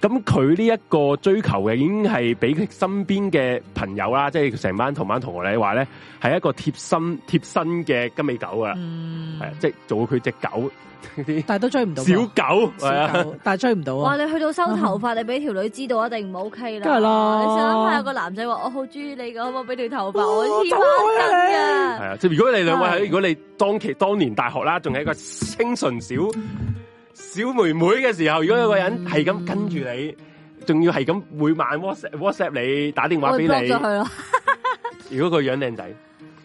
咁佢呢一個追求嘅，已經係俾佢身邊嘅朋友啦，即係成班同班同學你話咧，係一個貼心貼身嘅金尾狗啊，係即係做佢隻狗啲，但係都追唔到小狗，小狗啊，但係追唔到啊！哇！你去到收頭髮，啊，你俾條女知道一定唔 OK 啦，梗係啦！你想下有個男仔話我好中意你㗎，可唔可以俾條頭髮，哦，我牽緊啊？係啊！即係如果你兩位喺，如果你當其當年大學啦，仲係一個清純小。小妹妹嘅時候，如果有個人係咁跟住你，仲要係咁每晚 WhatsApp WhatsApp 你，打電話俾你，如果佢樣靚仔，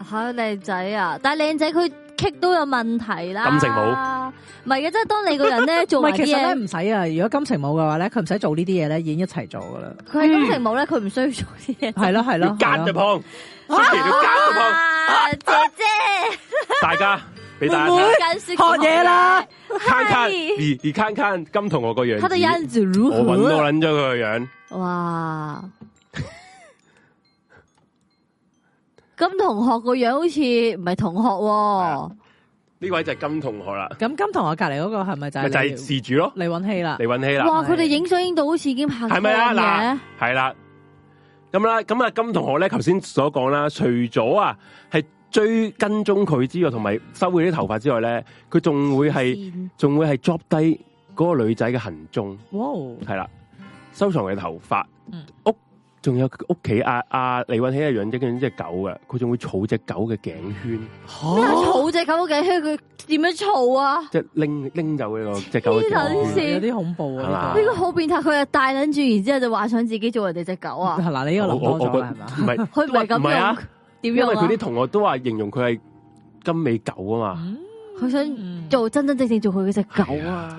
吓靚仔啊！但係靚仔佢棘都有問題啦。感情冇，唔係嘅，即係當你個人咧做埋嘢，唔使啊！如果感情冇嘅話咧，佢唔使做呢啲嘢咧，已經一齊做噶啦。佢感情冇咧，佢唔需要做啲嘢。係咯係咯，夾就胖，啊！姐姐，大家。俾大家會會學嘢啦，看看而而金同學個樣，我搵我捻咗佢個樣。哇！金同學個樣好似唔係同學。呢位就係金同學啦、喔。咁、啊、金同學隔籬嗰個係咪就咪就係事主咯？李允熙啦，李允熙啦。哇是！佢哋影相影到好似已經拍光嘅、啊。係啦，咁啦、啊，咁啊，金同學咧，頭先所講啦，除咗啊係。追跟蹤佢之外，同埋收佢啲頭髮之外咧，佢仲會係仲會係捉低嗰個女仔嘅行蹤。哇，係啦，收藏佢頭髮，屋仲有屋企阿阿李允熙啊養咗跟住隻狗嘅，佢仲會儲隻狗嘅頸圈。儲隻狗嘅頸圈，佢點樣儲啊？即係拎拎走佢個隻狗頸圈，有啲恐怖啊！呢個好變態，佢又帶緊住，然之後就話想自己做人哋隻狗啊！嗱，你呢個唔係，佢唔係咁樣。因為佢啲同學都話形容佢係金尾狗啊嘛，佢、嗯、想做真真正正做佢嗰隻狗啊，啊，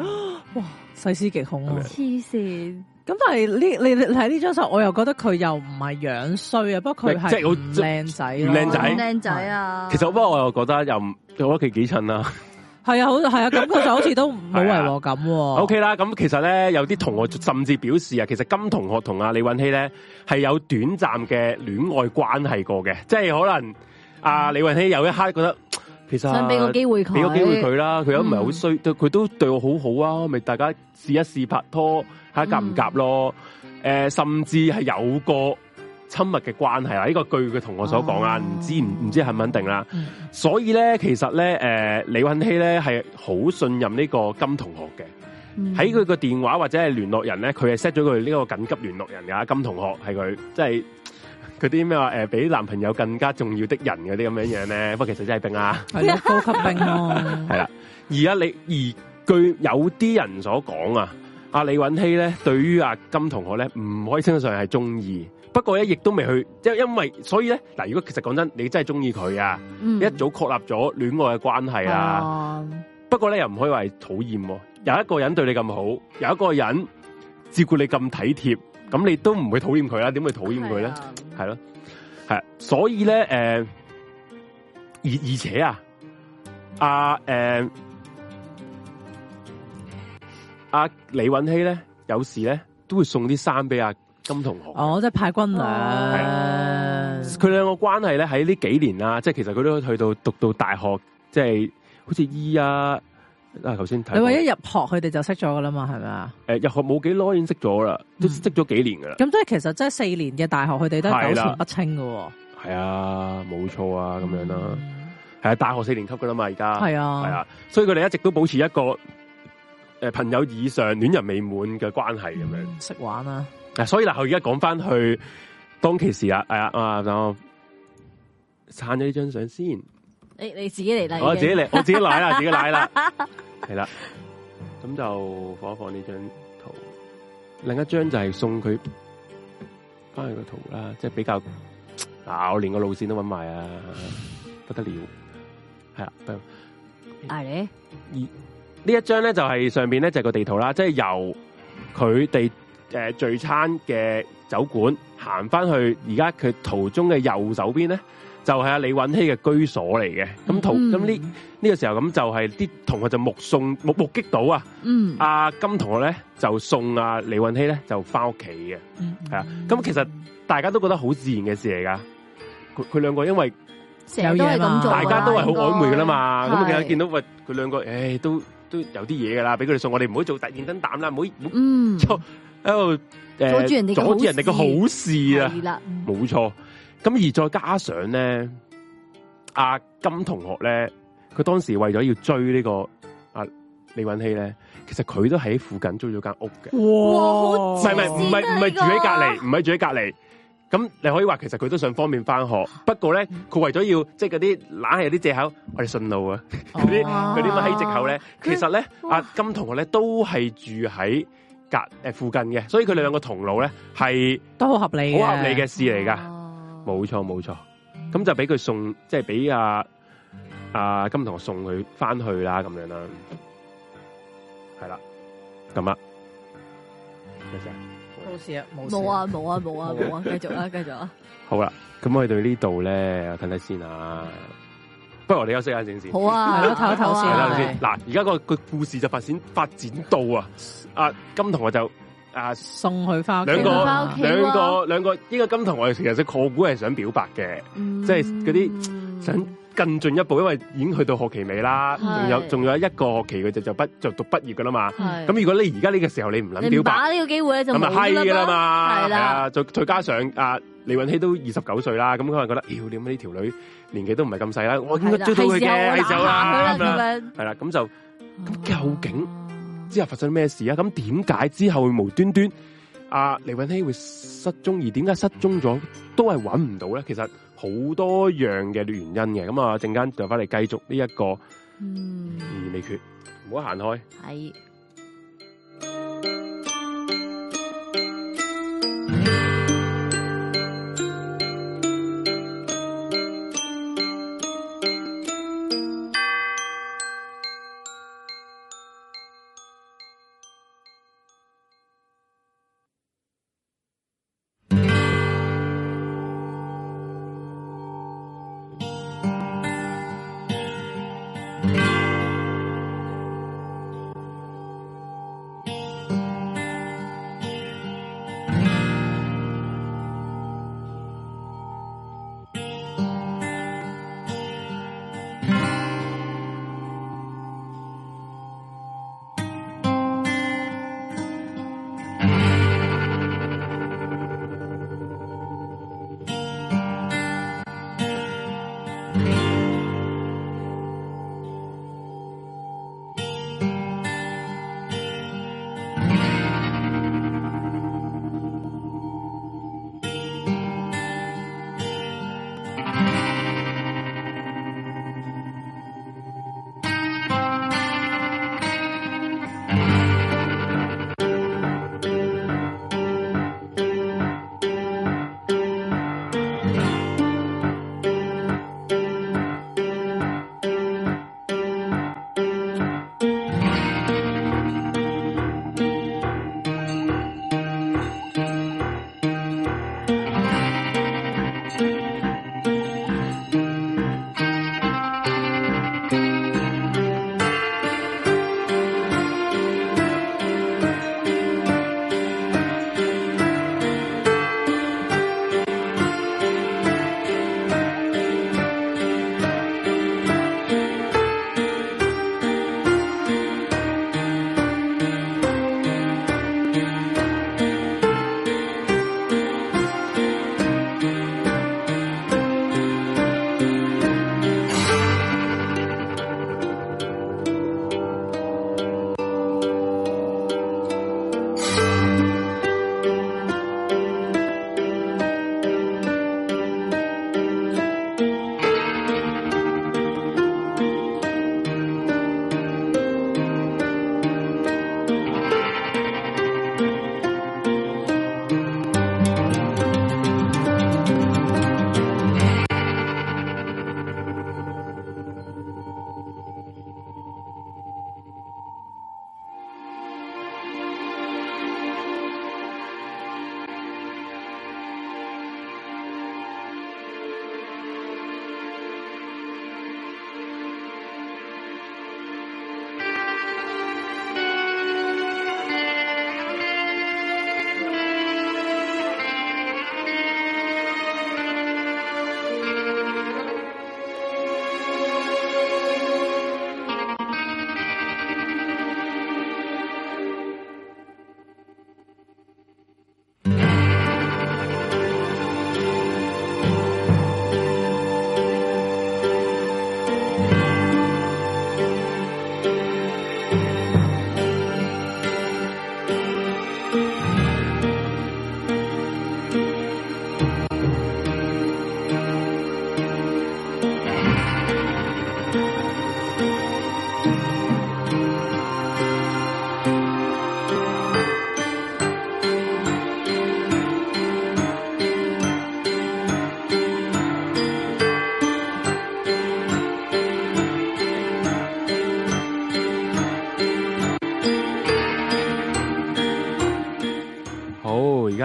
哇，細思極恐啊，黐線！咁但係呢你睇呢張相，我又覺得佢又唔係樣衰啊，不過佢係靚仔，靚仔，靚仔、哦、啊！是其實不過我又覺得又唔，我屋企幾襯啦。係啊，好係啊，感覺就好似都冇違和感、啊。O K 啦，咁、okay，其實咧，有啲同學甚至表示啊，其實金同學同阿李允熙咧係有短暫嘅戀愛關係過嘅，即係可能阿、啊嗯、李允熙有一刻覺得其實、啊，俾個機會佢，俾個機會佢啦，佢又唔係好衰，佢、嗯、都對我好好啊，咪大家試一試拍拖，睇下夾唔夾咯？誒、嗯呃，甚至係有個親密嘅關係啊，呢、這個據佢同學所講啊，唔、哦、知唔唔知肯唔肯定啦。嗯、所以咧，其實咧，誒、呃，李允熙咧係好信任呢個金同學嘅，喺佢個電話或者係聯絡人咧，佢係 set 咗佢呢個緊急聯絡人噶，金同學係佢，即係佢啲咩話誒，比男朋友更加重要的人嗰啲咁樣樣咧。不過 (laughs) 其實真係兵啊，係高級兵咯。係啦，而家你而據有啲人所講啊，阿李允熙咧對於阿、啊、金同學咧唔可以稱得上係中意。不過咧，亦都未去，即係因為所以咧，嗱，如果其實講真，你真係中意佢啊，一早確立咗戀愛嘅關係啦。不過咧，又唔可以話係討厭，有一個人對你咁好，有一個人照顧你咁體貼，咁你都唔會討厭佢啦。點會討厭佢咧？係咯，係，所以咧，誒、呃，而而且啊，阿、呃、誒，阿、啊、李允熙咧，有時咧都會送啲衫俾阿，金同學，哦，即係派軍糧。佢兩個關係咧喺呢幾年啦，即係其實佢都去到讀到大學，即、就、係、是、好似二、e、啊，啊頭先睇。你話一入學佢哋就識咗噶啦嘛，係咪啊？誒，入學冇幾耐已經識咗啦，嗯、都識咗幾年噶啦。咁、嗯、即係其實即係四年嘅大學，佢哋都糾纏不清噶。係了啊，冇錯啊，咁樣啦，係啊，大學四年級噶啦嘛，而家係啊，係啊了，所以佢哋一直都保持一個誒朋友以上戀人未滿嘅關係咁樣，識、嗯、玩啊。嗱，所以嗱，我而家講翻去當其時啦，係啊，啊就撐咗呢張相先。你你自己嚟啦，我自己嚟，我 (laughs) 自己來啦，自己來啦，係啦。咁就放一放呢張圖，另一張就係送佢翻去個圖啦，即係比較，我連個路線都揾埋啊，不得了，係啊。阿你，呢一張咧就係上邊咧就係個地圖啦，即係由佢哋。誒，聚餐嘅酒館行翻去，而家佢途中嘅右手邊咧，就係阿李允熙嘅居所嚟嘅。咁同咁呢呢個時候咁就係啲同學就目送目目擊到啊。嗯，阿金同學咧就送阿李允熙咧就翻屋企嘅。嗯，係啊。咁其實大家都覺得好自然嘅事嚟噶。佢佢兩個因為成日都係咁做，大家都係好曖昧噶啦嘛。咁其實見到喂佢兩個，誒，都都有啲嘢噶啦，俾佢哋送，我哋唔好做突然燈膽啦，唔好唔錯喺度、呃、阻住人哋，阻住人哋嘅好事啊！冇錯，咁、嗯、而再加上咧，阿、啊、金同學咧，佢當時為咗要追、這個啊、呢個阿李允熙咧，其實佢都喺附近租咗間屋嘅。哇！唔係係唔係唔係住喺隔籬，唔係、啊、住喺隔籬。咁你可以話，其實佢都想方便翻學。不過咧，佢為咗要即係嗰啲懶係有啲借口，我哋順路啊！嗰啲嗰啲乜嘢借口咧，其實咧，阿、啊、金同學咧都係住喺。隔誒附近嘅，所以佢哋兩個同路咧，係都好合理嘅，好合理嘅事嚟噶冇錯冇錯，咁就俾佢送，即係俾阿阿金同學送佢翻去啦，咁樣啦，係啦，咁啊，冇事啊，冇冇啊冇啊冇啊，繼、啊啊 (laughs) 啊、續啊，繼續啊，好啦，咁我哋到呢度咧，睇睇先啊，不過我哋休息一陣先，好啊，唞一唞先，唞先， (laughs) 嗱，而家個個故事就發展發展到啊。 (laughs) 啊，金同學就啊送佢翻屋企，兩個兩個兩個，呢個金同學其實佢個股係想表白嘅，即係嗰啲想更進一步，因為已經去到學期尾啦，仲有仲有一個學期佢就就畢就讀畢業噶啦嘛。咁如果你而家呢個時候你唔諗表白呢個機會就咁啊嗨噶啦嘛，係啦，再再加上啊李允熙都二十九歲啦，咁佢係覺得妖你乜呢條女年紀都唔係咁細啦，我應該追到佢嘅，咁樣係啦，咁就咁究竟？之後發生咩事啊？咁點解之後會無端端阿、啊、李允熙會失蹤？而點解失蹤咗都係揾唔到咧？其實好多樣嘅原因嘅。咁啊、我，陣間再翻嚟繼續呢一個嗯，未決，唔好行開。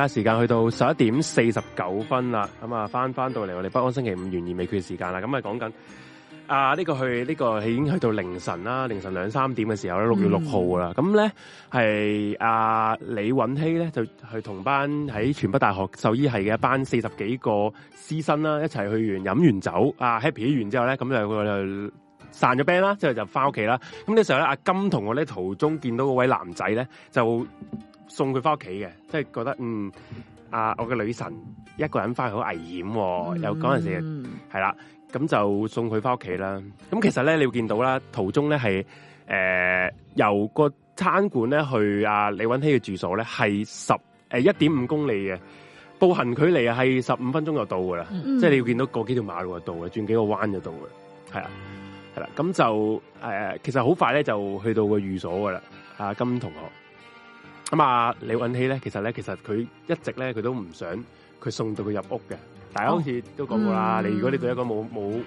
時間去到十一點四十九分啦，咁啊翻翻到嚟，我哋不安星期五懸而未決嘅時間啦，咁啊講緊啊呢個去呢、呢個已經去到凌晨啦，凌晨兩三點嘅時候咧，六月六號啦，咁咧係啊，李允熙咧就去同班喺全北大學獸醫系嘅一班四十幾個師生啦，一齊去完飲完酒，啊 happy 完之後咧，咁就散咗 band 啦，之後就翻屋企啦，咁呢時候咧阿金同我咧途中見到嗰位男仔咧就送佢翻屋企嘅，即係覺得嗯，啊，我嘅女神一個人翻去好危險，哦，mm hmm. 有嗰陣時係啦，咁就送佢翻屋企啦。咁、嗯、其實咧，你會見到啦，途中咧係誒由個餐館咧去阿、啊、李允熙嘅住所咧，係十誒一點五公里嘅步行距離係十五分鐘就到噶啦，即係、mm hmm. 你要見到過幾條馬路就到嘅，轉幾個彎就到嘅，係啊，係啦，咁就誒、呃、其實好快咧就去到個寓所噶啦，阿、啊、金同學。咁啊，李允熙咧，其實咧，其實佢一直咧，佢都唔想佢送到佢入屋嘅。大家好似都講過啦，你如果你對一個冇冇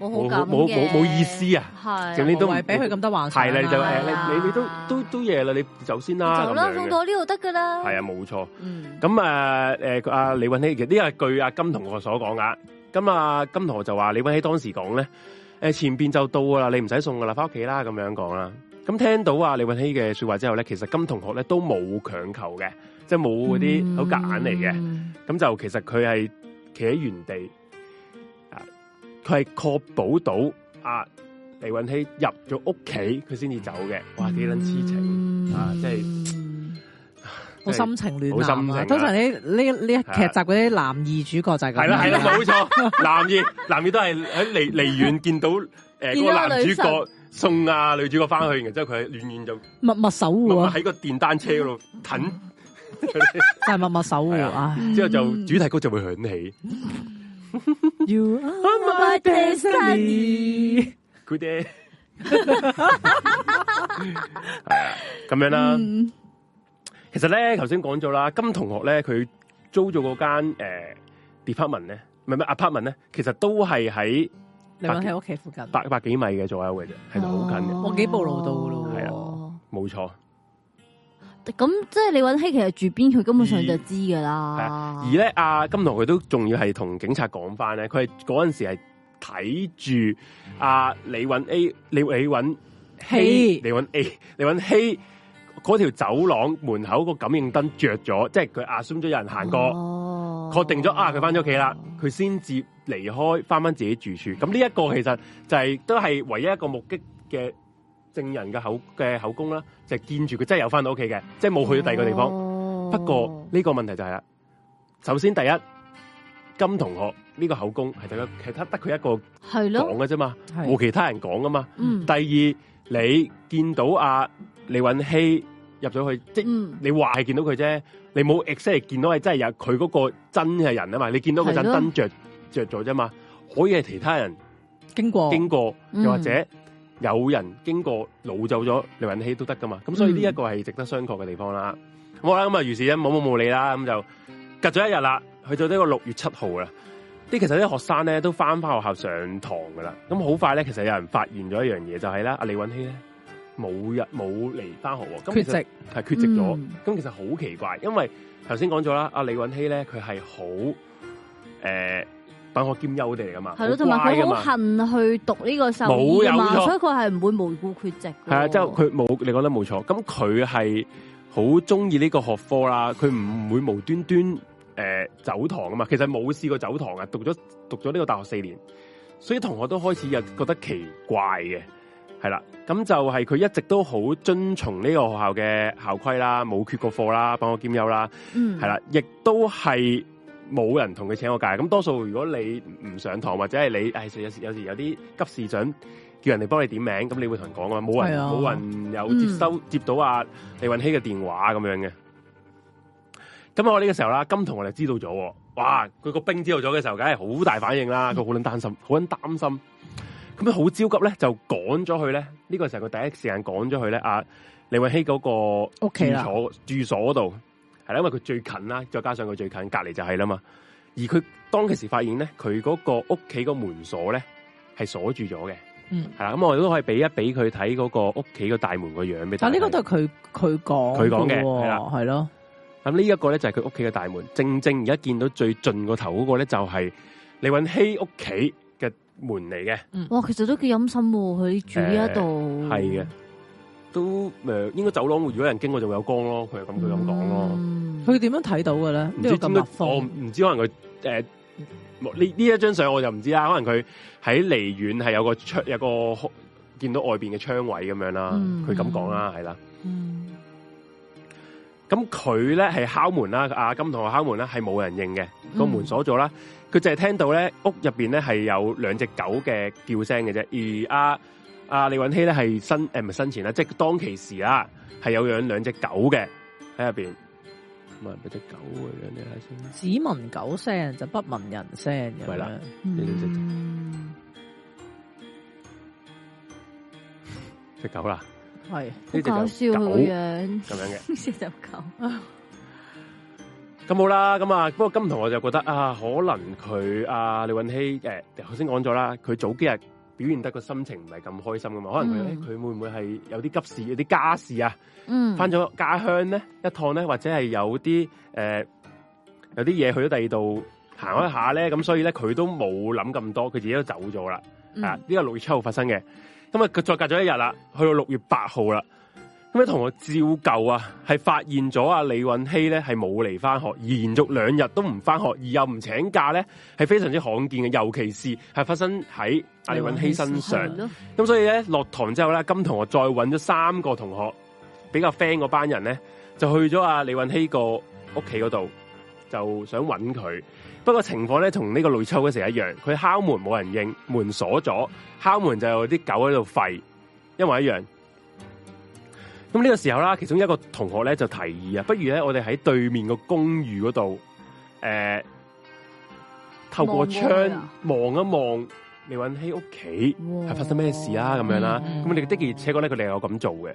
冇冇冇冇意思啊，係，整啲都唔俾佢咁多話。係啦，就誒，你你你都都都嘢啦，你走先啦。好啦，送到呢度得噶啦。係啊，冇錯。咁啊，誒，阿李允熙，其實呢個係據阿金同學所講噶。咁啊，金同學就話李允熙當時講咧，誒，前邊就到噶啦，你唔使送噶啦，翻屋企啦，咁樣講啦。咁聽到啊李允熙嘅說話之後咧，其實金同學咧都冇強求嘅，即係冇嗰啲好夾硬嚟嘅。咁、嗯、就其實佢係企喺原地，啊，佢係確保到啊，李允熙入咗屋企，佢先至走嘅。嗯、哇，幾捻痴情啊！即係好深情戀男啊！通常呢呢呢劇集嗰啲男二主角就係咁，係啦係啦，冇錯 (laughs) 男，男二男二都係喺離 (laughs) 離遠見到嗰、呃、個男主角。送啊女主角翻去，然之後佢遠遠就默默守護喺個電單車嗰度揼，就係默默守護。之後就主題曲就會響起。You are my destiny。佢哋咁樣啦。其實咧，頭先講咗啦，金同學咧，佢租咗嗰間誒 department 咧，唔係咩 apartment 咧，其實都係喺。你喺屋企附近，百百幾米嘅左右嘅啫，係度好近嘅，我、哦、幾步路到嘅咯，係啊，冇錯。咁即係你揾希，其實住邊，佢根本上就知噶啦。而咧，阿、啊、金龍佢都仲要係同警察講翻咧，佢係嗰陣時係睇住阿李揾 A，你你揾希，你揾 Hey. A，你揾希，嗰條走廊門口個感應燈着咗，即係佢壓酸咗有人行過。哦確定咗啊，佢翻咗屋企啦，佢先至離開，翻翻自己住處。咁呢一個其實就係、是、都係唯一一個目擊嘅證人嘅口嘅口供啦，就係、是、見住佢真係有翻到屋企嘅，即係冇去到第二個地方。哦、不過呢、這個問題就係、是、啦，首先第一，金同學呢個口供係佢，其他得佢一個講嘅啫嘛，冇咯其他人講噶嘛。是嗯、第二，你見到阿李允熙。你入咗去，即、嗯、你話係見到佢啫，你冇 exactly 見到係真係有佢嗰個真係人啊嘛，你見到佢盞燈着着咗啫嘛，可以係其他人經過，經過、嗯、經過又或者有人經過老走咗李允熙都得噶嘛，咁所以呢一個係值得商榷嘅地方啦。嗯、好啦，咁啊，於是咧冇冇冇理啦，咁就隔咗一日啦，去到呢個六月七號啦，啲其實啲學生咧都翻翻學校上堂噶啦，咁好快咧，其實有人發現咗一樣嘢就係、是、啦、啊，阿李允熙咧。冇日冇嚟翻學了，咁其實係缺席咗。咁、嗯、其實好奇怪，因為頭先講咗啦，阿李允熙咧，佢係好誒，品、呃、學兼優嚟噶嘛，係咯對，同埋佢好恨去讀呢個獸醫嘛，有有所以佢係唔會無故缺席。係啊，即係佢冇，你講得冇錯。咁佢係好中意呢個學科啦，佢唔會無端端誒、呃、走堂噶嘛。其實冇試過走堂啊，讀咗讀咗呢個大學四年，所以同學都開始又覺得奇怪嘅。係啦，咁就係佢一直都好遵從呢個學校嘅校規啦，冇缺過課啦，幫我兼優啦，係啦、嗯，亦都係冇人同佢請我假。咁多數如果你唔上堂或者係你，誒、哎，有時有時有啲急事想叫人哋幫你點名，咁你會同人講啊，冇人冇的人有接收、嗯、接到阿李允熙嘅電話咁樣嘅。咁我呢個時候啦，金同學就知道咗，哇！佢個兵知道咗嘅時候，梗係好大反應啦，佢好撚擔心，好撚擔心。咁樣好焦急咧，就趕咗去咧。呢個時候佢第一時間趕咗去咧，啊，李允熙嗰個屋企住所住所度係啦，因為佢最近啦，再加上佢最近隔籬就係啦嘛。而佢當其時發現咧，佢嗰個屋企個門鎖咧係鎖住咗嘅。嗯，係啦。咁我哋都可以俾一俾佢睇嗰個屋企個大門個樣俾。但係呢個都係佢佢講佢講嘅係啦，係咯。咁呢一個咧就係佢屋企嘅大門，正正而家見到最盡個頭嗰個咧就係李允熙屋企。門嚟嘅，哇，其實都幾陰森喎。佢住呢一度係嘅，都誒、呃，應該走廊如果有人經過就會有光咯。佢咁樣講咯。佢點、嗯、樣睇到嘅咧？唔知咁密封，唔知可能佢誒，呢呢一張相我就唔知啦。可能佢喺離遠係有個窗，有個見到外邊嘅窗位咁樣啦。佢咁講啦，係啦。嗯。咁佢咧係敲門啦，阿金同學敲門啦，係冇人應嘅，個門鎖咗啦。佢淨係聽到咧屋入邊咧係有兩隻狗嘅叫聲嘅啫，而阿、啊、阿、啊、李允熙咧係身誒唔係生前啦，即係當其時啊，係有養兩隻狗嘅喺入邊。問嗰隻狗嘅樣，你睇先看看。只聞狗聲就不聞人聲咁樣。了嗯，隻 (laughs) 狗啦，係好是搞笑嘅樣，咁樣嘅 (laughs) 咁好啦，咁啊，不過金同學就覺得啊，可能佢阿李允熙，誒、啊，頭先講咗啦，佢、呃、早幾日表現得個心情唔係咁開心㗎嘛。可能佢佢、嗯欸、會唔會係有啲急事，有啲家事啊？嗯，翻咗家鄉咧一趟咧，或者係有啲誒、呃，有啲嘢去咗第二度行一下咧，咁、嗯、所以咧佢都冇諗咁多，佢自己都走咗啦。嗯、啊，呢個六月七號發生嘅，咁啊佢再隔咗一日啦，去到六月八號啦。咁啲同學照舊啊，係發現咗阿李允熙咧係冇嚟翻學，連續兩日都唔翻學，而又唔請假咧，係非常之罕見嘅，尤其是係發生喺阿李允熙身上。咁所以咧落堂之後咧，金同學再搵咗三個同學比較 friend 嗰班人咧，就去咗阿李允熙個屋企嗰度，就想搵佢。不過情況咧同呢個雷秋嗰時一樣，佢敲門冇人應，門鎖咗，敲門就有啲狗喺度吠，一模一樣。咁呢個時候啦，其中一個同學咧就提議啊，不如咧我哋喺對面個公寓嗰度，誒、呃，透過個窗望一望李允希屋企係發生咩事啦，咁樣啦。咁你即的而且確咧，佢哋有咁做嘅，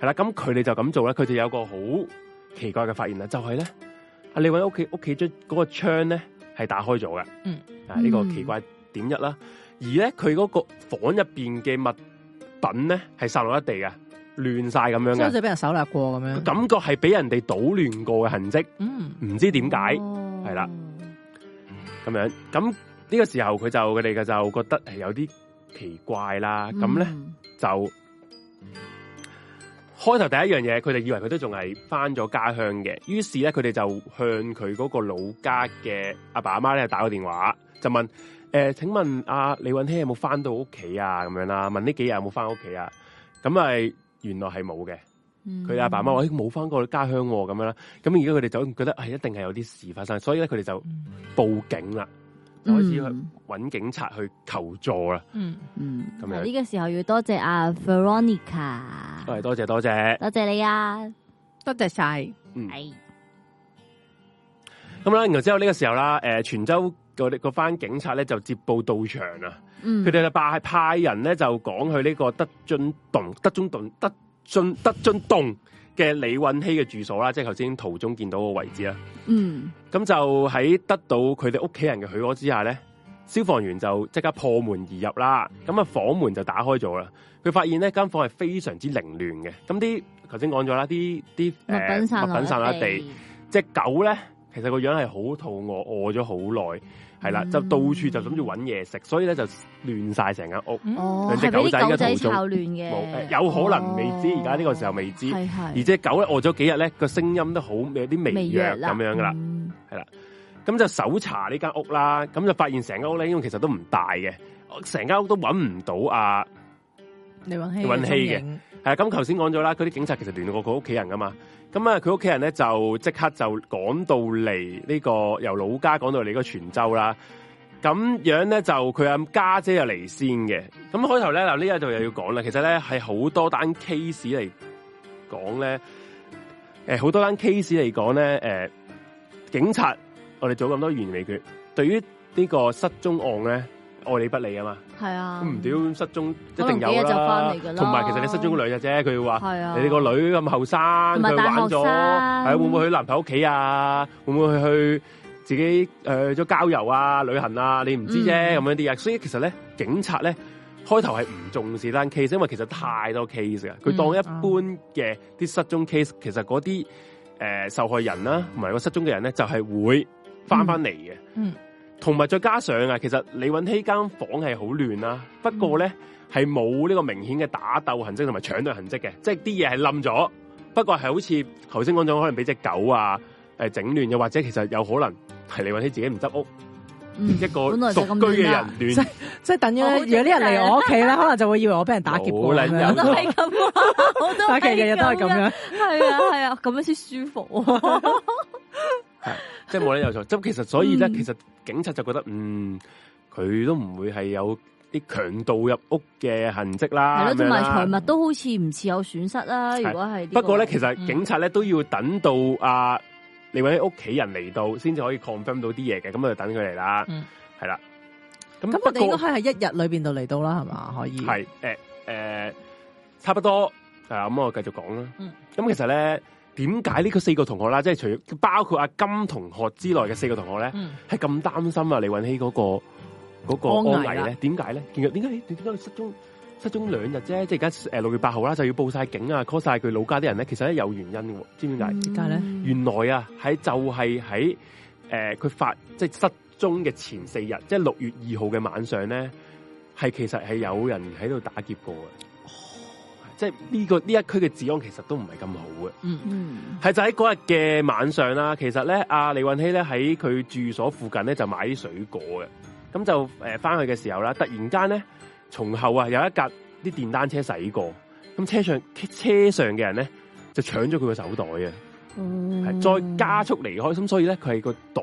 係啦。咁佢哋就咁做咧，佢哋有個好奇怪嘅發現啦，就係、是、咧，阿李允希屋企屋企窗嗰個窗咧係打開咗嘅，嗯、啊呢、這個奇怪點一啦。嗯、而咧佢嗰個房入邊嘅物品咧係散落一地嘅。亂晒咁樣嘅，即係俾人手掠過咁樣，感覺係俾人哋搗亂過嘅痕跡。嗯，唔知點解係啦，咁樣咁呢個時候佢就佢哋嘅就覺得係有啲奇怪啦。咁咧、嗯、就開頭第一樣嘢，佢哋以為佢都仲係翻咗家鄉嘅，於是咧佢哋就向佢嗰個老家嘅阿爸阿媽咧打個電話，就問誒、呃，請問阿李允熙有冇翻到屋企啊？咁、啊、樣啦，問呢幾日有冇翻屋企啊？咁係。原來係冇嘅，佢阿、嗯、爸阿媽話：咦、嗯，冇翻過家鄉咁、啊、樣啦，咁而家佢哋就覺得係、哎、一定係有啲事發生，所以咧佢哋就報警啦，嗯、就開始去揾警察去求助啦、嗯。嗯嗯，咁樣呢個時候要多謝阿、啊、Veronica，係多謝多謝，多謝，多謝你啊，多謝晒、啊，咁啦、嗯哎，然之後呢個時候啦，誒、呃，泉州嗰啲班警察咧就接報到場啦。佢哋就派派人咧，就講去呢個德津洞、德津洞德津、德津洞嘅李韻熙嘅住所啦，即係頭先途中見到個位置啦。嗯，咁就喺得到佢哋屋企人嘅許可之下咧，消防員就即刻破門而入啦。咁啊，房門就打開咗啦。佢發現呢間房係非常之凌亂嘅，咁啲頭先講咗啦，啲啲物品散落地，即係、嗯、狗咧，其實個樣係好肚餓，餓咗好耐。係啦，就到處就諗住揾嘢食，所以咧就亂晒成間屋。兩隻、哦、狗，狗仔吵亂嘅？冇，有可能未知，而家呢個時候未知。係，係而隻狗咧餓咗幾日咧個聲音都好有啲微弱咁樣噶啦，係啦、嗯。咁就搜查呢間屋啦，咁就發現成間屋咧，因為其實都唔大嘅，成間屋都揾唔到阿李允希。允希嘅係，咁頭先講咗啦，嗰啲影警察其實聯絡過佢屋企人噶嘛。咁啊，佢屋企人咧就即刻就趕到嚟呢個由老家趕到嚟嗰個泉州啦。咁樣咧就佢阿家姐又嚟先嘅。咁開頭咧嗱，呢一度又要講啦。其實咧係好多單 case 嚟講咧，誒好多單 case 嚟講咧，誒警察我哋做咁多懸疑劇，對於呢個失蹤案咧。愛理不理啊嘛，係啊，咁唔屌失蹤一定有啦，同埋其實你失蹤兩日啫，佢話、啊、你哋個女咁後生，同埋大學生，係、哎、會唔會去男朋友屋企啊？會唔會去自己誒咗郊遊啊、旅行啊？你唔知啫咁樣啲啊，所以其實咧，警察咧開頭係唔重視單 case，因為其實太多 case 啊。佢當一般嘅啲失蹤 case，、嗯嗯、其實嗰啲誒受害人啦、啊，同埋個失蹤嘅人咧，就係、是、會翻翻嚟嘅。嗯嗯同埋再加上啊，其實李允熙間房係好亂啦，不過咧係冇呢個明顯嘅打鬥痕跡同埋搶掠痕跡嘅，即係啲嘢係冧咗，不過係好似頭先講咗，可能俾隻狗啊誒整亂，又、欸、或者其實有可能係李允熙自己唔執屋，嗯、一個獨居嘅人亂，即係、就是、等於如果啲人嚟我屋企咧，可能就會以為我俾人打劫咁領這樣，樣， (laughs) 我都係咁啊，我都係日日都係咁樣，係啊係啊，咁樣先舒服、啊。 (laughs) 係，即係冇理由錯。咁其實所以咧，其實警察就覺得，嗯，佢都唔會係有啲強盜入屋嘅痕迹啦。係咯，同埋財物都好似唔似有損失啦。如果係，不過咧，其實警察咧都要等到啊，另外啲屋企人嚟到，先至可以 confirm 到啲嘢嘅。咁就等佢嚟啦。嗯，係啦。咁咁，我哋應該係一日裏邊度嚟到啦，係嘛？可以。係誒誒，差不多。係啦，咁，我繼續講啦。嗯。咁其實咧。點解呢個四個同學啦，即係除咗包括阿金同學之內嘅四個同學咧，係咁擔心啊、那個？李允熙嗰個嗰個安危咧？點解咧？其實點解點解失蹤失蹤兩、嗯、日啫？即係而家誒六月八號啦，就要報晒警啊，call 晒佢老家啲人咧。其實咧有原因嘅，知唔知點解？點解咧？原來啊，喺就係喺誒，佢、呃、發即係、就是、失蹤嘅前四、就是、日，即係六月二號嘅晚上咧，係其實係有人喺度打劫過嘅。即係、這、呢個呢一區嘅治安其實都唔係咁好嘅，嗯嗯哼，係就喺嗰日嘅晚上啦。其實咧，阿、啊、李允熙咧喺佢住所附近咧就買啲水果嘅，咁就誒翻、呃、去嘅時候啦，突然間咧從後啊有一架啲電單車駛過，咁車上車上嘅人咧就搶咗佢個手袋啊，係、嗯、再加速離開，咁所以咧佢係個袋。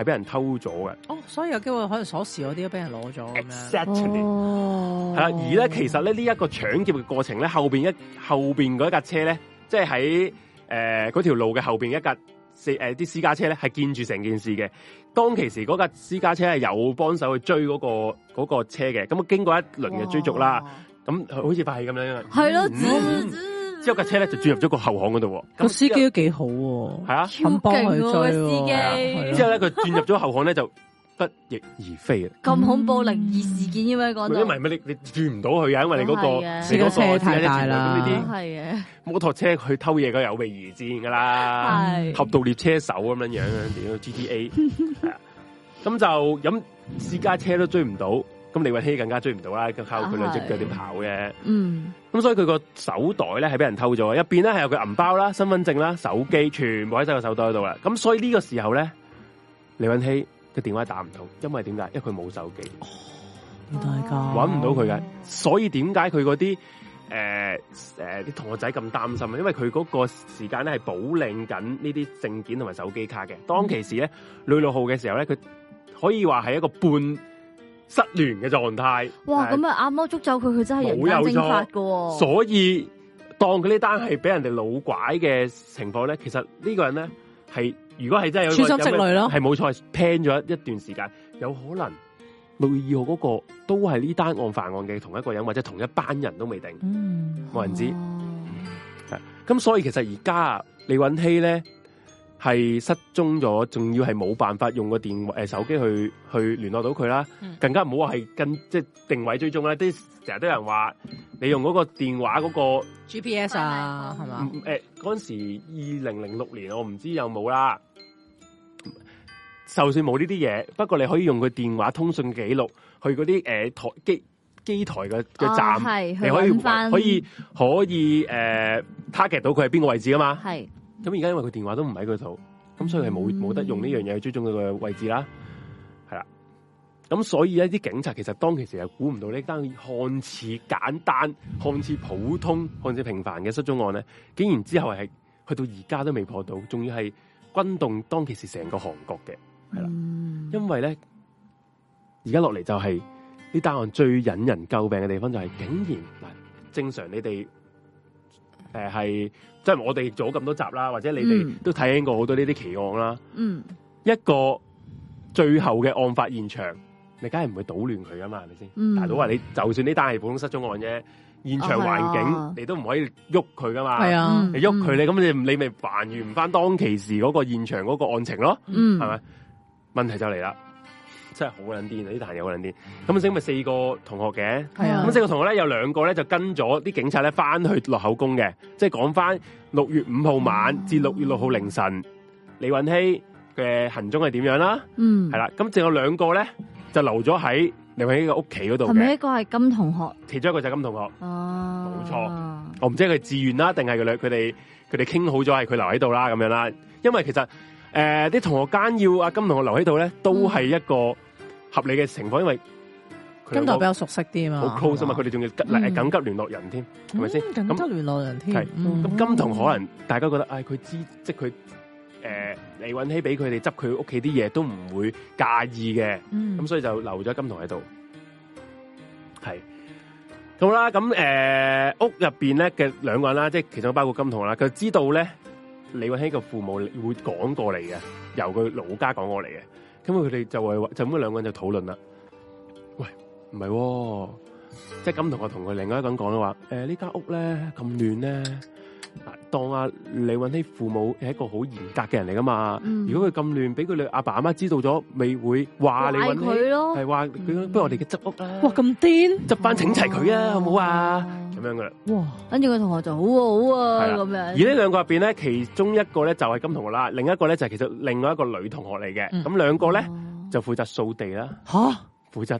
係俾人偷咗嘅，哦，oh，所以有機會可能鎖匙嗰啲都俾人攞咗咁樣，哦，係啦，而咧其實咧呢一個搶劫嘅過程咧後邊一後邊嗰一架車咧，即係喺誒嗰條路嘅後邊一架私誒啲私家車咧係見住成件事嘅，當其時嗰架私家車係有幫手去追嗰個嗰個車嘅，咁啊經過一輪嘅追逐啦，咁、oh. 好似拍戲咁樣，係咯。之後架車咧就轉入咗個後巷嗰度，個司機都幾好，係啊，超勁個司機。之後咧佢轉入咗後巷咧就不翼而飛啊！咁恐怖靈異事件，因為嗰度？唔係咩？你你轉唔到去啊，因為你嗰個私家車太大啦，係啊，摩托車去偷嘢佢有備而戰噶啦，係。俠盜獵車手咁樣樣，點樣？G T A 咁就咁私家車都追唔到。咁李允熙更加追唔到啦，咁靠佢兩隻腳點跑嘅，啊？嗯，咁所以佢個手袋咧，係俾人偷咗，入邊咧，係有佢銀包啦，身份證啦，手機，全部喺晒個手袋度啦。咁所以呢個時候咧，李允熙嘅電話打唔到，因為點解？因為佢冇手機，揾唔，哦，到佢嘅。哦，所以點解佢嗰啲誒誒啲同學仔咁擔心？因為佢嗰個時間咧，係保領緊呢啲證件同埋手機卡嘅。嗯，當其時咧，女六號嘅時候咧，佢可以話係一個半失聯嘅狀態，哇！咁啊，阿摩捉走佢，佢真係人間蒸發㗎喎！所以當佢呢單係俾人哋老拐嘅情況咧，其實呢個人咧係如果係真係有處心積慮咯，係冇錯 plan 咗一段時間，有可能六月二號嗰個都係呢單案犯案嘅同一個人或者同一班人都未定，嗯，無人知。係、啊，咁所以其實而家李允熙咧，係失蹤咗，仲要係冇辦法用個電話誒、呃、手機去去聯絡到佢啦。嗯、更加唔好話係跟即係定位追蹤啦，啲成日都有人話你用嗰個電話嗰、嗰個、嗯、GPS 啊，係嘛、嗯？誒、嗯，嗰陣、呃、時二零零六年，我唔知有冇啦。就算冇呢啲嘢，不過你可以用個電話通訊記錄去嗰啲誒台機機台嘅嘅站，哦、你可以可以可以誒、呃、target 到佢喺邊個位置啊嘛。係。咁而家因為佢電話都唔喺佢度，咁所以係冇冇得用呢樣嘢去追蹤佢嘅位置啦，係啦。咁所以咧，啲警察其實當其時係估唔到呢單看似簡單、看似普通、看似平凡嘅失蹤案咧，竟然之後係去到而家都未破到，仲要係轟動當其時成個韓國嘅，係啦。嗯、因為咧，而家落嚟就係呢單案最引人詬病嘅地方就係、是，竟然嗱，正常你哋。誒，係、呃、即係我哋做咁多集啦，或者你哋都睇過好多呢啲奇案啦。嗯，一個最後嘅案發現場，你梗係唔會搗亂佢噶嘛，係咪先？大佬話你就算呢單係普通失蹤案啫，現場環境、哦啊、你都唔可以喐佢噶嘛。係啊，你喐佢、嗯、你咁你你咪還原唔翻當其時嗰個現場嗰個案情咯。嗯，係咪？問題就嚟啦。真係好捻癲，呢壇又好捻癲。咁所咪四個同學嘅，啊，咁四個同學咧，有兩個咧就跟咗啲警察咧翻去落口供嘅，即係講翻六月五號晚至六月六號凌晨，嗯、李允熙嘅行蹤係點樣啦。嗯，係啦，咁淨有兩個咧就留咗喺李允熙嘅屋企嗰度。係咪一個係金同學？其中一個就係金同學。哦，啊，冇錯。我唔知係佢自願啦，定係佢佢哋佢哋傾好咗係佢留喺度啦咁樣啦。因為其實誒啲，呃、同學間要阿金同學留喺度咧，都係一個、嗯。合理嘅情況，因為金童比較熟悉啲啊嘛，好 close 啊嘛，佢哋仲要緊急聯絡人添，係咪先？嗯、吧緊急聯絡人添，係咁金童可能大家覺得，唉、嗯，佢、啊、知即係佢誒李允熙俾佢哋執佢屋企啲嘢都唔會介意嘅，咁、嗯、所以就留咗金童喺度。係好啦，咁、嗯、誒、嗯嗯呃、屋入邊咧嘅兩個人啦，即係其中包括金童啦，佢知道咧李允熙嘅父母會趕過嚟嘅，由佢老家趕過嚟嘅。咁佢哋就話，就咁樣兩個人就討論啦。喂，唔係、啊，即係咁同我同佢另外一個人講嘅話，呃、家呢間屋咧咁亂咧。嗱，當阿李允熙父母係一個好嚴格嘅人嚟噶嘛？如果佢咁亂，俾佢阿爸阿媽知道咗，咪會話你揾佢咯，係話佢不如我哋嘅執屋啦。哇，咁癲，執翻整齊佢啊，好唔好啊？咁樣噶啦。哇，跟住個同學就好啊，好啊，係啦咁樣。而呢兩個入邊咧，其中一個咧就係金同學啦，另一個咧就係其實另外一個女同學嚟嘅。咁兩個咧就負責掃地啦，吓，負責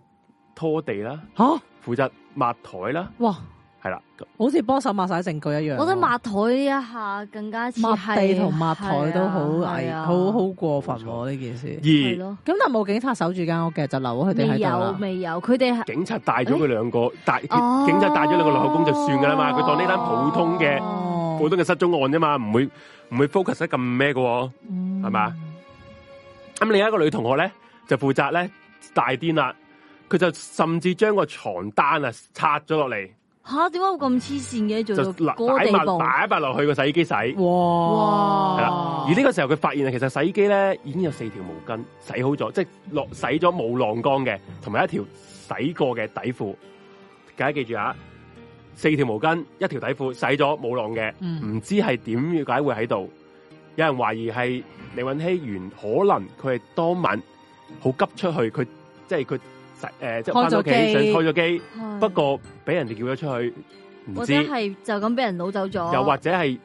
拖地啦，吓，負責抹台啦，哇。係啦，好似幫手抹晒證據一樣、啊。我覺得抹台一下更加抹地同抹台都好危，好好、啊啊、過分喎、啊、呢錯件事。咁而的但冇警察守住間屋嘅就留咗佢哋啦。有，未有，佢哋警察帶咗佢兩個，帶、欸、警察帶咗兩個落口供咁就算噶啦嘛。佢、啊、當呢單普通嘅、啊、普通嘅失蹤案啫嘛，唔會唔會 focus 得咁咩喎、啊，係嘛、嗯？咁另一個女同學咧就負責咧大癲啦，佢就甚至將個床單啊拆咗落嚟。吓，點解會咁黐線嘅？做到嗰個地步，落去個洗衣機洗。哇！係啦哇，而呢個時候佢發現啊，其實洗衣機咧已經有四條毛巾洗好咗，即係落洗咗冇晾乾嘅，同埋一條洗過嘅底褲。大家記住啊，四條毛巾一條底褲洗咗冇晾嘅，唔知係點解會喺度。嗯、有人懷疑係李允熙，原可能佢係當晚好急出去，佢即係佢。就是誒，即係翻咗屋企想開咗機，不過俾人哋叫咗出去，唔知。或者係就咁俾人攞走咗，又或者係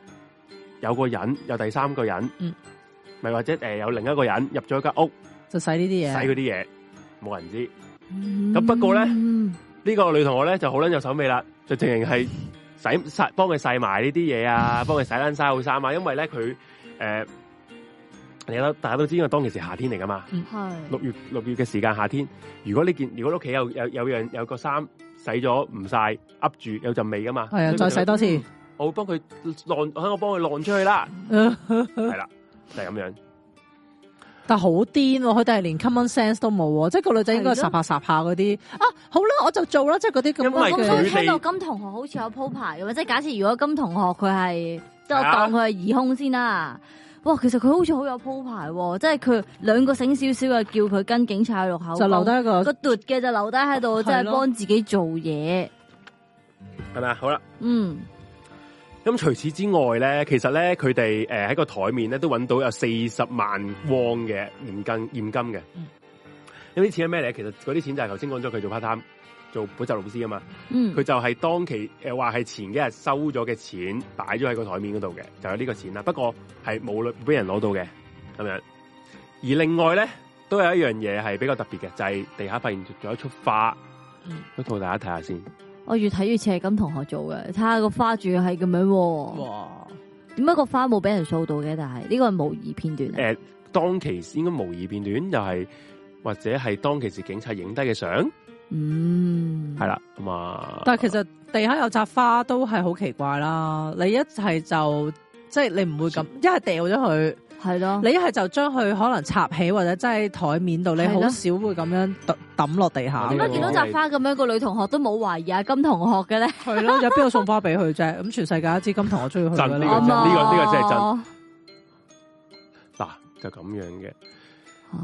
有個人，有第三個人，嗯，咪或者誒、呃、有另一個人入咗一間屋，就洗，洗、嗯、呢啲嘢、這個，洗嗰啲嘢，冇人知。咁不過咧，呢個女同學咧就好捻有手尾啦，就直情係洗洗，幫佢洗埋呢啲嘢啊，幫佢唉洗捻晒好衫啊，因為咧佢誒。大家都知道，因為當其時夏天嚟噶嘛。係是六月六月嘅時間，夏天。如果呢件，如果屋企有有有樣、呃、有個衫洗咗唔晒，噏住有陣味噶嘛。係啊的，再洗多次，我會幫佢晾，我幫我幫佢晾出去啦。係啦， (laughs) 就係、是、咁樣。但係好癲，佢哋係連 common sense 都冇，即係個女仔應該霎下霎下嗰啲。的啊，好啦，我就做啦，即係嗰啲咁。因為佢聽到金同學好似有鋪排， (laughs) 或者假設如果金同學佢係，即係我當佢係疑兇先啦。是哇，其實佢好似好有鋪排喎、啊，即係佢兩個醒少少嘅叫佢跟警察去落口，口，就留低一個一個獨嘅就留低喺度，即係對了 幫自己做嘢，係咪啊？好啦，嗯。咁除此之外咧，其實咧佢哋誒喺個台面咧都揾到有四十萬蚊嘅現金現、嗯、金嘅，有啲、嗯、錢係咩嚟？其實嗰啲錢就係頭先講咗佢做 part time。做補習老師啊嘛，佢、嗯、就係當期誒話係前幾日收咗嘅錢，擺咗喺個台面嗰度嘅，就有呢個錢啦。不過係冇俾人攞到嘅咁樣。而另外咧，都有一樣嘢係比較特別嘅，就係、是、地下發現咗一束花，我同、嗯、大家睇下先。我越睇越似係金同學做嘅，睇下個花主要係咁樣、啊。哇！點解個花冇俾人掃到嘅？但係呢個係模擬片段、啊。誒、呃，當其時應該模擬片段，又係或者係當其時警察影低嘅相。嗯，係啦、嗯，咁啊，但係其實地下有扎花都係好奇怪啦。你一係就即係、就是、你唔會咁，對了 一係掉咗佢，係咯。你一係就將佢可能插起或者即係台面度，你好少會咁樣抌落地下。點解見到紮花咁樣個女同學都冇懷疑呀？金同學嘅咧？係 (laughs) 咯，有邊個送花俾佢啫？咁全世界都知金同學追佢去啦。呢、這個呢、這個呢、這個這個真係真。嗱、啊啊，就咁樣嘅。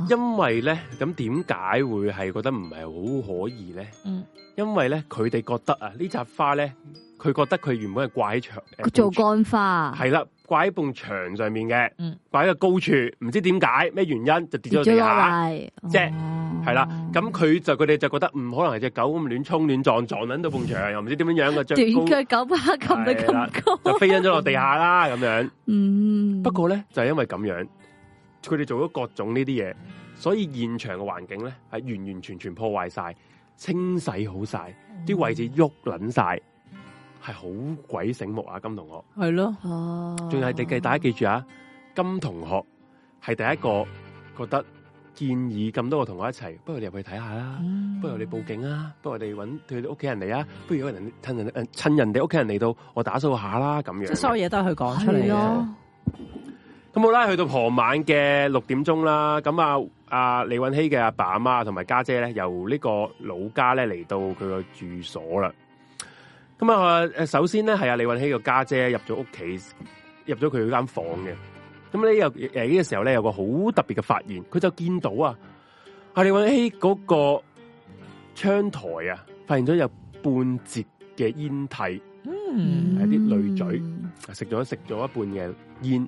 因為咧，咁點解會係覺得唔係好可疑咧？嗯，因為咧，佢哋覺得啊，呢扎花咧，佢覺得佢原本係掛喺牆，做乾花係啦，掛喺埲牆上面嘅，掛喺個高處，唔知點解咩原因就跌咗落地下，即係係啦。咁佢就佢哋就覺得唔可能係隻狗咁亂衝亂撞撞，掹到埲牆，嗯、又唔知點樣樣嘅，將短腳狗拍咁就咁高，啊、就高就飛咗落地下啦咁、嗯、樣。嗯，不過咧就係、是、因為咁樣。佢哋做咗各種呢啲嘢，所以現場嘅環境咧係完完全全破壞晒，清洗好晒，啲、嗯、位置喐撚晒，係好鬼醒目啊！金同學係咯，仲係第計，大家記住啊！金同學係第一個覺得建議咁多個同學一齊，不如你入去睇下啦，不如你報警啊，不如你揾佢哋屋企人嚟啊，不如有人趁人趁人哋屋企人嚟到，我打掃一下啦咁樣。所有嘢都係佢講出嚟啊！咁好啦，去到傍晚嘅六點鐘啦，咁啊，阿李允熙嘅阿爸阿媽同埋家姐咧，由呢個老家咧嚟到佢個住所啦。咁啊，誒，首先咧係啊，李允熙個家姐入咗屋企，入咗佢間房嘅。咁咧又誒，呢個時候咧有個好特別嘅發現，佢就見到啊，阿李允熙嗰個窗台啊，發現咗有半截嘅煙蒂，嗯，係啲濾嘴，食咗食咗一半嘅煙。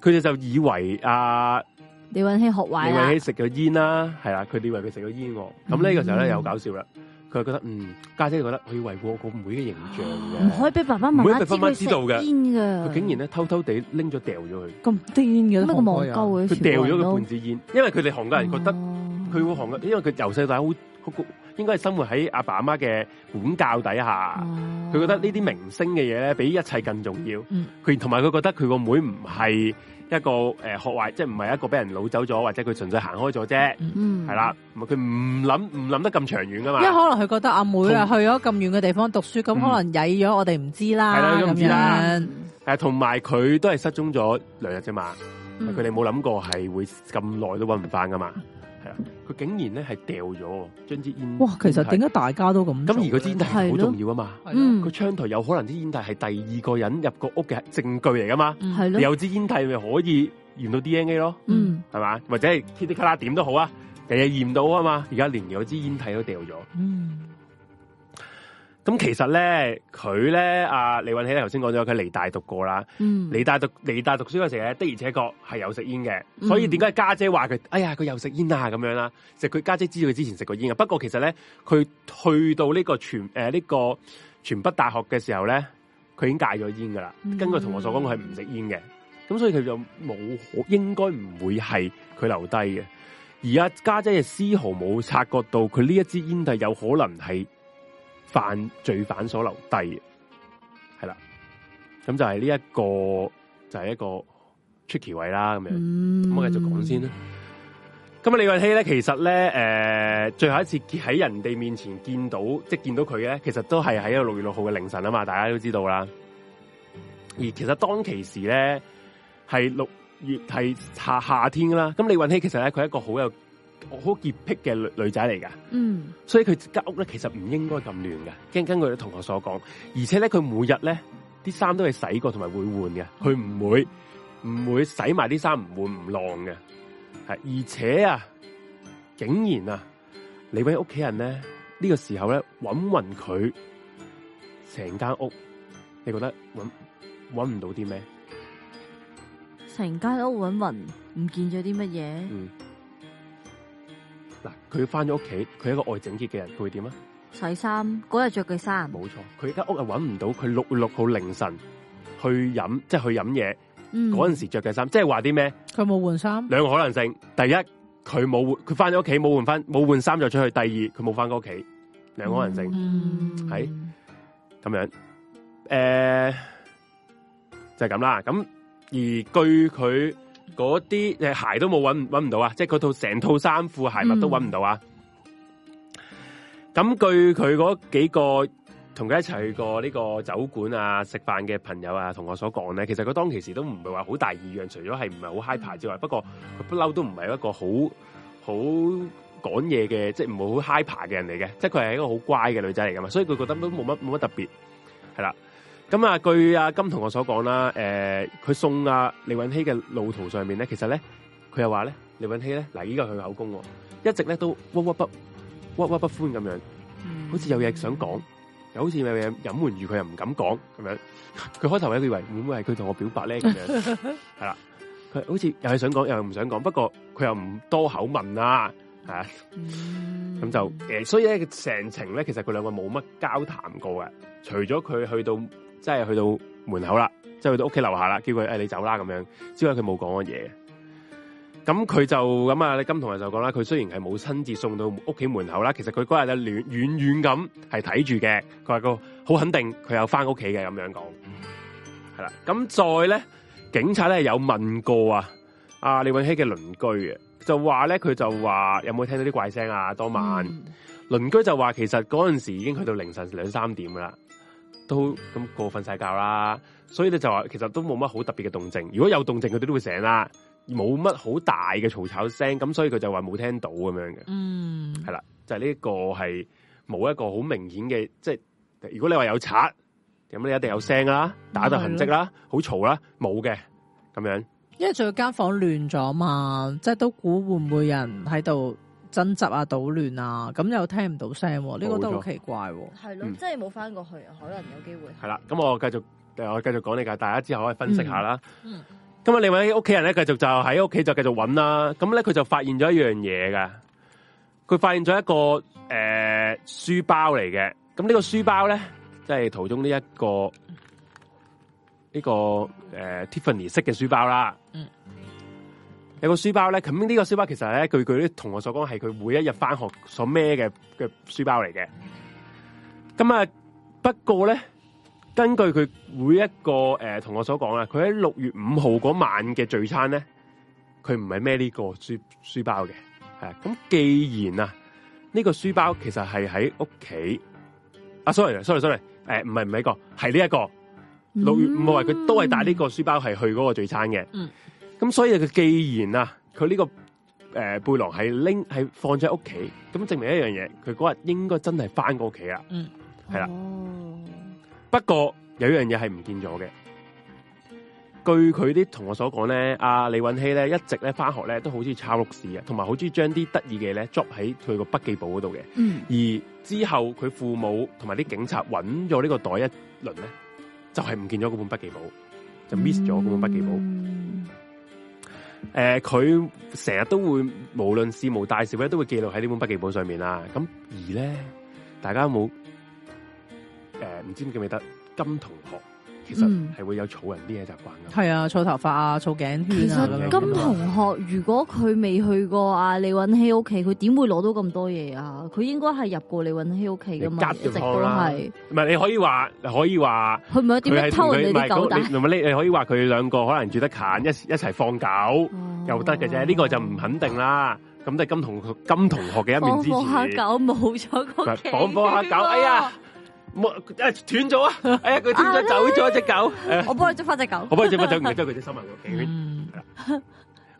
佢哋就以為啊，李允熙學壞，李允熙食咗煙啦，係啦，佢哋以為佢食咗煙喎。咁呢個時候咧又搞笑啦，佢覺得嗯，家姐覺得我要維護我個妹嘅形象，唔可以俾爸爸媽媽知道佢食煙嘅。佢竟然咧偷偷地拎咗掉咗佢，咁癲嘅咩？咁高嘅，佢掉咗個半支煙，因為佢哋韓國人覺得佢會韓國，因為佢由細到大好嗰個。應該係生活喺阿爸阿媽嘅管教底下，佢覺得呢啲明星嘅嘢咧比一切更重要。佢同埋佢覺得佢個妹唔係一個誒學壞，即係唔係一個俾人擄走咗，或者佢純粹行開咗啫，係啦。唔係佢唔諗唔諗得咁長遠噶嘛？因為可能佢覺得阿妹啊，去咗咁遠嘅地方讀書，咁可能曳咗我哋唔知啦。係啦唔知啦，咁樣。誒，同埋佢都係失蹤咗兩日啫嘛，佢哋冇諗過係會咁耐都搵唔翻噶嘛。佢竟然咧係掉咗，將支煙蒂。哇，其實點解大家都咁？咁而嗰支煙蒂係好重要啊嘛，個的、嗯、窗台有可能支煙蒂係第二個人入個屋嘅證據嚟噶嘛，的有支煙蒂咪可以驗到 D N A 咯，係嘛、嗯？或者係噼里卡啦點都好啊，第日驗到啊嘛。而家連有支煙蒂都掉咗。嗯。咁其實咧，佢咧，啊李允起咧，頭先講咗佢嚟大讀過啦。嚟、嗯、大讀嚟大讀書嗰時咧，的而且確係有食煙嘅。所以點解家姐話佢？哎呀，佢又食煙啊！咁樣啦，其實佢家姐知道佢之前食過煙啊。不過其實咧，佢去到呢個全誒呢、呃這個全北大學嘅時候咧，佢已經戒咗煙噶啦。根據同學所講，佢係唔食煙嘅。咁所以佢就冇，應該唔會係佢留低嘅。而家、啊、家姐又絲毫冇察覺到佢呢一支煙蒂有可能係。犯罪犯所留低，係啦，咁就係呢、這個就是、一個就係一個出奇位啦，咁樣。咁我繼續講先啦。咁李運熙咧，其實咧誒、呃，最後一次喺人哋面前見到，即係見到佢咧，其實都係喺一個六月六號嘅凌晨啊嘛，大家都知道啦。而其實當其時咧係六月係夏夏天啦，咁李運熙其實咧佢係一個好有。我好潔癖嘅女女仔嚟噶，嗯、所以佢間屋咧其實唔應該咁亂嘅。跟根據啲同學所講，而且咧佢每日咧啲衫都係洗過同埋會換嘅，佢唔會唔會洗埋啲衫，唔會唔晾嘅。係而且啊，竟然啊，你位屋企人咧呢、這個時候咧搵匀佢成間屋，你覺得搵搵唔到啲咩？成間屋搵匀唔見咗啲乜嘢？嗯嗱，佢翻咗屋企，佢係一個愛整潔嘅人，佢會點啊？洗衫嗰日着嘅衫，冇錯。佢喺屋又揾唔到，佢六月六號凌晨去飲，即係去飲嘢，嗰陣、嗯、時着嘅衫，即係話啲咩？佢冇換衫，兩個可能性。第一，佢冇換，佢翻咗屋企冇換翻，冇換衫就出去。第二，佢冇翻過屋企，兩個可能性，係咁、嗯、樣。誒、呃，就係咁啦。咁而據佢。嗰啲誒鞋都冇揾揾唔到啊。即係嗰套成套衫褲鞋襪都揾唔到啊。咁、嗯、據佢嗰幾個同佢一齊去過呢個酒館啊食飯嘅朋友啊同學所講咧，其實佢當其時都唔係話好大異樣，除咗係唔係好嗨怕之外，不過佢不嬲都唔係一個好好講嘢嘅，即係唔係好嗨怕嘅人嚟嘅，即係佢係一個好乖嘅女仔嚟噶嘛，所以佢覺得都冇乜冇乜特別係啦。咁啊，據阿金同學所講啦，誒、呃，佢送啊李允熙嘅路途上面咧，其實咧，佢又話咧，李允熙咧，嗱，呢個佢口供、哦，一直咧都鬱鬱不鬱鬱不歡咁樣，嗯、好似有嘢想講，又好似有嘢隱瞞住，佢又唔敢講咁樣。佢開頭咧，佢以為會唔會係佢同我表白咧咁樣，係啦， (laughs) 佢好似又係想講，又係唔想講，不過佢又唔多口問啦，係啊，咁、嗯、就誒、呃，所以咧，成程咧，其實佢兩個冇乜交談過啊，除咗佢去到。即係去到門口啦，即係去到屋企樓下啦，叫佢誒、哎、你走啦咁樣，之後佢冇講嘅嘢。咁佢就咁啊，金同人就講啦，佢雖然係冇親自送到屋企門口啦，其實佢嗰日咧遠遠遠咁係睇住嘅，佢話個好肯定佢有翻屋企嘅咁樣講。係啦，咁再咧，警察咧有問過啊，阿李永熙嘅鄰居啊，就話咧佢就話有冇聽到啲怪聲啊？當晚鄰居就話，其實嗰陣時已經去到凌晨兩三點噶啦。都咁過瞓晒覺啦，所以咧就話其實都冇乜好特別嘅動靜。如果有動靜，佢哋都會醒啦。冇乜好大嘅嘈吵聲，咁所以佢就話冇聽到咁樣嘅。嗯，係啦，就係呢個係冇一個好明顯嘅，即係如果你話有賊，咁你一定有聲啦，打到痕跡啦，好嘈啦，冇嘅咁樣。因為仲要間房亂咗嘛，即係都估會唔會人喺度。爭執啊，搗亂啊，咁又聽唔到聲，呢沒錯 個都好奇怪啊了。係咯，真係冇翻過去，可能有機會。係啦，咁我繼續，我繼續講呢個，大家之後可以分析一下，嗯、另一啦。嗯。今日另一位屋企人咧，繼續就喺屋企就繼續揾啦。咁咧，佢就發現咗一樣嘢噶。佢發現咗一個誒、呃、書包嚟嘅，咁呢個書包咧，即係、嗯、圖中呢一個呢、這個誒、呃嗯、Tiffany 式嘅書包啦。嗯。有個書包咧，咁呢個書包其實咧，據佢啲同學所講，係佢每一日返學所孭嘅嘅書包嚟嘅。咁啊，不過咧，根據佢每一個誒、呃、同學所講啊，佢喺六月五號嗰晚嘅聚餐咧，佢唔係孭呢個書書包嘅。係，咁既然啊，呢、這個書包其實係喺屋企。啊，sorry，sorry，sorry，誒，唔係唔係一個，係呢一個六、嗯、月五號，佢都係帶呢個書包係去嗰個聚餐嘅。嗯。咁所以佢既然啊，佢呢、這個誒、呃、背囊係拎，係放咗喺屋企，咁證明一樣嘢，佢嗰日應該真係翻過屋企啊。嗯，係啦的。哦、不過有一樣嘢係唔見咗嘅，據佢啲同學所講咧，阿、啊、李允熙咧一直咧翻學咧都好中意抄錄史啊，同埋好中意將啲得意嘅咧捉喺佢個筆記簿嗰度嘅。嗯、而之後佢父母同埋啲警察揾咗呢個袋一輪咧，就係、是、唔見咗嗰本筆記簿，就 miss 咗嗰本筆記簿。嗯誒，佢成日都會無論事無大事咧，都會記錄喺呢本筆記本上面啦。咁而咧，大家有冇誒，唔知、呃、記唔記得金同學？其實係會有草人啲嘢習慣噶。係啊，草頭髮啊，草頸圈啊。其實金同學如果佢未去過啊，李允熙屋企，佢點會攞到咁多嘢啊？佢應該係入過李允熙屋企噶嘛，一直都係。唔係你可以話，可以話。佢唔係點樣偷人哋啲狗帶？唔係你你可以話佢兩個可能住得近，一一齊放狗又得嘅啫。呢個就唔肯定啦。咁都係金同金同學嘅一面之放下狗冇咗個。放放下狗，哎呀！冇，斷咗啊！誒佢斷咗走咗隻狗，我幫佢捉翻隻狗。我幫佢捉翻走，唔係捉佢隻手環個頸圈。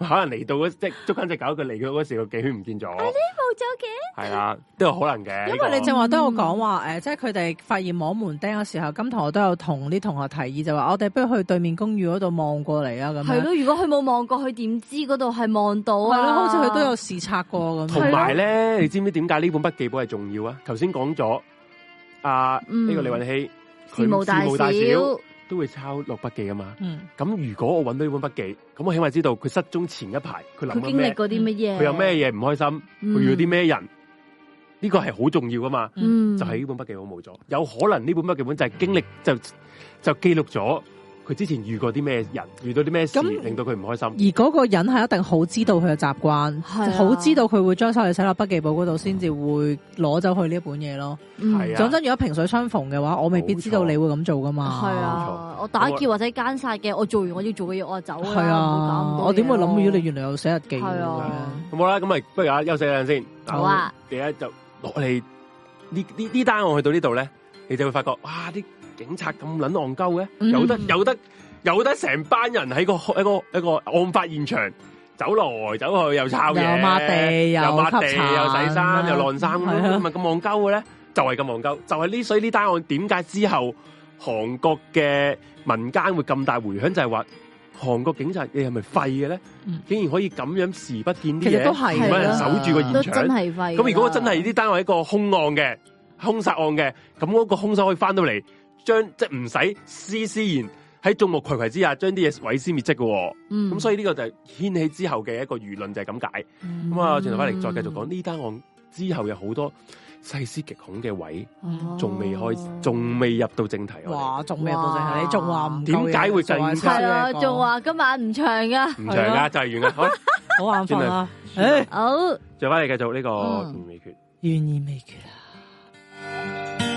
可能嚟到即係捉緊隻狗，佢嚟到嗰時個頸圈唔見咗。係呢，冇咗嘅。係啦，都有可能嘅。因為你正話都有講話誒，即係佢哋發現摸門釘嘅時候，咁同我都有同啲同學提議，就話我哋不如去對面公寓嗰度望過嚟啊。咁係咯，如果佢冇望過，佢點知嗰度係望到啊？係咯，好似佢都有視察過咁。同埋咧，你知唔知點解呢本筆記簿係重要啊？頭先講咗。啊！呢，這個李云熙。嗯、他事無大小，無大小都會抄落筆記啊嘛。咁，嗯、如果我揾到呢本筆記，咁我起碼知道佢失蹤前一排佢經歷過啲乜嘢，佢，嗯、有咩嘢唔開心，佢遇到啲咩人。呢，這個係好重要噶嘛。嗯，就係呢本筆記我冇咗。有可能呢本筆記本就係經歷就就記錄咗。佢之前遇過啲咩人，遇到啲咩事，令到佢唔開心。而嗰個人係一定好知道佢嘅習慣，好知道佢會將手嚟寫落筆記簿嗰度，先至會攞走去呢一本嘢咯。嗯，講真，如果萍水相逢嘅話，我未必知道你會咁做㗎嘛。係啊，我打劫或者奸殺嘅，我做完我要做嘅嘢，我就走。係啊，我點會諗？如果你原來有寫日記，係啊，咁好啦，咁咪不如休息一陣先。好啊，而家就攞嚟呢呢呢單案，我去到呢度咧，你就會發覺哇啲。警察咁撚戇鳩嘅，有得有得有得成班人喺個一個一個，一個案發現場走來走去又抄嘢，抹地，又抹地，又洗衫，啊、又晾衫，咁咪咁戇鳩嘅咧？就係咁戇鳩，就係、是、呢，所以呢單案點解之後韓國嘅民間會咁大回響，就係話韓國警察你係咪廢嘅咧？竟然可以咁樣視不見啲嘢，都係冇人守住個現場，咁如果真係呢單案係一個凶案嘅凶殺案嘅，咁嗰個凶手可以翻到嚟？將即係唔使，斯斯然喺眾目睽睽之下將啲嘢毀屍滅跡嘅，咁所以呢個就掀起之後嘅一個輿論就係咁解。咁啊，轉頭翻嚟再繼續講呢單案之後有好多細思極恐嘅位，仲未開，仲未入到正題。哇，仲未入到正題？你仲話唔點解會就係？係咯，仲話今晚唔長㗎，唔長㗎就係完啦。好眼瞓啊！好，轉翻嚟繼續呢個懸疑未決，懸疑未決啊！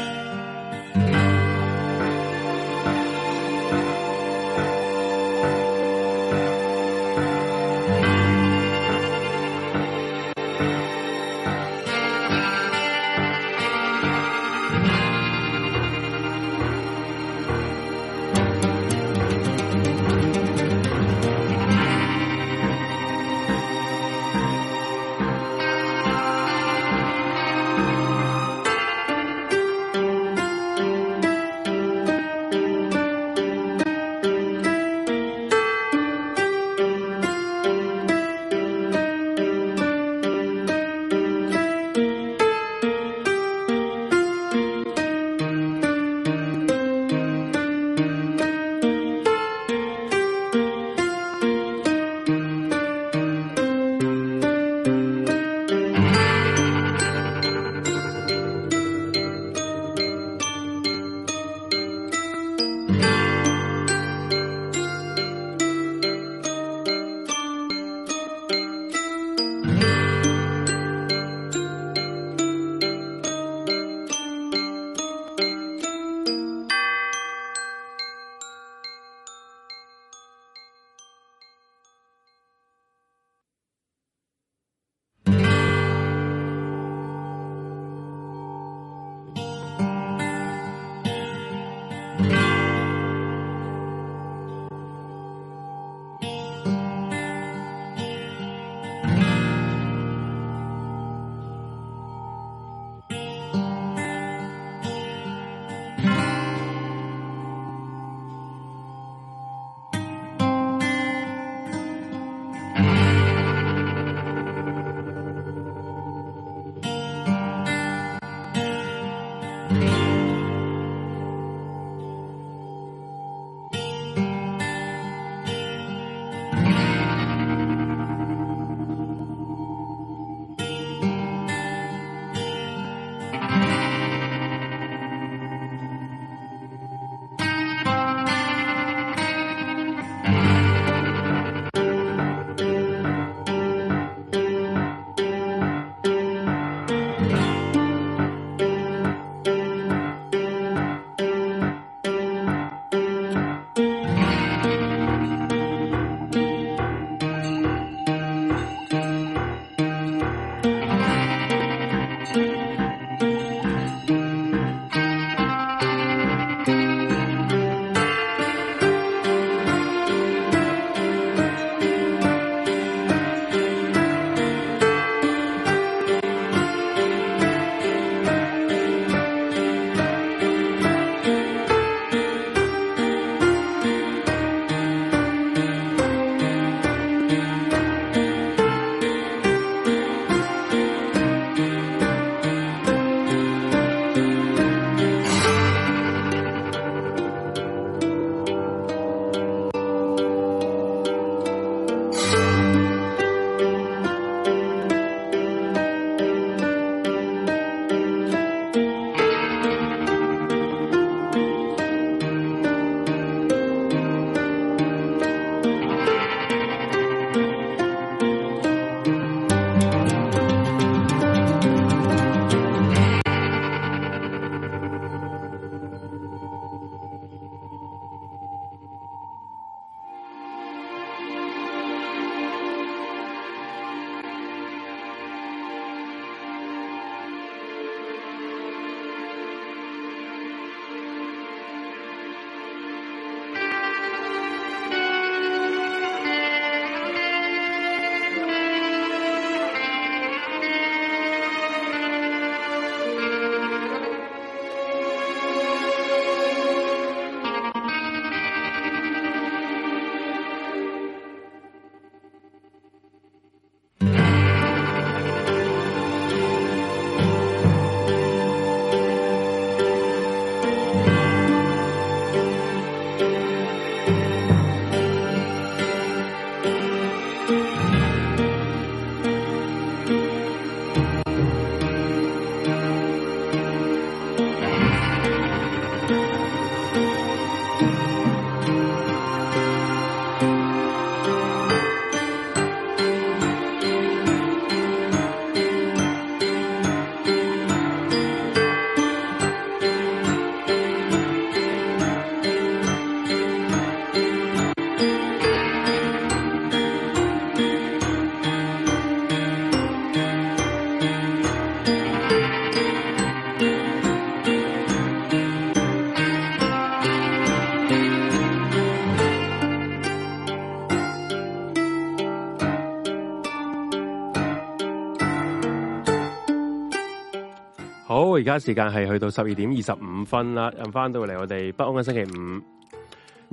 而家時間係去到十二點二十五分啦，又翻到嚟我哋不安嘅星期五，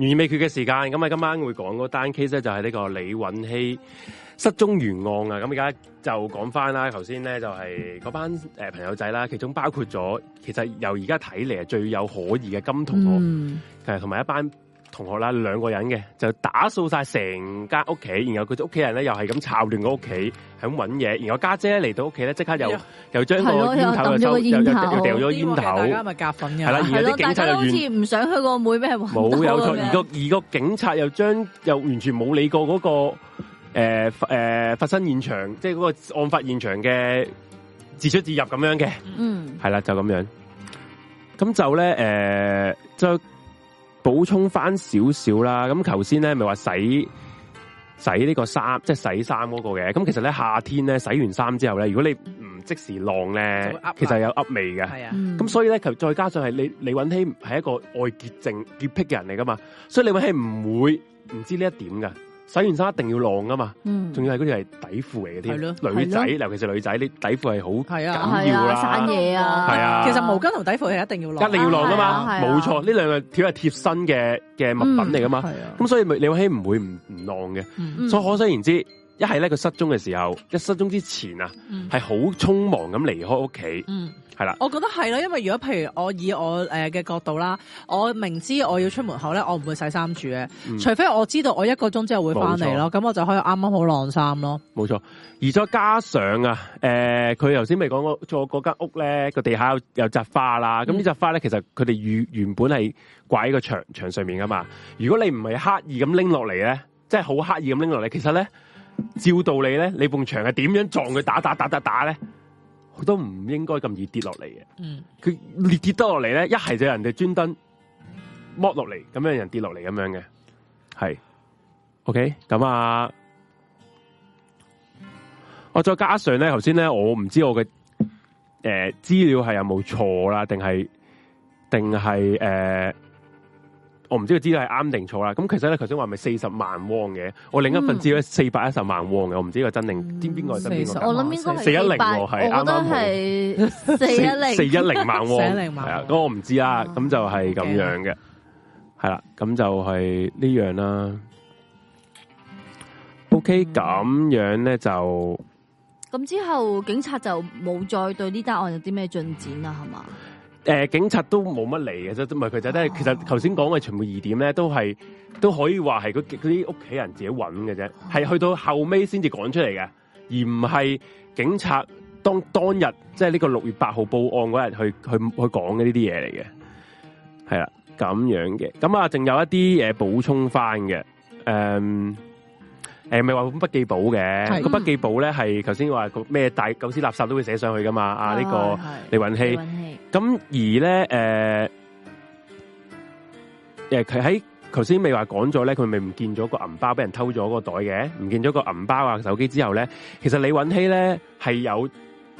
懸而未決嘅時間，咁啊今晚會講嗰單 case 咧，就係呢個李允熙失蹤懸案啊！咁而家就講翻啦，頭先咧就係嗰班誒朋友仔啦，其中包括咗，其實由而家睇嚟係最有可疑嘅金童，誒同埋一班。.同學啦，兩個人嘅就打掃晒成間屋企，然後佢哋屋企人咧又係咁炒亂個屋企，係咁揾嘢，然後姐姐家姐嚟到屋企咧即刻又、哎、呀又將個煙頭又又掉咗煙頭，煙頭大家咪夾粉係啦。而啲警察又似唔想佢個妹咩？冇有錯。而個而個警察又將又完全冇理過嗰、那個誒誒發生現場，即係嗰個案發現場嘅自出自入咁樣嘅。嗯，係啦，就咁樣。咁就咧，誒、呃，就。補充翻少少啦，咁頭先咧咪話洗洗呢個衫，即係洗衫嗰個嘅，咁其實咧夏天咧洗完衫之後咧，如果你唔即時晾咧，up 其實有噏味嘅，咁、啊、所以咧，其實再加上係李李允希係一個愛潔淨潔癖嘅人嚟噶嘛，所以李允希唔會唔知呢一點噶。洗完衫一定要晾噶嘛，仲要係嗰啲係底褲嚟嘅添，女仔尤其是女仔，你底褲係好緊要啦，散嘢啊，係啊，其實毛巾同底褲係一定要晾，一定要晾噶嘛，冇錯，呢兩個條係貼身嘅嘅物品嚟噶嘛，係啊，咁所以你係唔會唔唔晾嘅，所以可想而知。一係咧，佢失蹤嘅時候，一失蹤之前啊，係好、嗯、匆忙咁離開屋企，係啦。我覺得係咯，因為如果譬如我以我誒嘅角度啦，我明知我要出門口咧，我唔會洗衫住嘅，嗯、除非我知道我一個鐘之後會翻嚟咯，咁沒錯 我就可以啱啱好晾衫咯。冇錯，而再加上啊，誒、呃，佢頭先咪講過，做嗰間屋咧個地下有扎花啦，咁呢扎花咧其實佢哋原原本係掛喺個牆牆上面噶嘛。如果你唔係刻意咁拎落嚟咧，即係好刻意咁拎落嚟，其實咧。照道理咧，你埲牆係點樣撞佢打打打打打咧，佢都唔應該咁易跌落嚟嘅。嗯，佢跌跌得落嚟咧，一係就人哋專登剝落嚟，咁樣人跌落嚟咁樣嘅。係，OK，咁啊，我再加上咧，頭先咧，我唔知我嘅誒資料係有冇錯啦，定係定係誒。我唔知佢知道係啱定錯啦。咁其實咧，頭先話咪四十萬汪嘅，我另一份知咧四百一十萬汪嘅，我唔知佢真定邊邊個真。我諗應該係四一零，係啱啱好。四一零，四一零萬，係啊，咁我唔知啦。咁就係咁樣嘅，係啦，咁就係呢樣啦。OK，咁樣咧就咁之後，警察就冇再對呢單案有啲咩進展啦，係嘛？誒、呃，警察都冇乜嚟嘅啫，都唔係佢就真係。其實頭先講嘅全部疑點咧，都係都可以話係嗰啲屋企人自己揾嘅啫，係去到後尾先至講出嚟嘅，而唔係警察當當日即係呢個六月八號報案嗰日去去去講嘅呢啲嘢嚟嘅，係啦，咁樣嘅。咁啊，仲有一啲嘢補充翻嘅，誒、嗯。誒，咪話、呃、本筆記簿嘅個筆記簿咧，係頭先話個咩大舊屎垃圾都會寫上去噶嘛？的啊呢、呃、是不是不個李允熙，咁而咧，誒，誒佢喺頭先未話講咗咧，佢咪唔見咗個銀包俾人偷咗個袋嘅，唔見咗個銀包啊手機之後咧，其實李允熙咧係有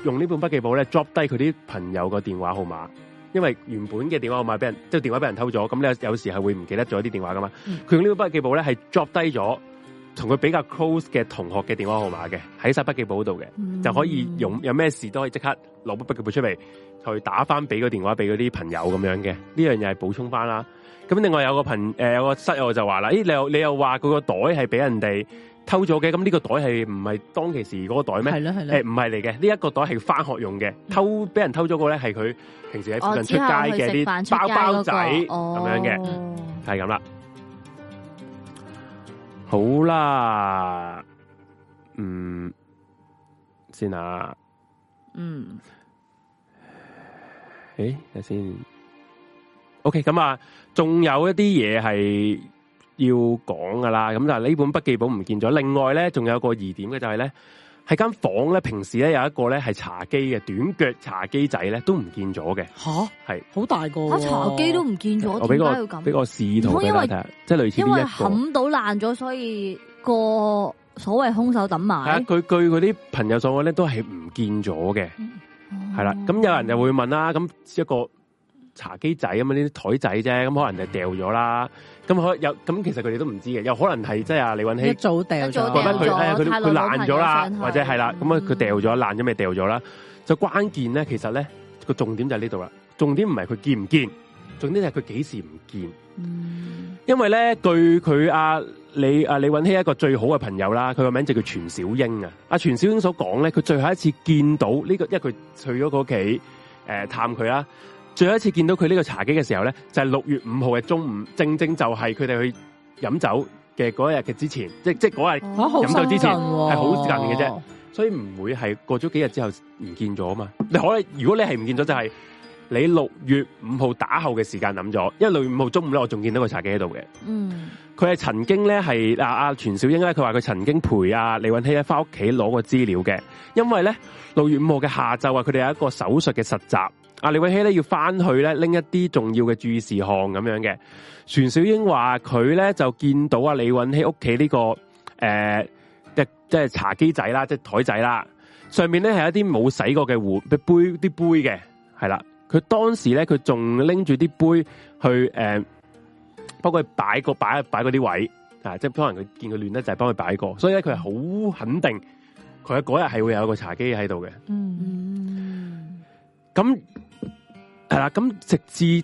用呢本筆記簿咧 drop 低佢啲朋友個電話號碼，因為原本嘅電話號碼俾人即係、就是、電話俾人偷咗，咁咧有時係會唔記得咗啲電話噶嘛，佢、嗯、用呢本筆記簿咧係 drop 低咗。同佢比較 close 嘅同學嘅電話號碼嘅，喺晒筆記簿度嘅，嗯、就可以用有咩事都可以即刻攞部筆記簿出嚟，去打翻俾個電話俾嗰啲朋友咁樣嘅。呢樣嘢係補充翻啦。咁另外有個朋，誒有個室友就話啦，咦你，你又你又話佢個袋係俾人哋偷咗嘅，咁呢個袋係唔係當其時嗰個袋咩？係咯係咯。誒唔係嚟嘅，呢一、呢個袋係翻學用嘅，偷俾人偷咗個咧係佢平時喺附近、哦、出街嘅啲包包、那個、包包仔咁、那個哦、樣嘅，係咁啦。好啦，嗯，先啦，嗯，誒，睇先，OK，咁啊，仲有一啲嘢係要講噶啦，咁就係呢本筆記簿唔見咗，另外咧，仲有個疑點嘅就係咧。喺間房咧，平時咧有一個咧係茶几嘅短腳茶幾仔咧，都唔見咗嘅。吓是，係好大個，吓茶几都唔見咗。我俾個俾個示圖你睇，即係類似呢一個。因為冚到爛咗，所以個所謂凶手抌埋。係佢、啊、據佢啲朋友所講咧，都係唔見咗嘅。係啦、嗯，咁、嗯啊、有人就會問啦、啊，咁一個茶幾仔咁啊，呢啲台仔啫，咁可能就掉咗啦。咁可有咁？其實佢哋都唔知嘅，有可能係即係阿李允熙一早掉咗，覺得佢，了哎呀佢佢爛咗啦，或者係啦，咁啊佢掉咗，爛咗咪掉咗啦。就關鍵咧，其實咧個重點就喺呢度啦。重點唔係佢見唔見，重點係佢幾時唔見。嗯、因為咧，據佢阿、啊、李阿李允熙一個最好嘅朋友啦，佢個名就叫全小英啊。阿全小英所講咧，佢最後一次見到呢、這個，因為佢去咗佢屋企誒探佢啦。最後一次見到佢呢個茶几嘅時候咧，就係六月五號嘅中午，正正就係佢哋去飲酒嘅嗰一日嘅之前，即即嗰日飲酒之前係好近嘅啫，所以唔會係過咗幾日之後唔見咗嘛。你可以如果你係唔見咗，就係你六月五號打後嘅時間諗咗，因為六月五號中午咧，我仲見到個茶几喺度嘅。嗯，佢係曾經咧係啊，啊全小英咧，佢話佢曾經陪阿李允熙咧翻屋企攞過資料嘅，因為咧六月五號嘅下晝啊，佢哋有一個手術嘅實習。阿李允熙咧要翻去咧，拎一啲重要嘅注意事項咁樣嘅。船小英話佢咧就見到阿李允熙屋企呢個誒，即即係茶幾仔啦，即係台仔啦，上面咧係一啲冇洗過嘅碗、杯、啲杯嘅，係啦。佢當時咧佢仲拎住啲杯去誒、呃，幫佢擺個擺擺嗰啲位啊，即係可能佢見佢亂得就係幫佢擺個，所以咧佢係好肯定佢嗰日係會有一個茶几喺度嘅。嗯，嗯，咁。係啦，咁直至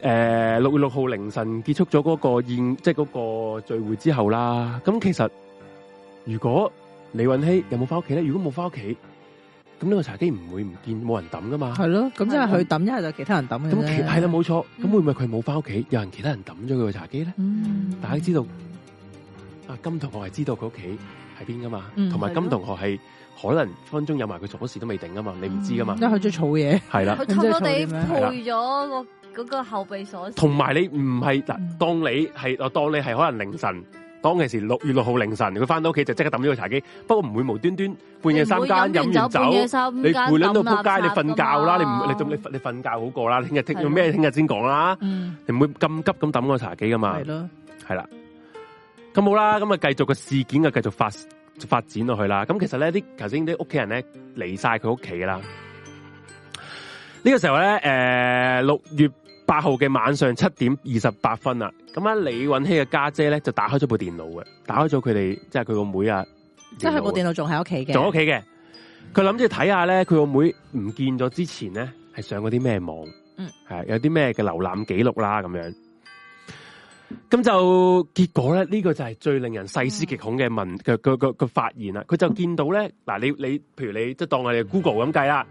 誒六月六號凌晨結束咗嗰個宴，即係嗰個聚會之後啦。咁其實如果李允熙有冇翻屋企咧？如果冇翻屋企，咁呢個茶几唔會唔見，冇人抌噶嘛？係咯，咁即係佢抌，一係就其他人抌嘅。咁其係啊，冇錯。咁會唔會佢冇翻屋企，有人其他人抌咗佢個茶几咧？嗯，大家知道啊，金同學係知道佢屋企喺邊噶嘛？嗯，同埋金同學係。可能分鐘有埋佢鎖匙都未定啊嘛，你唔知啊嘛。佢在嘈嘢，係啦。佢偷偷地配咗個嗰個後備鎖匙。同埋你唔係嗱，當你係我當你係可能凌晨，當其時六月六號凌晨，佢翻到屋企就即刻抌咗個茶幾。不過唔會無端端半夜三更飲完酒，你唔會飲到撲街，你瞓覺啦。你唔你你瞓覺好過啦。聽日聽咩聽日先講啦。你唔會咁急咁抌個茶几噶嘛。係咯，係啦。咁好啦，咁啊繼續個事件啊繼續發。發展落去啦，咁其實咧啲，頭先啲屋企人咧離晒佢屋企啦。呢、這個時候咧，誒、呃、六月八號嘅晚上七點二十八分啦，咁啊李允熙嘅家姐咧就打開咗部電腦嘅，打開咗佢哋即係佢個妹啊，即係佢部電腦仲喺屋企嘅，仲喺屋企嘅。佢諗住睇下咧，佢個妹唔見咗之前咧係上嗰啲咩網，嗯係有啲咩嘅瀏覽記錄啦咁樣。咁就結果咧，呢、這個就係最令人細思極恐嘅文嘅嘅嘅嘅發現啦。佢就見到咧，嗱你你，譬如你即係當我哋 Google 咁計啦，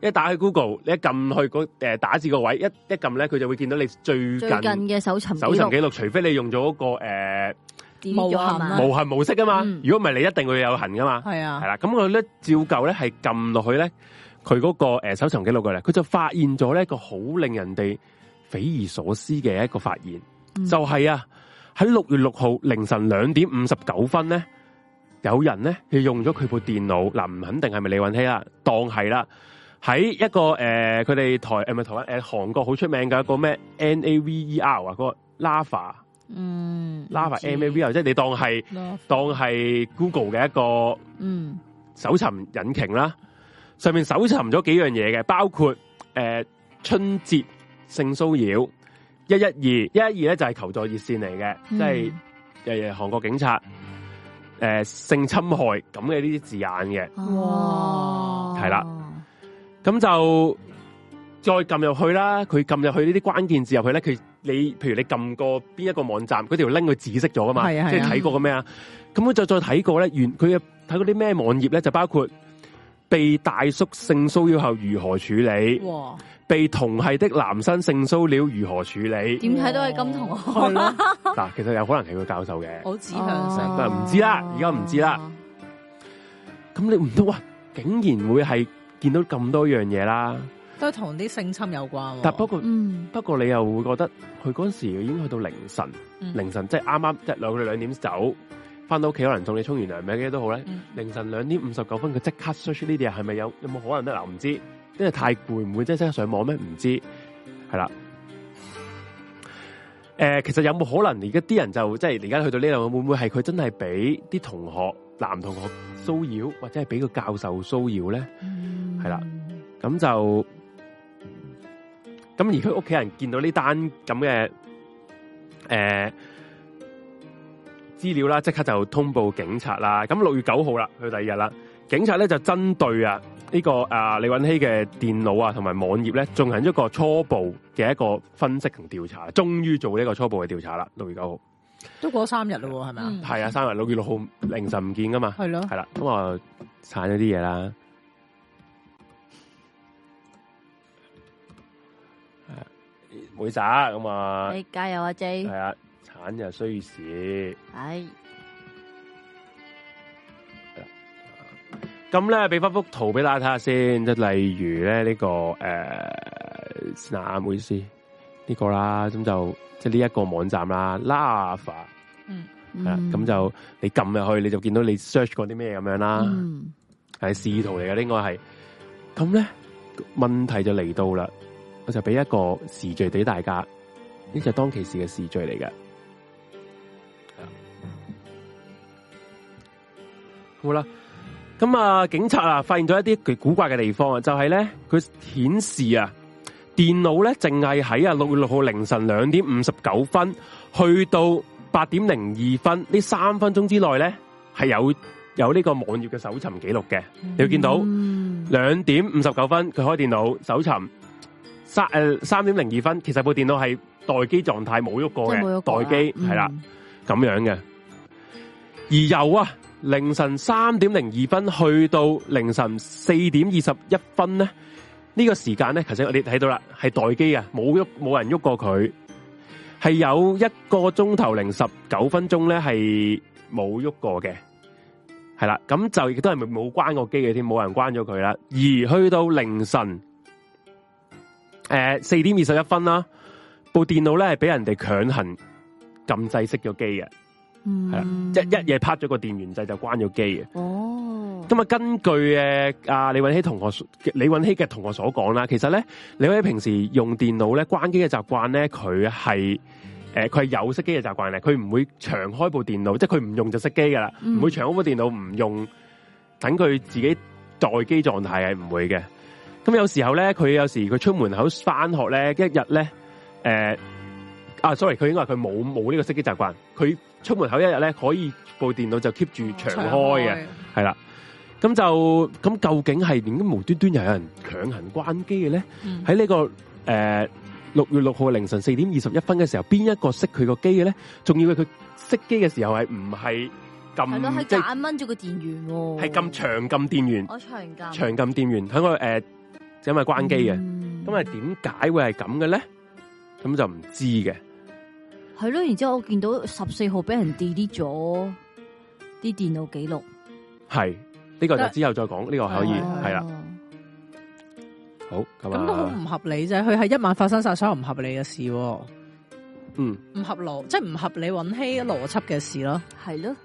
一打去 Google，你一撳去嗰誒、呃、打字個位，一一撳咧，佢就會見到你最近最近嘅搜尋記搜尋記錄，除非你用咗一、那個誒、呃、自無痕、啊、無痕模式噶嘛，如果唔係，你一定會有痕噶嘛。係啊，係啦，咁佢咧照舊咧係撳落去咧，佢嗰、那個誒搜、呃、尋記錄過嚟，佢就發現咗呢一個好令人哋匪夷所思嘅一個發現。Mm. 就係啊，喺六月六號凌晨兩點五十九分咧，有人咧佢用咗佢部電腦，嗱唔肯定係咪李允熙啦，當係啦，喺一個誒佢哋台誒唔係台灣誒韓國好出名嘅一個咩 Naver 啊，N A V E R, 嗰個 Lava，嗯、mm hmm.，Lava Naver，即係你當係 Love. 當係 Google 嘅一個嗯搜尋引擎啦，上面搜尋咗幾樣嘢嘅，包括誒、呃、春節性騷擾。一一二，一一二咧就係求助熱線嚟嘅，即係誒，韓國警察誒、呃，性侵害咁嘅呢啲字眼嘅，哇，係啦，咁就再撳入去啦，佢撳入去呢啲關鍵字入去咧，佢你譬如你撳過邊一個網站，嗰條 link 佢紫色咗噶嘛，即係睇過個咩啊？咁佢再再睇過咧，原佢嘅睇嗰啲咩網頁咧，就包括被大叔性騷擾後如何處理。哇被同系的男生性騷擾如何處理？點睇都係金同海。嗱， (laughs) (laughs) 其實有可能係個教授嘅，我指向上，啊、但係唔知啦，而家唔知啦。咁、啊、你唔通，哇！竟然會係見到咁多樣嘢啦、嗯，都係同啲性侵有關。但不過，嗯，不過你又會覺得，佢嗰時已經去到凌晨，嗯、凌晨即係啱啱即係兩個兩點走，翻到屋企可能仲未沖完涼咩嘅都好咧。嗯、凌晨兩點五十九分，佢即刻 search 呢啲啊，係咪有有冇可能得我唔知。因為太攰，會唔會即刻上網咩？唔知係啦。誒、呃，其實有冇可能而家啲人就即係而家去到呢度，會唔會係佢真係俾啲同學，男同學騷擾，或者係俾個教授騷擾咧？係啦，咁就咁而佢屋企人見到呢單咁嘅誒資料啦，即刻就通報警察啦。咁六月九號啦，去第二日啦，警察咧就針對啊。呢、這個、呃、李允熙嘅電腦啊，同埋網頁咧，進行一個初步嘅一個分析同調查，終於做呢個初步嘅調查啦。六月九號都過咗三日啦，係咪？係啊、嗯，三日六月六號凌晨唔見噶嘛？係咯是的 的，係啦，咁啊鏟咗啲嘢啦，係冇嘢咁啊！你加油啊，姐！係啊，鏟就需時。係。咁咧，俾翻幅圖俾大家睇下先，即係例如咧呢、這個誒，安娜梅斯呢個啦，咁就即係呢一個網站啦，Lava，嗯，咁啦、嗯、就你撳入去，你就見到你 search 過啲咩咁樣啦，係試、嗯、圖嚟嘅，應該呢個係，咁咧問題，就嚟到啦，我就俾一個時序俾大家，呢就當其時嘅時序嚟嘅，好啦。咁啊，警察啊，發現咗一啲佢古怪嘅地方啊，就係、是、咧，佢顯示啊，電腦咧淨係喺啊六月六號凌晨兩點五十九分去到八點零二分 ,3 分呢三分鐘之內咧係有有呢個網頁嘅搜尋記錄嘅，嗯、你會見到兩點五十九分佢開電腦搜尋三誒三點零二分，其實部電腦係待機狀態冇喐過嘅，待機係啦咁樣嘅，而有啊。凌晨三點零二分去到凌晨四點二十一分咧，呢個時間咧，頭先我哋睇到啦，係待機嘅，冇喐，冇人喐過佢，係有一個鐘頭零十九分鐘咧，係冇喐過嘅，係啦，咁就亦都係冇關過機嘅添，冇人關咗佢啦。而去到凌晨誒四點二十一分啦，部電腦咧係俾人哋強行禁制熄咗機嘅。係啊， (noise) 一一嘢，拍咗個電源掣就關咗機嘅。哦，咁啊，根據誒阿、呃、李允熙同學李允熙嘅同學所講啦,其實咧李允熙平時用電腦咧關機嘅習慣咧，佢係誒佢係有熄機嘅習慣咧，佢唔會長開部電腦，即係佢唔用就熄機噶啦，唔、mm. 會長開部電腦唔用，等佢自己待機狀態係唔會嘅。咁有時候咧，佢有時佢出門口翻學咧，一日咧誒，啊，sorry，佢應該話佢冇冇呢個熄機習慣，佢。出門口一日咧，可以部電腦就 keep 住長開嘅，係啦。咁就咁究竟係點解無端端又有人強行關機嘅咧？喺呢個誒六月六號凌晨四點二十一分嘅時候，邊一個熄佢個機嘅咧？仲要係佢熄機嘅時候係唔係撳即係掹咗個電源？係咁長撳電源，長撳長撳電源喺個誒，就係關機嘅。咁係點解會係咁嘅咧？咁就唔知嘅。係咯，然之後我見到十四號俾人 delete 咗啲電腦記錄。係，呢、這個就之後再講，呢是個可以係啦、啊。好咁都好唔合理啫，佢係一晚發生晒所有唔合理嘅事、啊。嗯，唔合邏，即係唔合理、運氣、邏輯嘅事咯。係咯。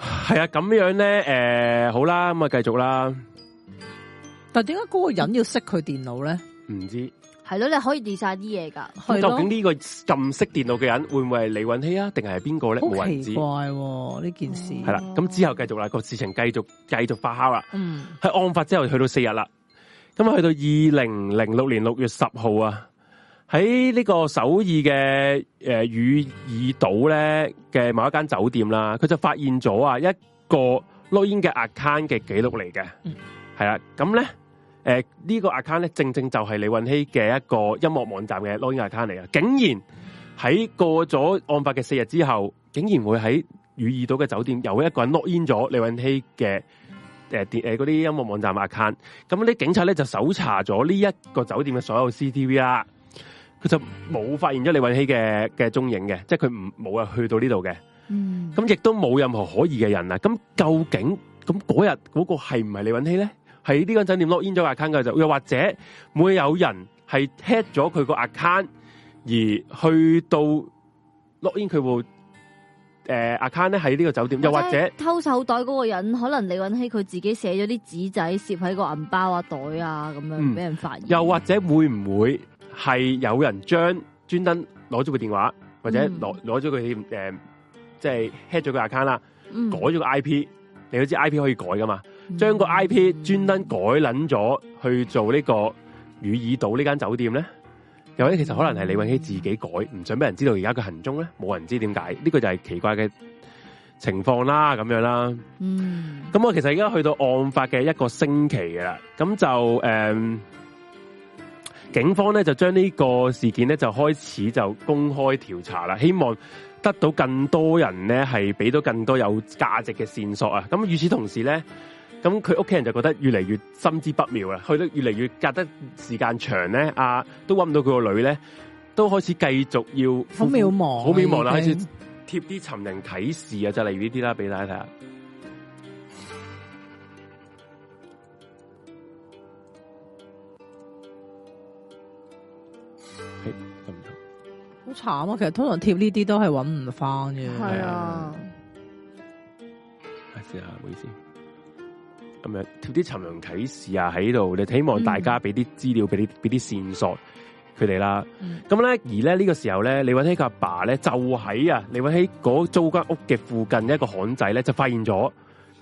係啊，咁了、啊、樣咧，誒、呃，好啦，咁啊，繼續啦。但係點解嗰個人要熄佢電腦咧？唔知。係咯，你可以 delete 晒啲嘢噶。的究竟呢個咁識電腦嘅人會唔會係李允熙啊，定係邊個咧？好奇怪呢、哦、件事。係啦、哦，咁之後繼續啦，個事情繼續繼續發酵啦。嗯。喺案發之後去到四日啦，咁啊去到二零零六年六月十號啊，喺呢個首爾嘅誒汝矣島咧嘅某一間酒店啦、啊，佢就發現咗啊一個 login 嘅 account 嘅記錄嚟嘅。嗯。係啦，咁咧。誒，呢、呃呢個 account 咧，正正就係李允熙嘅一個音樂網站嘅 login account 嚟啊！竟然喺過咗案發嘅四日之後，竟然會喺如意島嘅酒店，有一個人 login 咗李允熙嘅誒誒嗰啲音樂網站 account。咁啲警察咧就搜查咗呢一個酒店嘅所有 C T V 啦，佢就冇發現咗李允熙嘅嘅蹤影嘅，即係佢唔冇去去到呢度嘅。嗯，咁亦都冇任何可疑嘅人啊！咁究竟咁嗰日嗰個係唔係李允熙咧？喺呢間酒店 lock in 咗 account 嘅就，又或者會有人係 head 咗佢個 account，而去到 lock in 佢部誒 account 咧喺呢個酒店，又或者，或者偷手袋嗰個人，可能你揾起佢自己寫咗啲紙仔，攝喺個銀包啊袋啊咁樣，俾、嗯、人發現。又或者會唔會係有人將專登攞咗部電話，或者攞攞咗佢誒，即係 head 咗個 account 啦，改咗個 I P，你都知 I P 可以改噶嘛？將個 I P 專登改捻咗去做呢個御耳島呢間酒店咧，又或者其實可能係李永熙自己改，唔想俾人知道而家個行蹤咧，冇人知點解呢個就係奇怪嘅情況啦，咁樣啦。嗯，咁我其實而家去到案發嘅一個星期嘅啦，咁就誒、呃，警方咧就將呢個事件咧就開始就公開調查啦，希望得到更多人咧係俾到更多有價值嘅線索啊！咁與此同時咧。咁佢屋企人就覺得越嚟越心知不妙啦，去得越嚟越隔得時間長咧，啊，都揾唔到佢個女咧，都開始繼續要好渺茫，好渺茫啦，Okay. 開始貼啲尋人啟事啊，就例如呢啲啦，俾大家睇下。咁好慘啊！其實通常貼呢啲都係揾唔翻嘅，係啊。係啊，唔好意思。咁樣貼啲尋人啟事啊喺度，你希望大家俾啲資料俾啲俾啲線索佢哋啦。咁咧、嗯，而咧呢、這個時候咧，李允熙嘅阿爸咧就喺啊李允熙嗰租間屋嘅附近一個巷仔咧就發現咗。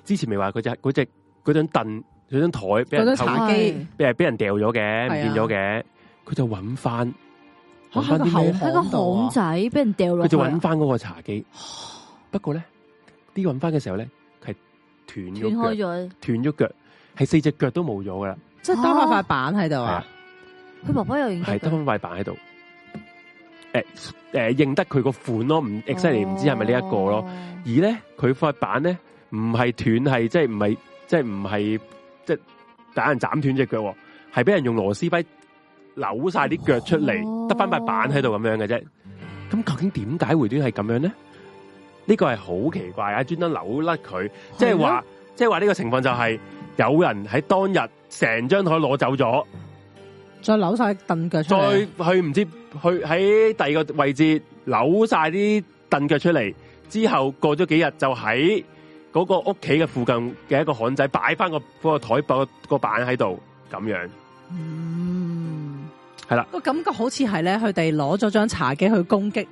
之前未話嗰隻嗰隻嗰張凳，嗰張台俾人偷機，誒俾人掉咗嘅，唔見咗嘅，佢就搵翻。喺、啊、個巷喺個巷仔俾人掉咗，佢就搵翻嗰個茶幾。不過咧，呢個搵翻嘅時候咧。斷開咗，斷咗腳，係四隻腳隻腳都冇咗噶啦，即係得翻塊板喺度啊！佢婆婆又認得，係得翻塊板喺度。誒、欸、誒、呃，認得佢、這個款咯，唔 exactly 唔知係咪呢一個咯。而咧，佢塊板咧唔係斷，係即係唔係，即係唔係，即係俾人斬斷隻腳，係俾人用螺絲批扭晒啲腳出嚟，得翻塊板喺度咁樣嘅啫。咁究竟點解回轉係咁樣咧？呢個係好奇怪啊！專登扭甩佢，即係話，即係話呢個情況就係有人喺當日成張台攞走咗，再扭晒凳腳出嚟，再去唔知去喺第二個位置扭晒啲凳腳出嚟，之後過咗幾日就喺嗰個屋企嘅附近嘅一個巷仔擺翻個嗰個台擺個板喺度，咁樣，係啦、嗯，的個感覺好似係咧，佢哋攞咗張茶几去攻擊。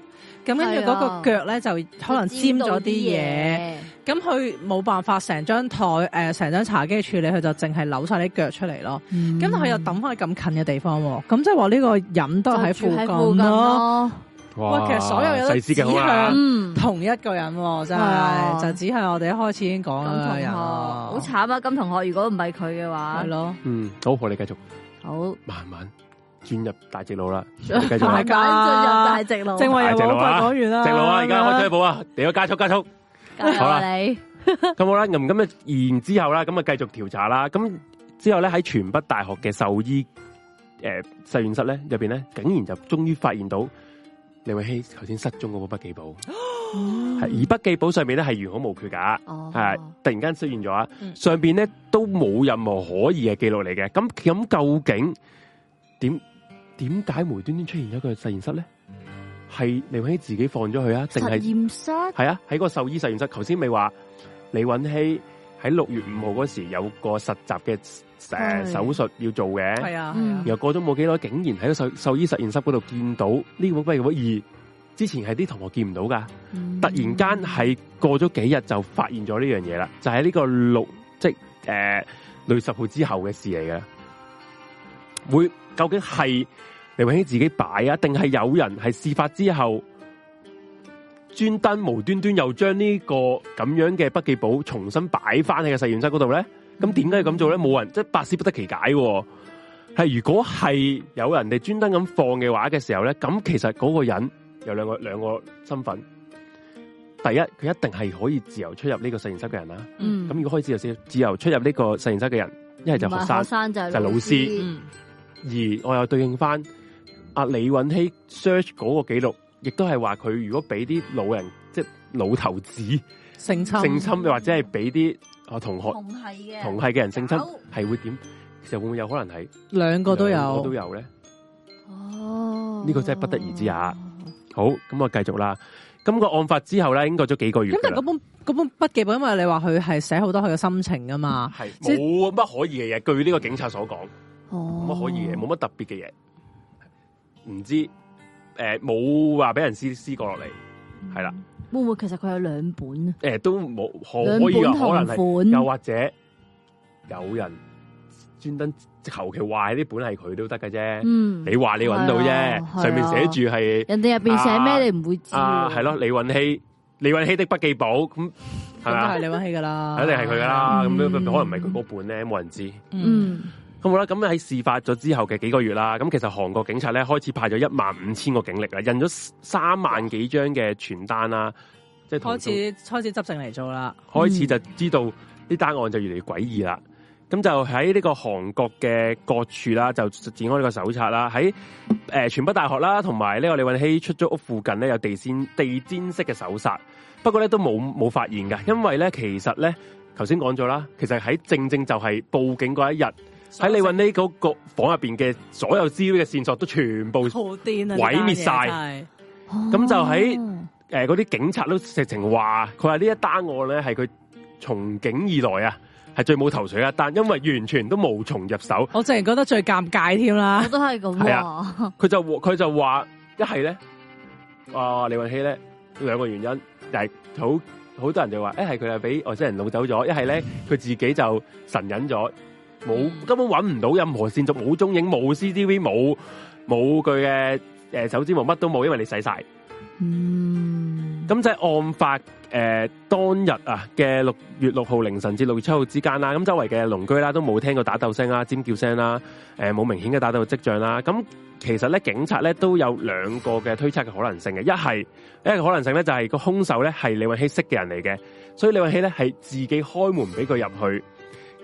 咁跟住嗰個腳咧、啊、就可能沾咗啲嘢，咁佢冇辦法成張台誒成張茶几處理，佢就淨係扭晒啲腳出嚟咯。咁佢、嗯、又抌翻去咁近嘅地方，咁即係話呢個飲都喺附，附近咯。哇其實所有人，都指向同一個人，哇真係、啊、就只係我哋一開始已經講嘅人。好慘啊，金同學，如果唔係佢嘅話，係咯、啊，嗯，好，我哋繼續，好，慢慢。轉入大直路啦，繼續埋。轉入大直路，正話入直路啊！直路啊！而家開追捕啊！你要加速加速。加啊、好啦，你咁 (laughs) 好啦，咁咁啊，然後而之後啦，咁啊，繼續調查啦。咁之後咧，喺全北大學嘅獸醫誒實驗室咧入邊咧，竟然就終於發現到李偉希頭先失蹤嗰本筆記簿，而筆記簿上面咧係完好無缺噶，係 (laughs) 突然間出現咗，嗯、上邊咧都冇任何可疑嘅記錄嚟嘅。咁咁究竟點？點解無端端出現咗個實驗室咧？係李允熙自己放咗佢啊？定係實驗室？係啊，喺個獸醫實驗室。頭先咪話李允熙喺六月五號嗰時候有個實習嘅誒手術要做嘅。係啊的，然後過咗冇幾耐竟然喺個獸獸醫實驗室嗰度見到呢本筆記二，之前係啲同學見唔到噶。嗯、突然間係過咗幾日就發現咗呢樣嘢啦，就喺、是、呢個六即係誒六月十號之後嘅事嚟嘅，會。究竟係黎永興自己擺啊，定係有人係事發之後專登無端端又將呢個咁樣嘅筆記簿重新擺翻喺個實驗室嗰度咧？咁點解要咁做咧？冇人即百思不得其解。係如果係有人哋專登咁放嘅話嘅時候咧，咁其實嗰個人有兩個兩個身份。第一，佢一定係可以自由出入呢個實驗室嘅人啦。嗯，咁如果可以自由自由出入呢個實驗室嘅人，一係就係學生，唔係學生就係老師。嗯。而我又對應翻阿李允希 search 嗰個記錄，亦都係話佢如果俾啲老人，即係老頭子性侵，性侵，又或者係俾啲啊同學同系嘅同系嘅人性侵，係有會點？其實會唔會有可能係兩個都有，兩個都有咧？哦，呢個真係不得而知啊！好，咁我繼續啦。咁、嗰個案發之後咧，已經過咗幾個月。咁但係嗰本嗰本筆記本，因為你話佢係寫好多佢嘅心情㗎嘛，係冇乜可疑嘅嘢。據呢個警察所講。冇乜可以嘅，冇乜特別嘅嘢，唔知誒，冇話俾人撕撕過落嚟，係啦。會唔會其實佢有兩本？誒，都冇可以，可能係又或者有人專登求其壞啲本係佢都得嘅啫。你話你揾到啫，上面寫住係人哋入邊寫咩，你唔會知。係咯，李允熙，李允熙的筆記簿，咁係咪啊？係李允熙噶啦，肯定係佢噶啦。咁可能唔係佢嗰本咧，冇人知。嗯。咁啦，咁喺事發咗之後嘅幾個月啦，咁其實韓國警察咧開始派咗一萬五千個警力啦，印咗三萬幾張嘅傳單啦，即係開始開始執正嚟做啦。開始就知道呢單案件越越，嗯、就越嚟越詭異啦。咁就喺呢個韓國嘅各處啦，就展開呢個搜查啦。喺誒、呃、全北大學啦，同埋呢個李允熙出租屋附近咧有地綫地氈式嘅搜查，不過咧都冇冇發現噶，因為咧其實咧頭先講咗啦，其實喺正正就係報警嗰一日。喺李云熙嗰個房入邊嘅所有資料嘅線索都全部毀滅晒，咁就喺誒嗰啲警察都直情話，佢話呢一單案咧係佢從警以來啊係最冇頭緒嘅一單，因為完全都無從入手。我淨係覺得最尷尬添啦，我都係咁。係啊，佢就佢就話一係咧，啊李云熙咧，兩個原因就是很，就係好好多人就話一係佢係俾外星人擄走咗，一係咧佢自己就神隱咗。冇根本揾唔到任何線索，冇蹤影，冇 CCTV，冇冇佢嘅誒手指毛，乜都冇，因為你洗晒。嗯。咁即係案發誒、呃、當日啊嘅六月六號凌晨至六月七號之間啦，咁周圍嘅鄰居啦都冇聽過打鬥聲啦、尖叫聲啦，誒、呃、冇明顯嘅打鬥跡象啦。咁其實咧，警察咧都有兩個嘅推測嘅可能性嘅，一係一個可能性咧就係個兇手咧係李允熙識嘅人嚟嘅，所以李允熙咧係自己開門俾佢入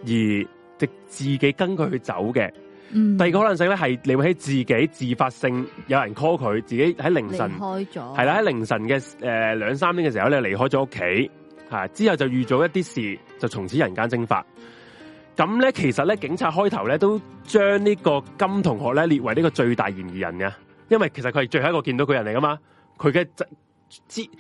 去而。即自己跟佢去走嘅，嗯、第二個可能性咧係你會熙自己自發性有人 call 佢，自己喺凌晨，係啦喺凌晨嘅、誒兩三點嘅時候咧離開咗屋企，吓、啊、之後就遇咗一啲事，就從此人間蒸發。咁咧其實咧警察開頭咧都將呢個金同學咧列為呢個最大嫌疑人嘅，因為其實佢係最後一個見到佢人嚟噶嘛，佢嘅即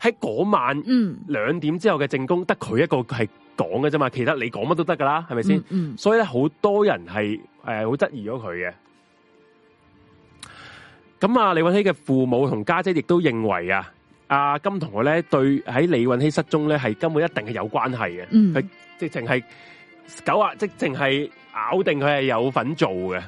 喺嗰晚兩點之後嘅證供得佢一個係。講嘅啫嘛，其實你講乜都得噶啦，係咪先？嗯嗯、所以咧，好多人係誒好質疑咗佢嘅。咁啊，李允熙嘅父母同家姐亦都認為啊，阿、啊、金同學咧對喺李允熙失蹤咧係根本一定係有關係嘅。佢、嗯、直情係狗啊，即係淨係咬定佢係有份做嘅。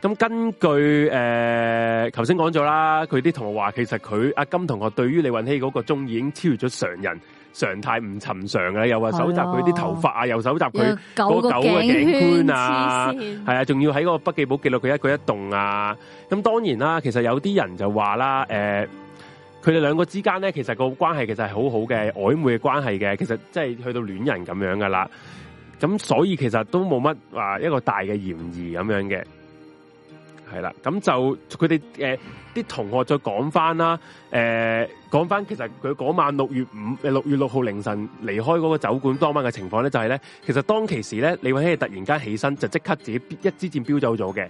咁根據誒，頭先講咗啦，佢啲同學話，其實佢阿、啊、金同學對於李允熙嗰個鍾意，已經超越咗常人。常態唔尋常嘅，又話搜集佢啲頭髮啊，又搜集佢個狗嘅頸圈,圈啊，係啊，仲要喺個個筆記簿記錄佢一舉一動啊。咁當然啦，其實有啲人就話啦，誒、呃，佢哋兩個之間咧，其實個關係其實係好好嘅曖昧嘅關係嘅，其實即係去到戀人咁樣噶啦。咁所以其實都冇乜話一個大嘅嫌疑咁樣嘅。係啦，咁就佢哋誒啲同學再講翻啦，誒講翻其實佢嗰晚六月五誒六月六號凌晨離開嗰個酒館當晚嘅情況咧，就係咧，其實當其時咧，李偉希突然間起身就即刻自己一支箭飆走咗嘅，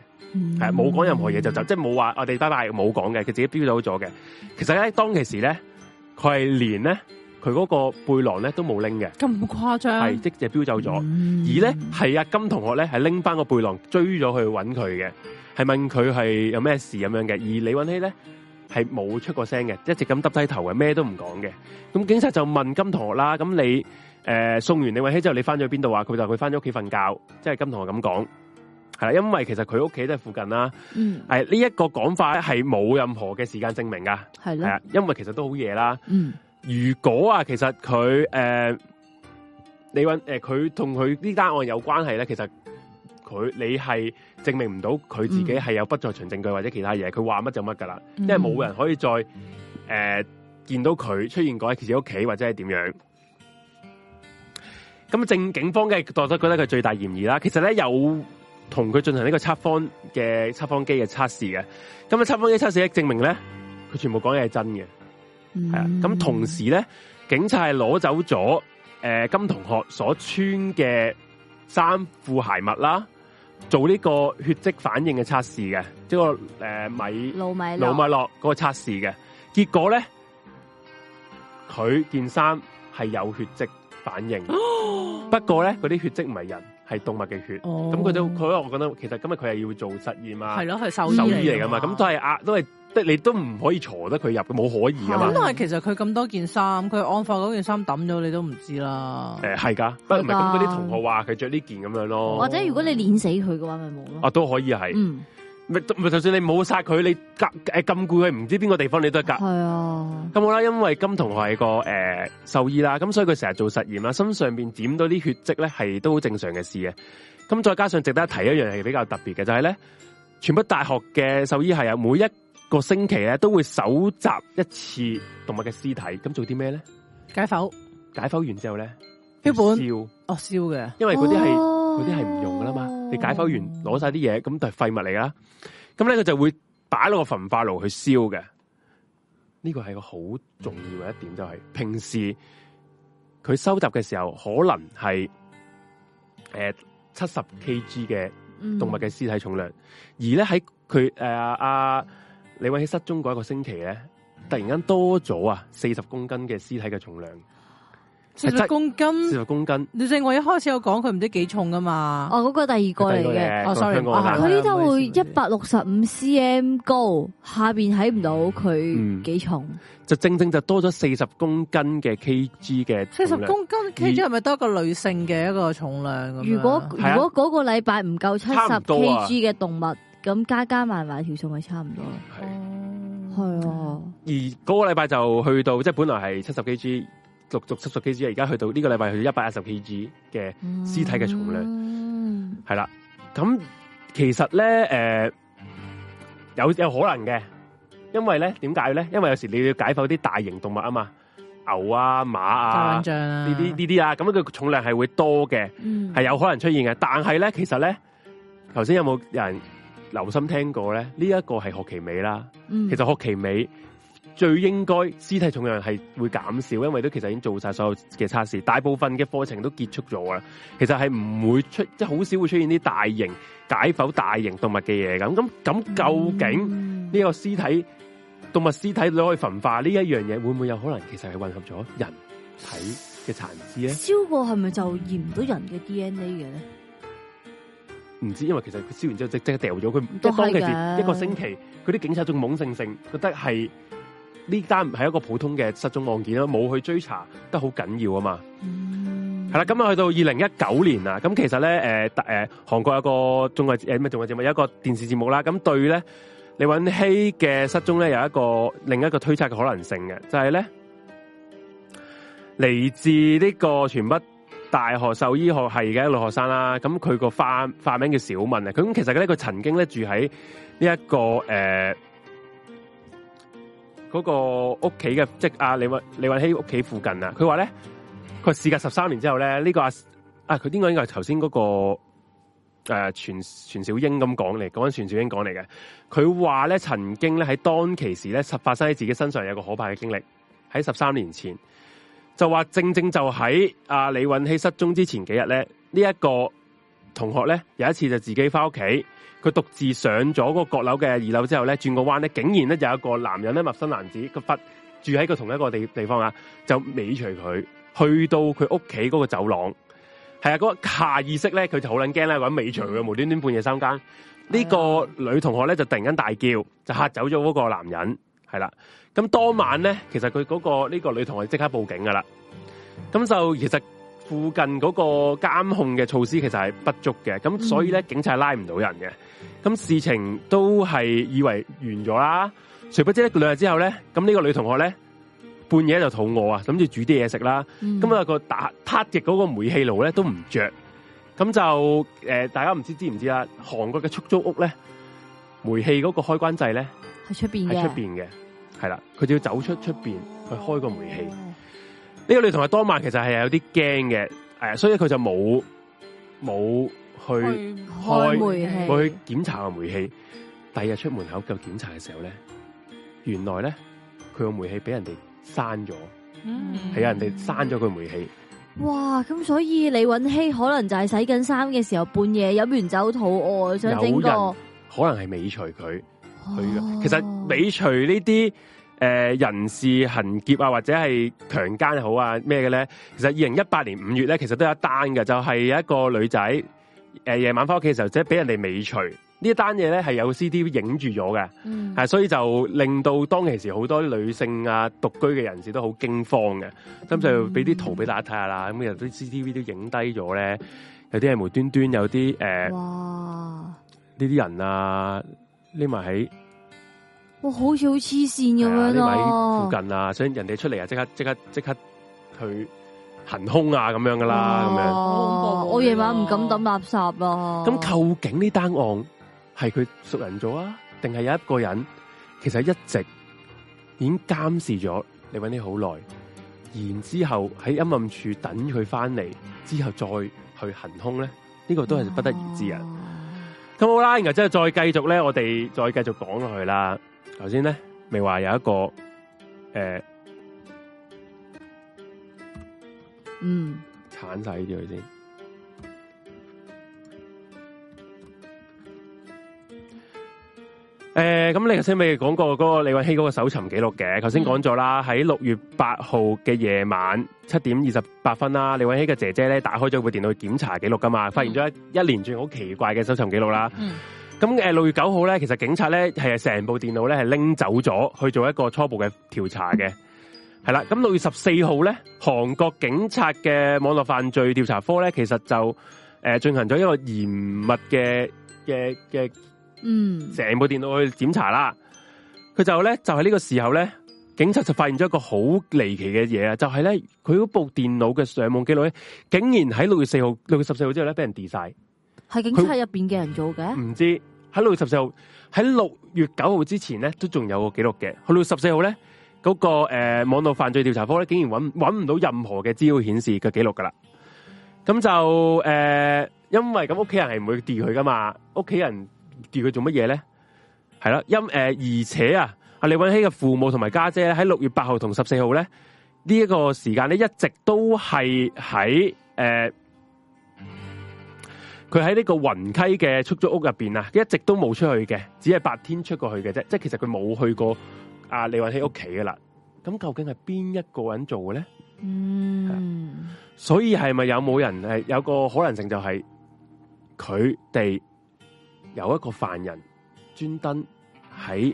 係冇講任何嘢，嗯、就走，即係冇話我哋拜拜冇講嘅，佢自己飆走咗嘅。其實咧當其時咧，佢係連咧佢嗰個背囊咧都冇拎嘅，咁誇張係即係飆走咗，嗯、而咧係阿金同學咧係拎翻個背囊追咗去揾佢嘅。係問佢係有咩事咁樣嘅，而李允熙咧係冇出過聲嘅，一直咁耷低頭嘅，咩都唔講嘅。咁警察就問金同學啦，咁你誒送完李允熙之後，你翻咗去邊度啊？佢就話佢翻咗屋企瞓覺，即係金同學咁講，係啦，因為其實佢屋企都係附近啦。嗯，係呢一個講法係冇任何嘅時間證明噶，係咯，因為其實都好夜啦。嗯，如果啊，其實佢誒李允誒佢同佢呢單案有關係咧，其實。佢你係證明唔到佢自己係有不在場證據或者其他嘢，佢話乜就乜噶啦，嗯、因為冇人可以再誒、呃、見到佢出現過喺自己屋企或者係點樣。咁正警方嘅，覺得覺得佢最大嫌疑啦。其實咧有同佢進行呢個測謊嘅測謊機嘅測試嘅。咁啊測謊機測試證證明咧，佢全部講嘢係真嘅，啊、嗯。咁同時咧，警察係攞走咗、呃、金同學所穿嘅衫褲鞋襪啦。做呢個血跡反應嘅測試嘅，即、呃、個誒米、盧米諾、盧米諾嗰個測試嘅，結果咧佢件衫係有血跡反應，哦、不過咧嗰啲血跡唔係人，係動物嘅血，咁佢都佢我覺得其實今日佢係要做實驗啊，係咯，係獸獸醫嚟㗎嘛，咁都係啊，都係。即係你都唔可以藏得佢入嘅，冇可疑噶嘛。咁但係其實佢咁多件衫，佢安放嗰件衫抌咗，你都唔知啦。誒係噶，的不過唔係咁嗰啲同學話佢着呢件咁樣咯。或者如果你碾死佢嘅話，咪冇咯。啊都可以係，咪咪、嗯、就算你冇殺佢，你隔誒禁錮佢唔知邊個地方，你都係隔。係啊的。咁好啦，因為金同學係個誒獸、呃、醫啦，咁所以佢成日做實驗啦，身上邊點到啲血跡咧，係都好正常嘅事嘅。咁再加上值得一提一樣嘢比較特別嘅，就係、是、咧，全部大學嘅獸醫係有每一。個星期咧都會搜集一次動物嘅屍體，咁做啲咩咧？解剖，解剖完之後咧，燒本燒哦燒嘅，燒因為嗰啲係嗰啲係唔用噶啦嘛，你解剖完攞晒啲嘢，咁係廢物嚟啦，咁咧佢就會擺落個焚化爐去燒嘅。呢、這個係個好重要嘅一點、就是，就係平時佢收集嘅時候，可能係誒七十 Kg 嘅動物嘅屍體重量，嗯、而咧喺佢誒你搵喺失蹤嗰一個星期咧，突然間多咗啊四十公斤嘅屍體嘅重量，四十公斤，四十公斤。你正話一開始有講佢唔知幾重噶嘛？哦，嗰、嗰個第二個嚟嘅，哦，哦，sorry，佢呢度會一百六十五 cm 高，嗯、下邊睇唔到佢幾重。就正正就多咗四十公斤嘅 kg 嘅，四十公斤 kg 係咪多一個女性嘅一個重量如？如果如果嗰個禮拜唔夠七十 kg 嘅動物。咁加加埋埋條數咪差唔多，係係啊！而嗰個禮拜就去到，即係本來係七十幾 G，逐逐七十幾 G，而家去到呢個禮拜去到一百二十 G 嘅屍體嘅重量，係啦、嗯。咁其實咧，誒、呃、有有可能嘅，因為咧點解咧？因為有時候你要解剖啲大型動物啊嘛，牛啊馬啊，呢啲呢啲啊，咁佢、啊、重量係會多嘅，係、嗯、有可能出現嘅。但係咧，其實咧，頭先有冇人？留心聽過咧，呢、這、一個係學期尾啦。嗯、其實學期尾最應該屍體重量係會減少，因為都其實已經做晒所有嘅測試，大部分嘅課程都結束咗啦。其實係唔會出，即係好少會出現啲大型解剖大型動物嘅嘢咁。咁咁究竟呢個屍體動物屍體攞去焚化呢一樣嘢，這個、會唔會有可能其實係混合咗人體嘅殘肢咧？燒過係咪就驗唔到人嘅 DNA 嘅咧？唔知，因為其實佢燒完之後即即刻掉咗，佢即當其時一個星期，佢啲警察，仲懵性性，覺得係呢單唔係一個普通嘅失蹤案件，冇去追查，都好緊要啊嘛。係啦、嗯，咁啊去到二零一九年啊，咁其實咧，誒、呃、誒，韓、呃、國有個綜藝誒咩綜藝節目有一個電視節目啦，咁對咧李允熙嘅失蹤咧有一個另一個推測嘅可能性嘅，就係咧嚟自呢個全北大學獸醫學系嘅女學生啦，咁佢個化化名叫小文、這個呃那個、啊。咁其實咧，佢曾經咧住喺呢一個誒嗰個屋企嘅，即阿李偉李希屋企附近啦。佢話咧，佢事隔十三年之後咧，呢、這個阿佢呢個應該係頭先嗰個誒、啊、全全小英咁講嚟，講緊全小英講嚟嘅。佢話咧，曾經咧喺當其時咧，實發生喺自己身上有個可怕嘅經歷，喺十三年前。就話正正就喺阿李允熙失蹤之前幾日咧，呢、這、一個同學咧有一次就自己翻屋企，佢獨自上咗個閣樓嘅二樓之後咧，轉個彎咧，竟然咧有一個男人咧陌生男子個筆住喺個同一個地地方啊，就尾隨佢去到佢屋企嗰個走廊，係啊，嗰、那個、下意識咧佢就好撚驚咧，搵尾隨佢，無端端半夜三更，呢、嗯、個女同學咧就突然間大叫，就嚇走咗嗰個男人，係啦、啊。咁當晚咧，其實佢嗰、嗰個呢、呢個女同學即刻報警㗎喇。咁就其實附近嗰個監控嘅措施其實係不足嘅，咁所以咧、嗯、警察拉唔到人嘅。咁事情都係以為完咗啦，誰不知咧兩日之後咧，咁呢個女同學咧半夜就肚餓啊，諗住煮啲嘢食啦。咁啊、嗯、個打撻嘅嗰個煤氣爐咧都唔着，咁就誒、呃、大家唔知知唔知啊？韓國嘅出租屋咧，煤氣嗰個開關掣咧喺出邊嘅。係啦，佢就要走出出邊去開煤氣，哦哦、個煤氣。呢個女同當晚其實係有啲驚嘅，誒，所以佢就冇冇去開，開，開煤氣，去檢查個煤氣。第二日出門口去檢查嘅時候咧，原來咧佢、嗯、個煤氣俾人哋閂咗，係有人哋閂咗佢煤氣。哇！咁所以李允熙可能就係洗緊衫嘅時候，半夜飲完酒肚餓，想整個有可能係尾隨佢。佢嘅，其實尾除呢啲誒人士行劫啊，或者係強姦好啊咩嘅？咧，其實二零一八年五月咧，其實都有一單嘅，就係、是、一個女仔誒夜晚翻屋企嘅時候，即係俾人哋尾除這一呢一單嘢咧，係有 CCTV 影住咗嘅，係、嗯啊、所以就令到當其時好多女性啊獨居嘅人士都好驚慌嘅，咁、嗯、就俾啲圖俾大家睇下啦，咁有啲 CCTV 都影低咗咧，有啲係無端端有啲誒、呢、呃、啲哇人啊。匿埋喺，在哇，好似好黐線咁樣咯！附近啊，所以人哋出嚟，啊，即刻即刻即刻去行凶啊，咁樣噶啦，咁、啊、樣。我夜晚唔敢抌垃圾啊。咁究竟呢單案係佢熟人做啊，定係有一個人其實一直已經監視咗你揾你好耐，然之後喺陰暗處等佢翻嚟，之後再去行凶咧？呢、這個都係不得而知啊！咁好啦，然後之後再繼續咧，我哋再繼續講落去啦。頭先咧，未話有一個誒，呃、嗯，鏟晒啲佢先。誒，咁、欸、你頭先咪講過嗰個李允熙嗰個搜尋記錄嘅，頭先講咗啦，喺六月八號嘅夜晚七點二十八分啦，李允熙嘅姐姐咧打開咗部電腦檢查記錄噶嘛，嗯、發現咗一連串好奇怪嘅搜尋記錄啦。咁誒、嗯，六月九號咧，其實警察咧係成部電腦咧係拎走咗去做一個初步嘅調查嘅，係啦、嗯。咁六月十四號咧，韓國警察嘅網絡犯罪調查科咧，其實就誒進、呃、行咗一個嚴密嘅嘅嘅。嗯，成部電腦去檢查啦，佢就咧就喺呢個時候咧，警察就發現咗一個好離奇嘅嘢啊！就係、是、咧，佢嗰部電腦嘅上網記錄咧，竟然喺六月四號、六月十四號之後咧，俾人 delete 晒。係警察入邊嘅人做嘅？唔知喺六月十四號、喺六月九號之前咧，都仲有個記錄嘅。去到十四號咧，嗰、那個誒、呃、網絡犯罪調查科咧，竟然揾揾唔到任何嘅資料顯示嘅記錄噶啦。咁就誒、呃，因為咁屋企人係唔會 delete 佢噶嘛，屋企人。叫佢做乜嘢咧？係啦，因誒、呃，而且啊，阿李允熙嘅父母同埋家姐喺六月八號同十四號咧呢一，呢個時間咧，一直都係喺誒，佢喺呢個雲溪嘅出租屋入邊啊，一直都冇出去嘅，只係白天出過去嘅啫。即係其實佢冇去過阿，啊、李允熙屋企噶啦。咁究竟係邊一個人做嘅咧？嗯是，所以係咪有冇人誒？有個可能性就係佢哋。有一個犯人專登喺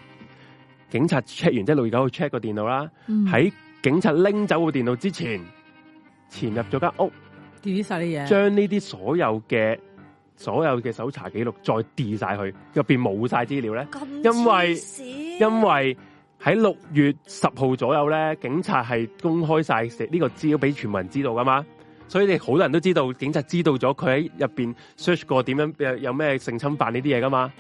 警察 check 完，即係六月九號 check 個電腦啦，喺、嗯、警察拎走個電腦之前，潛入咗間屋 delete 晒啲嘢，將呢啲所有嘅所有嘅搜查記錄再 delete 晒去，入邊冇晒資料咧，因為因為喺六月十號左右咧，警察係公開晒呢個資料俾全民知道噶嘛所以你好多人都知道，警察知道咗佢喺入邊 search 過點樣，有咩性侵犯呢啲嘢噶嘛？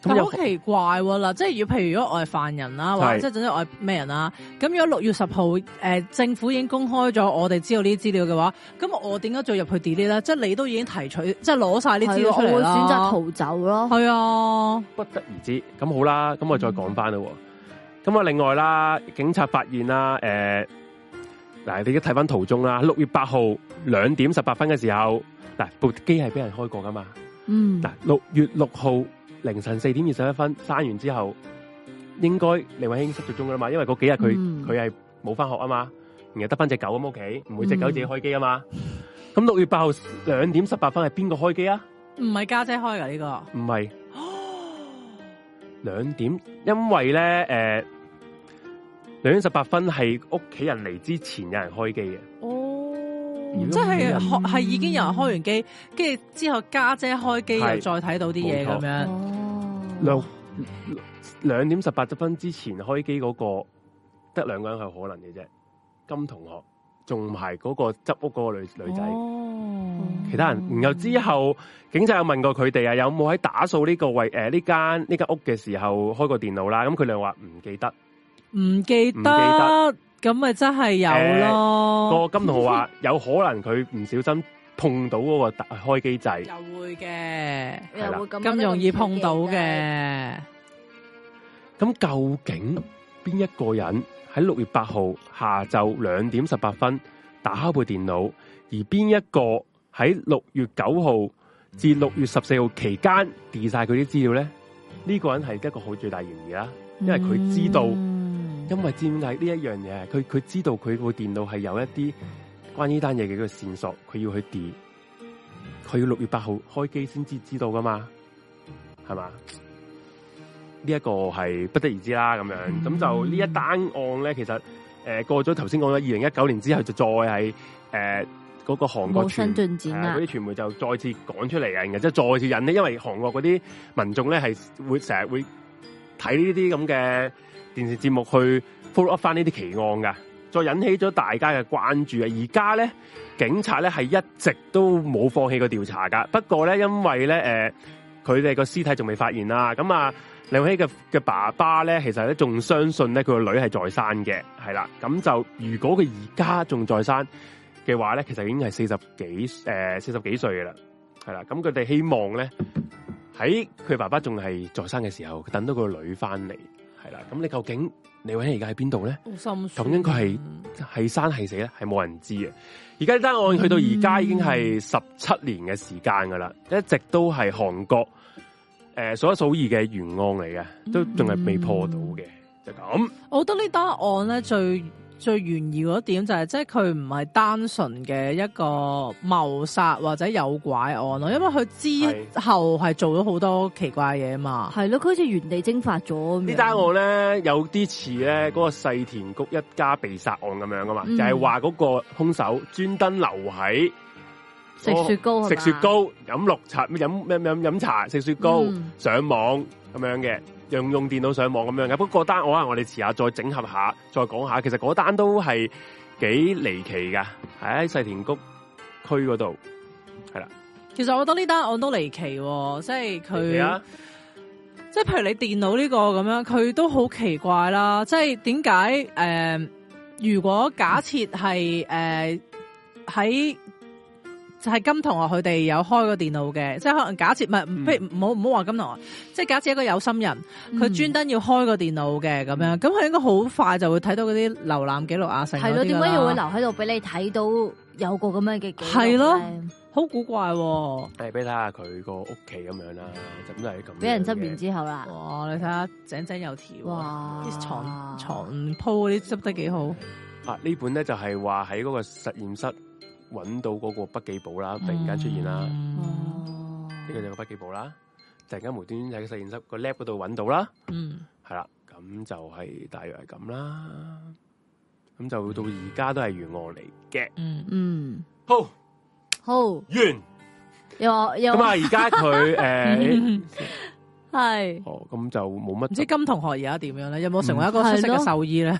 咁好奇怪啦、哦！我即係如果譬如如果我係犯人啦、啊，是或者即係總之我係咩人啦、啊？咁如果六月十號誒政府已經公開咗我哋知道呢啲資料嘅話，咁我點解再入去 delete 咧？即係你都已經提取，即係攞晒呢資料出嚟啦。我會選擇逃走咯。係啊，啊不得而知。咁好啦，咁我再講翻喎。咁啊、嗯，另外啦，警察發現啦，誒、呃。嗱，你而家睇翻圖中啦。六月八號兩點十八分嘅時候，嗱部機係俾人開過噶嘛？嗯，嗱六月六號凌晨四點二十一分閂完之後，應該李偉興失咗蹤噶啦嘛？因為嗰幾日佢佢係冇翻學啊嘛，然後得翻隻隻狗咁屋企，唔會隻狗自己開機啊嘛。咁六、嗯、月八號兩點十八分係邊個開機啊？唔係家姐開噶呢、這個？唔係是。哦，兩 (coughs) 點，因為咧，誒、呃。兩點十八分係屋企人嚟之前有人開機嘅，哦，即係係已經有人開完機，跟住、嗯、之後家姐,姐開機又再睇到啲嘢咁樣。兩兩錯、哦、點十八十分之前開機嗰、嗰個，得兩個人係可能嘅啫。金同學仲有嗰個執屋嗰個女女仔，哦、其他人。然後之後警察有問過佢哋啊，有冇喺打掃呢個位誒呢間呢間屋嘅時候開過電腦啦？咁佢哋話唔記得。唔記得，記得，咁咪真係有咯。個、呃、金童話有可能佢唔小心碰到嗰個開機掣，就 (laughs) 了會嘅，係咁了容易碰到嘅。咁、嗯、究竟邊一個人喺六月八號下晝兩點十八分打開部電腦，而邊一個喺六月九號至六月十四號期間 delete 晒佢啲資料咧？呢、嗯、個人係一個好最大嫌疑啦，因為佢知道。因為佔藝呢一樣嘢，佢佢知道佢部電腦係有一啲關於呢單嘢嘅一個線索，佢要去跌。佢要六月八號開機先至知道噶嘛係嘛？呢、這、一個係不得而知啦，咁樣咁、嗯、就呢一單案咧，其實誒、呃、過咗頭先講咗二零一九年之後，就再係誒嗰個韓國冇新進展啊，嗰啲傳媒就再次講出嚟啊，即係再次引呢，因為韓國嗰啲民眾咧係會成日會睇呢啲咁嘅。電視節目去 follow up 翻呢啲奇案噶，再引起咗大家嘅關注啊！而家咧，警察咧係一直都冇放棄過調查噶。不過咧，因為咧，誒、呃，佢哋個屍體仲未發現啦。咁啊，劉希嘅嘅爸爸咧，其實咧仲相信咧佢個女係在生嘅，係啦。咁就如果佢而家仲在生嘅話咧，其實已經係四十幾誒、呃、四十幾歲噶啦，係啦。咁佢哋希望咧喺佢爸爸仲係在生嘅時候，等到個女翻嚟。係啦，咁你究竟李永熙而家喺邊度咧？咁應該係係生係死咧，係冇人知嘅。而家呢單案去到而家已經係十七年嘅時間噶啦，嗯、一直都係韓國誒、數、呃、一數二嘅懸案嚟嘅，都仲係未破到嘅，嗯、就咁。我覺得呢單案咧最。最懸疑嗰點就係、是，即係佢唔係單純嘅一個謀殺或者誘拐案，咯，因為佢之後係做咗好多奇怪嘢嘛。係咯，佢好似原地蒸發咗。呢單案咧有啲似咧嗰個世田谷一家被殺案咁樣噶嘛，嗯、就係話嗰個兇手專登留喺食、那個、雪、雪糕、食雪糕、飲綠茶、飲飲飲茶、食雪糕、上網咁樣嘅。用用電腦上網咁樣嘅，不過單案我話我哋遲下再整合下，再講下。其實嗰單都係幾離奇噶，喺細田谷區嗰度係啦。其實我覺得呢單案都離奇，即係佢，啊、即係譬如你電腦呢個咁樣，佢都好奇怪啦。即係點解？誒、呃，如果假設係誒喺。呃就係金同學佢哋有開個電腦嘅，即係可能假設唔係，唔如唔好唔好話金同學，即係假設一個有心人，佢專登要開個電腦嘅咁、嗯、樣，咁佢應該好快就會睇到嗰啲瀏覽記錄啊，成係咯，點解要會留喺度俾你睇到有個咁樣嘅記錄，係咯，好古怪喎、啊。誒，俾你睇下佢個屋企咁樣啦，就咁就係咁。俾人執完之後啦，哇！你睇下井井有條，啲哇床、床、鋪嗰啲執得幾好。啊，呢本咧就係話喺嗰個實驗室。揾到嗰個筆記簿啦，突然間出現啦，呢、嗯嗯、個就個筆記簿啦，突然間無端端喺個實驗室個 lab 嗰度揾到啦，嗯，係啦，咁就係大約係咁啦，咁就到而家都係懸案嚟嘅，嗯嗯，好，好，完，又，咁啊，而家佢誒。係，是哦，咁就冇乜。唔知金同學而家點樣咧？有冇成為一個出色嘅獸醫咧？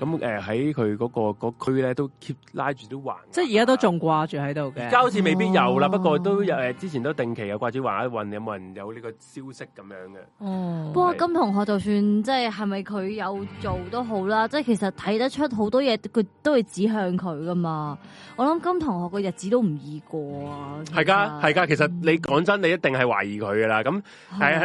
咁喺佢嗰個嗰、嗰個、區咧都 keep 拉住都還，即係而家都仲掛住喺度嘅。而家好似未必有啦，哦、不過都有之前都定期有掛住還一還，有冇人有呢個消息咁樣嘅？哦、的不過金同學就算即係係咪佢有做都好啦，即係其實睇得出好多嘢，佢都係指向佢㗎嘛。我諗金同學個日子都唔易過啊。係㗎，係㗎。其實你講真，你一定係懷疑佢㗎啦。咁係啊。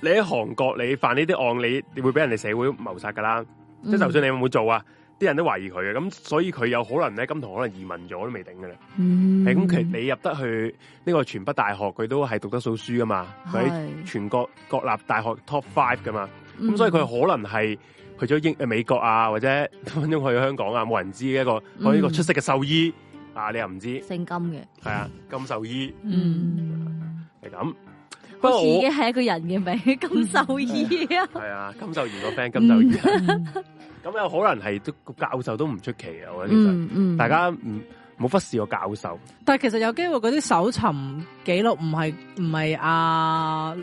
你喺韓國，你犯呢啲案，你你會俾人哋社會謀殺噶啦。即係、嗯、就算你有冇做啊，啲人都懷疑佢嘅。咁所以佢有可能咧，金堂可能移民咗都未定噶啦。係咁、嗯，其實你入得去呢、這個全北大學，佢都係讀得數書噶嘛。佢喺是 全國國立大學 top five 噶嘛。咁、嗯、所以佢可能係去咗英誒美國啊，或者分分鐘去香港啊，冇人知嘅一個佢呢個出色嘅獸醫、嗯、啊，你又唔知姓金嘅係啊，金獸醫嗯係咁。不過自己係一個人嘅名、啊嗯，金秀賢啊，係啊，金秀賢個 friend，金秀賢，咁有可能係都個教授都唔出奇啊，我覺得其實、嗯嗯、大家唔冇忽視個教授。但係其實有機會嗰啲搜尋記錄唔係唔係阿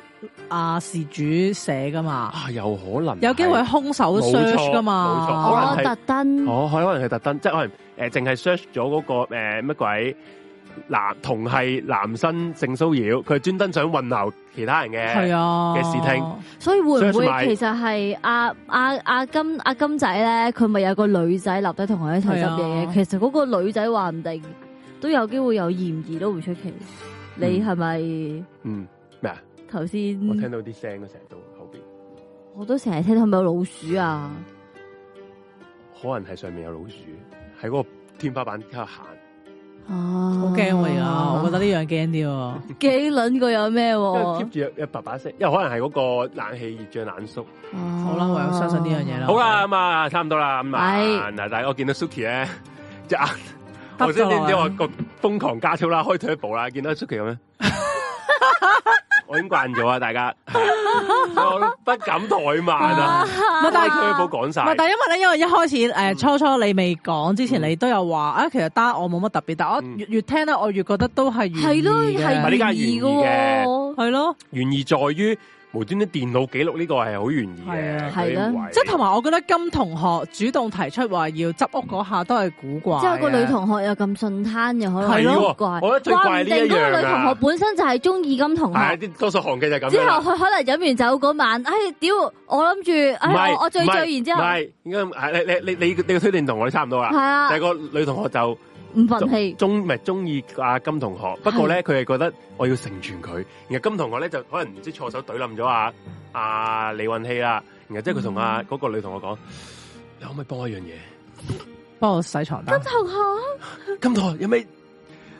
阿事主寫噶嘛？啊，有可能，有機會係空手 search 噶嘛？冇錯，可能係特登，哦，可能係特登，即係可能誒，淨係 search 咗嗰個誒乜、呃、鬼。男同係男生性騷擾，佢專登想混淆其他人嘅，嘅、啊、視聽。所以會唔會其實係阿阿阿金阿金仔咧？佢咪有個女仔立低同佢一齊執嘢嘅？啊、其實嗰個女仔話唔定都有機會有嫌疑都唔出奇。你係咪、嗯？嗯咩啊？頭先才我聽到啲聲咯，成日都後邊，我都成日聽到係咪有老鼠啊？可能係上面有老鼠喺嗰個天花板喺度行。哦，好驚啊，啊我覺得呢樣驚啲，幾輪 (laughs) 個有咩、啊？即係 keep 住一白白色，因為可能係嗰個冷氣熱脹冷縮。啊、好啦，我相信呢樣嘢啦。好啦吧，咁啊，差唔多啦，咁啊、哎，但係我見到 Suki 咧，即 (laughs) 啊，頭先點知我個瘋狂加速啦，開退一步啦，見到 Suki 咁樣。 (laughs) 我已經慣咗啊，大家 (laughs) (laughs) 我不敢怠慢啊。但係佢有冇講晒。但係因為咧，因為一開始誒、嗯呃，初初你未講之前你說，你都有話啊。其實單我冇乜特別，但我越、嗯、越聽咧，我越覺得都係。係咯，係懸疑嘅，係咯，懸疑了在於。無端端電腦記錄呢個係好懸疑嘅，即係同埋我覺得金同學主動提出話要執屋嗰下都係古怪。即係個女同學又咁順攤，又可能怪。我覺得最怪呢一樣。怪唔定個女同學本身就係中意金同學。係啲多數行嘅就咁。之後佢可能飲完酒嗰晚，哎屌，我諗住，哎係我最醉，醉然，然之後唔係，應該你你你你你嘅推斷同我哋差唔多啦。係啊，第個女同學就。唔忿氣，中唔係中意阿金同學，不過咧佢係覺得我要成全佢，然後金同學咧就可能唔知錯手懟冧咗阿阿李運氣啦，然後即係佢同阿嗰個女同學講，你可唔可以幫我一樣嘢，幫我洗床單？金同學，金同學有咩，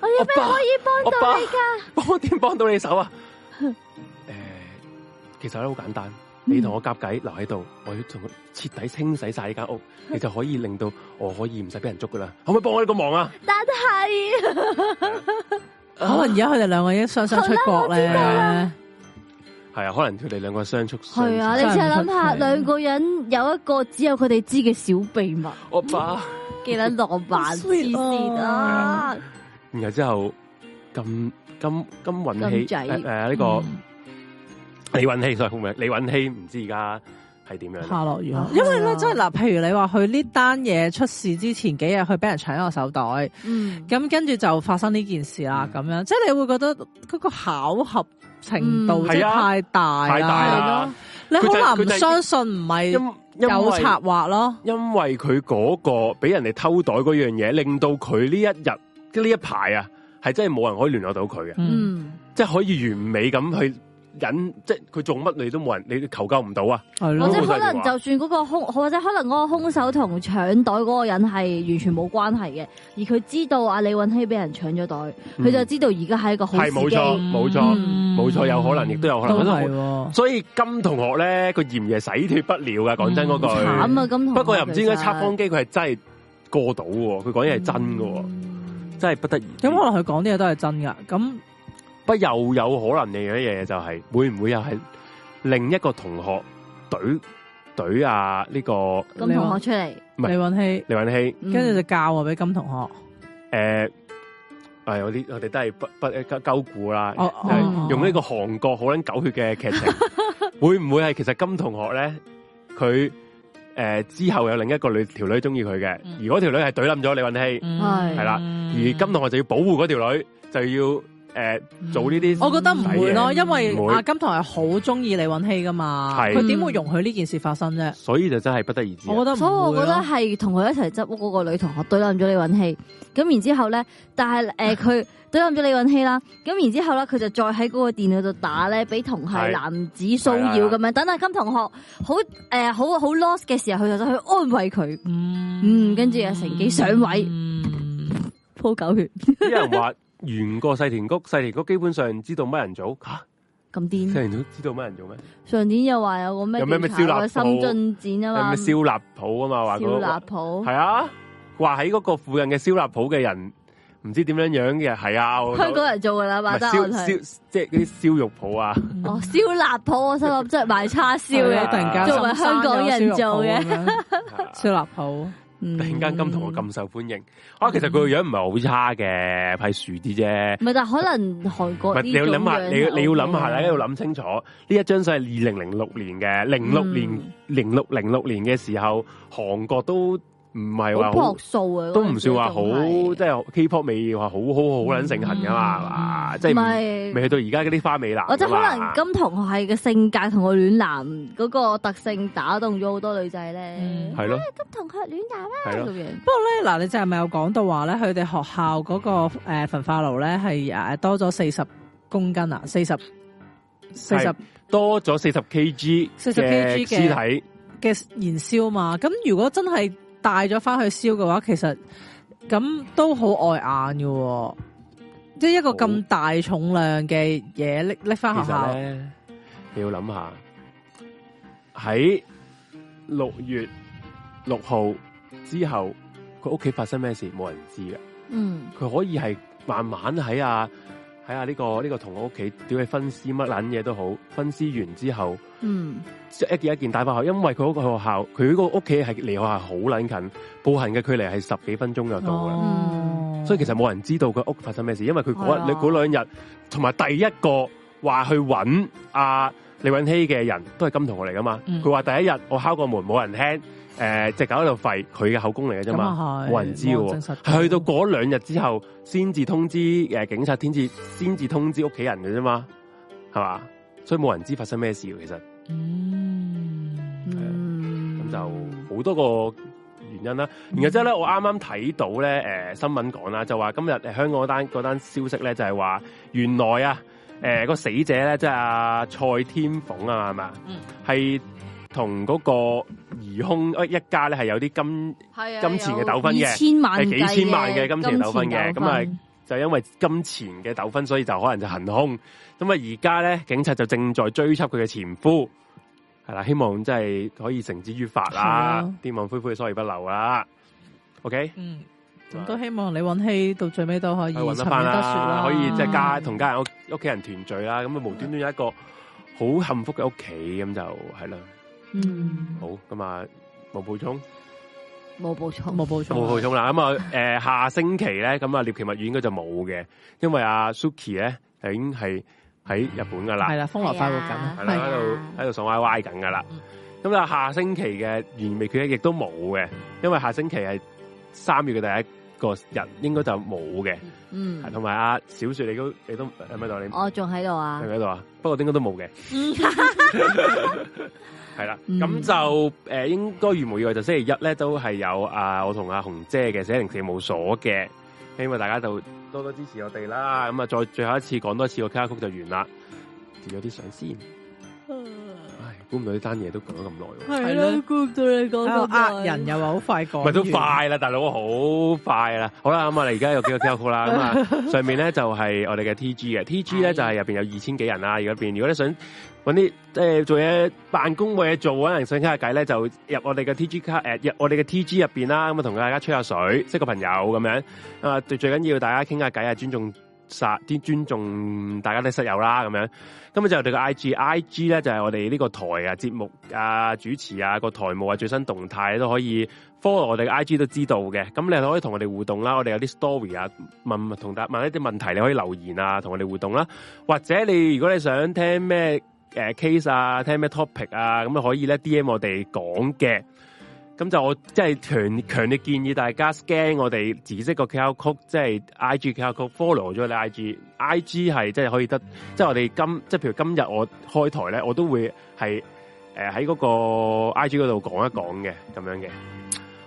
我有咩可以幫到你噶？幫我點幫到你手啊？誒、 (laughs) 呃，其實咧好簡單。你同我夾計留喺度，我要同佢徹底清洗晒呢間屋，你就可以令到我可以唔使俾人捉噶啦。可唔可以幫我呢個忙啊？但係，er、可能而家佢哋兩個已經雙雙出國咧。係啊，可能佢哋兩個相處相。係啊、sí，你淨係諗下，兩個人有一個只有佢哋知嘅小秘密。Öm öm 記我爸記得落埋黐線啦。So、然後之後咁咁咁運氣誒呢個。李允熙以好咩？李允熙唔知而家係點樣？下落如何，因為咧，即係嗱，譬如你話佢呢單嘢出事之前幾日，佢俾人搶咗個手袋，嗯，咁跟住就發生呢件事啦，咁、嗯、樣，即係你會覺得嗰個巧合程度、嗯、即係太大啦，你好難唔相信唔係有策劃咯，因為佢嗰個俾人哋偷袋嗰樣嘢，令到佢呢一日即呢一排啊，係真係冇人可以聯絡到佢嘅，嗯，即係可以完美咁去。人即係佢做乜你都冇人，你都求救唔到啊！或者可能就算嗰個凶，或者可能個凶手同搶袋嗰個人係完全冇關係嘅，而佢知道啊李允熙俾人搶咗袋，佢就知道而家係一個好係冇錯，冇錯，冇錯，有可能亦都有可能都係。所以金同學咧，佢嫌疑洗脫不了啊。講真嗰句，慘啊！金同學，不過又唔知嗰個測謊機佢係真係過到，佢講嘢係真喎，真係不得而知。咁可能佢講啲嘢都係真噶，咁。不又有可能嘅嘢就係、是、會唔會又係另一個同學懟懟啊呢、這個金同學出嚟？是李允熙，李允熙，跟住就教我俾金同學。誒、嗯，誒、哎，我啲我哋都係不不勾股啦，用呢個韓國好撚狗血嘅劇情， (laughs) 會唔會係其實金同學咧佢誒之後有另一個女條女中意佢嘅，如果條女係懟冧咗李允熙，係係、嗯、是啦，而金同學就要保護嗰條女，就要。誒，嗯、做呢啲，我覺得唔會咯，因為阿金同學係好中意李允熙噶嘛，佢點會，會容許呢件事發生啫？所以就真係不得而知。我覺得，所以我覺得係同佢一齊執屋嗰個女同學懟冧咗李允熙，咁然後之後咧，但係誒佢懟冧咗李允熙啦，咁、呃、然後之後咧，佢就再喺嗰個電腦度打咧，俾同係男子騷擾咁樣。等阿金同學好誒，好好 lost 嘅時候，佢就走去安慰佢，嗯，跟住、嗯、又乘機上位，鋪、嗯、狗血，完過細田谷，細田谷基本上知道乜人做吓？咁癲！細田谷知道乜人做咩？上年又話有個咩有咩咩燒臘鋪新進展啊嘛？燒臘鋪啊嘛？話、嗰個燒臘鋪係啊，話喺嗰個附近嘅燒臘鋪嘅人唔知點樣樣嘅係啊，香港人做噶嘛？燒燒看即係嗰啲燒肉鋪啊、嗯？哦，燒臘鋪我心諗即係賣叉燒嘅 (laughs) (laughs) 突然間作為香港人做嘅燒臘鋪。燒 (laughs) 突然間金同學咁受歡迎啊！其實佢個樣唔係好差嘅，係薯啲啫。唔係，但可能韓國。唔係，你要諗下，你你要諗下，大家要諗清楚。呢一張相係二零零六年嘅，零六年、零六、零六年嘅時候，韓國都。唔係話都唔算話好，就是、即係 K-pop 未話好好好捻盛行噶嘛，嗯嗯、即係是未去到而家嗰啲花美男。或者可能金同學係嘅性格同個暖男嗰個特性打動咗好多女仔咧，係咯、嗯的啊，金同學暖男啦咁樣。不過咧，嗱，你真係咪有講到話咧，佢哋學校嗰、那個誒、呃、焚化爐咧係誒多咗四十公斤啊，四十四十多咗四十 Kg 嘅屍體嘅燃燒嘛？咁如果真係。帶咗翻去燒嘅話，其實咁都好礙眼嘅、哦、即係、嗯、一個咁大重量嘅嘢，拎拎翻學校咧，你要諗下喺六月六號之後佢屋企發生咩事，冇人知㗎。嗯，佢可以係慢慢喺啊。睇下呢個呢，這個同學屋企屌你分屍乜撚嘢都好，分屍完之後，着、嗯、一件一件帶返學校，因為佢嗰個學校，佢個屋企係離學校好撚近，步行嘅距離係十幾分鐘就到啦、哦、所以其實冇人知道佢屋發生咩事，因為佢嗰你嗰兩日，同埋第一個話去揾阿、啊、李允熙嘅人都係金同學嚟噶嘛，佢話、嗯、第一日我敲個門冇人聽。誒，隻、呃、狗喺度吠，佢嘅口供嚟嘅啫嘛，冇人知喎。係去到嗰兩日之後，先至通知誒警察，天字先至通知屋企人嘅啫嘛，係嘛？所以冇人知道發生咩事其實。嗯、咁、呃、就好多個原因啦。嗯、然後之後咧，我啱啱睇到咧，誒、呃、新聞講啦，就話今日誒香港嗰單嗰單消息咧，就係、是、話原來啊，誒、呃、個死者咧，即係阿蔡天鳳啊，係嘛，係、嗯。同嗰個疑凶，誒，一家咧係有啲金、啊、金錢嘅糾紛嘅，係幾千萬嘅金錢糾紛嘅，咁啊就因為金錢嘅糾紛，所以就可能就行凶。咁啊，而家咧，警察就正在追緝佢嘅前夫，係啦、啊，希望真係可以繩之於法啦，天網恢恢，疏而不漏啦。OK，嗯，咁都、啊、就希望李允希到最尾都可以尋回,以回得返啦，啊、可以即係家同家人屋屋企人團聚啦，咁啊無端端有一個好幸福嘅屋企，咁就係啦。嗯，好咁啊，冇補充，冇補充，冇補充，冇補充啦。咁啊，誒，下星期咧，咁啊，《獵奇物語》應該就冇嘅，因為阿 Suki 咧已經係喺日本噶啦，係啦，風流快活緊啦，係喺度喺度爽歪歪緊噶啦。咁啊，下星期嘅《完美缺一》亦都冇嘅，因為下星期係三月嘅第一個人，應該就冇嘅。嗯，同埋阿小雪，你都你都係咪喺度？你我仲喺度啊？仲喺度啊？不過應該都冇嘅。.係啦，咁就誒、嗯呃，應該如無意外就星期一咧都係有啊，我同阿紅姐嘅寫零事務所嘅，希望大家就多多支持我哋啦。咁啊，再最後一次講多次個卡曲就完啦。有啲想先，唉，估唔到呢單嘢都講咗咁耐。係咯了，估唔到你講到呃人又話好快講完。咪都快啦，大佬好快啦。好啦，咁我哋而家有幾個卡曲啦。咁啊、 (laughs) 嗯，上面咧就係、是、我哋嘅 T G 嘅 T G 咧的就係入邊有二千幾人啦。而果邊如果你想。搵啲即係做嘢辦公冇嘢做，可能想傾下偈咧，就入我哋嘅 T G 卡誒、呃，入我哋嘅 T G 入邊啦。咁啊，同大家吹下水，識個朋友咁樣。啊，最最緊要大家傾下偈啊，尊重尊重大家啲室友啦，咁樣。咁就我哋嘅 I G I G 咧，就係、是、我哋呢個台啊節目啊主持啊個台務啊最新動態都可以 follow 我哋嘅 I G 都知道嘅。咁你可以同我哋互動啦，我哋有啲 story 啊問同大家問，問一啲問題，你可以留言啊同我哋互動啦。或者你如果你想聽咩？誒、uh，case 啊，聽咩 topic 啊，咁啊可以咧 D M 我哋講嘅，咁就我即係強強烈建議大家 scan 我哋紫色個 QR code，即係 I G QR code，就、follow、是，咗你 I G，I G 係即係可以得，即、就、係、是、我哋今即係、就是、譬如，今日我開台咧，我都會係誒喺嗰個 I G 嗰度講一講嘅，咁樣嘅。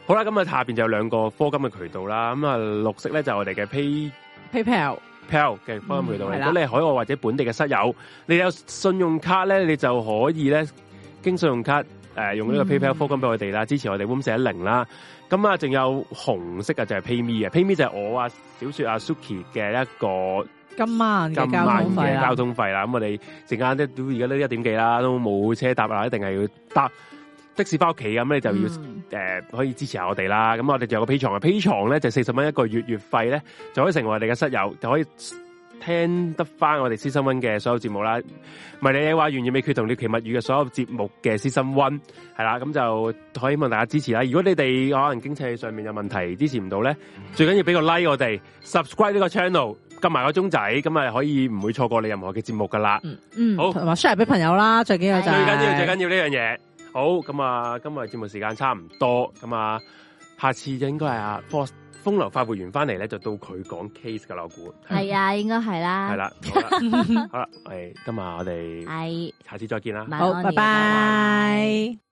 好啦，咁啊下邊就有兩個課金嘅渠道啦，咁啊綠色咧就是、我哋嘅 PayPal。PayPal 嘅付款渠道嚟，如果你係海外或者本地嘅室友，你有信用卡咧，你就可以咧經信用卡誒、呃、用呢個 PayPal、嗯、付款俾我哋啦，支持我哋 Woom 四一零啦。咁啊，仲有紅色嘅就係 PayMe 嘅，PayMe 就係我啊小說阿 Suki 嘅一個今晚嘅交通費啦。咁了、嗯、我哋陣間都而家都一點幾啦，都冇車搭啦，一定係要搭。的士翻屋企咁，你就要、嗯呃、可以支持下我哋啦。咁我哋仲有個 Patreon，Patreon 咧就四十蚊一個月月費咧，就可以成為我哋嘅室友，就可以聽得翻我哋私心溫嘅所有節目啦。咪、嗯、你你話願意未決同《你期物語》嘅所有節目嘅私心溫，係啦，咁就可以問大家支持啦。如果你哋可能經濟上面有問題支持唔到咧，嗯、最緊要俾個 like 我哋，subscribe 呢個 channel，撳埋個鐘仔，咁咪可以唔會錯過你任何嘅節目噶啦。嗯，好，同埋 share 俾朋友啦，最緊要就是、最緊要最緊要呢樣嘢。好咁啊，嗯，今日節目時間差唔多，咁，嗯，啊，下次就應該係啊。Four 風流快活完翻嚟咧，就到佢講 case 嘅樓估係啊，應該係啦。係啦，好啦，誒、 (laughs) 嗯，今日我哋係下次再見啦。好，拜拜。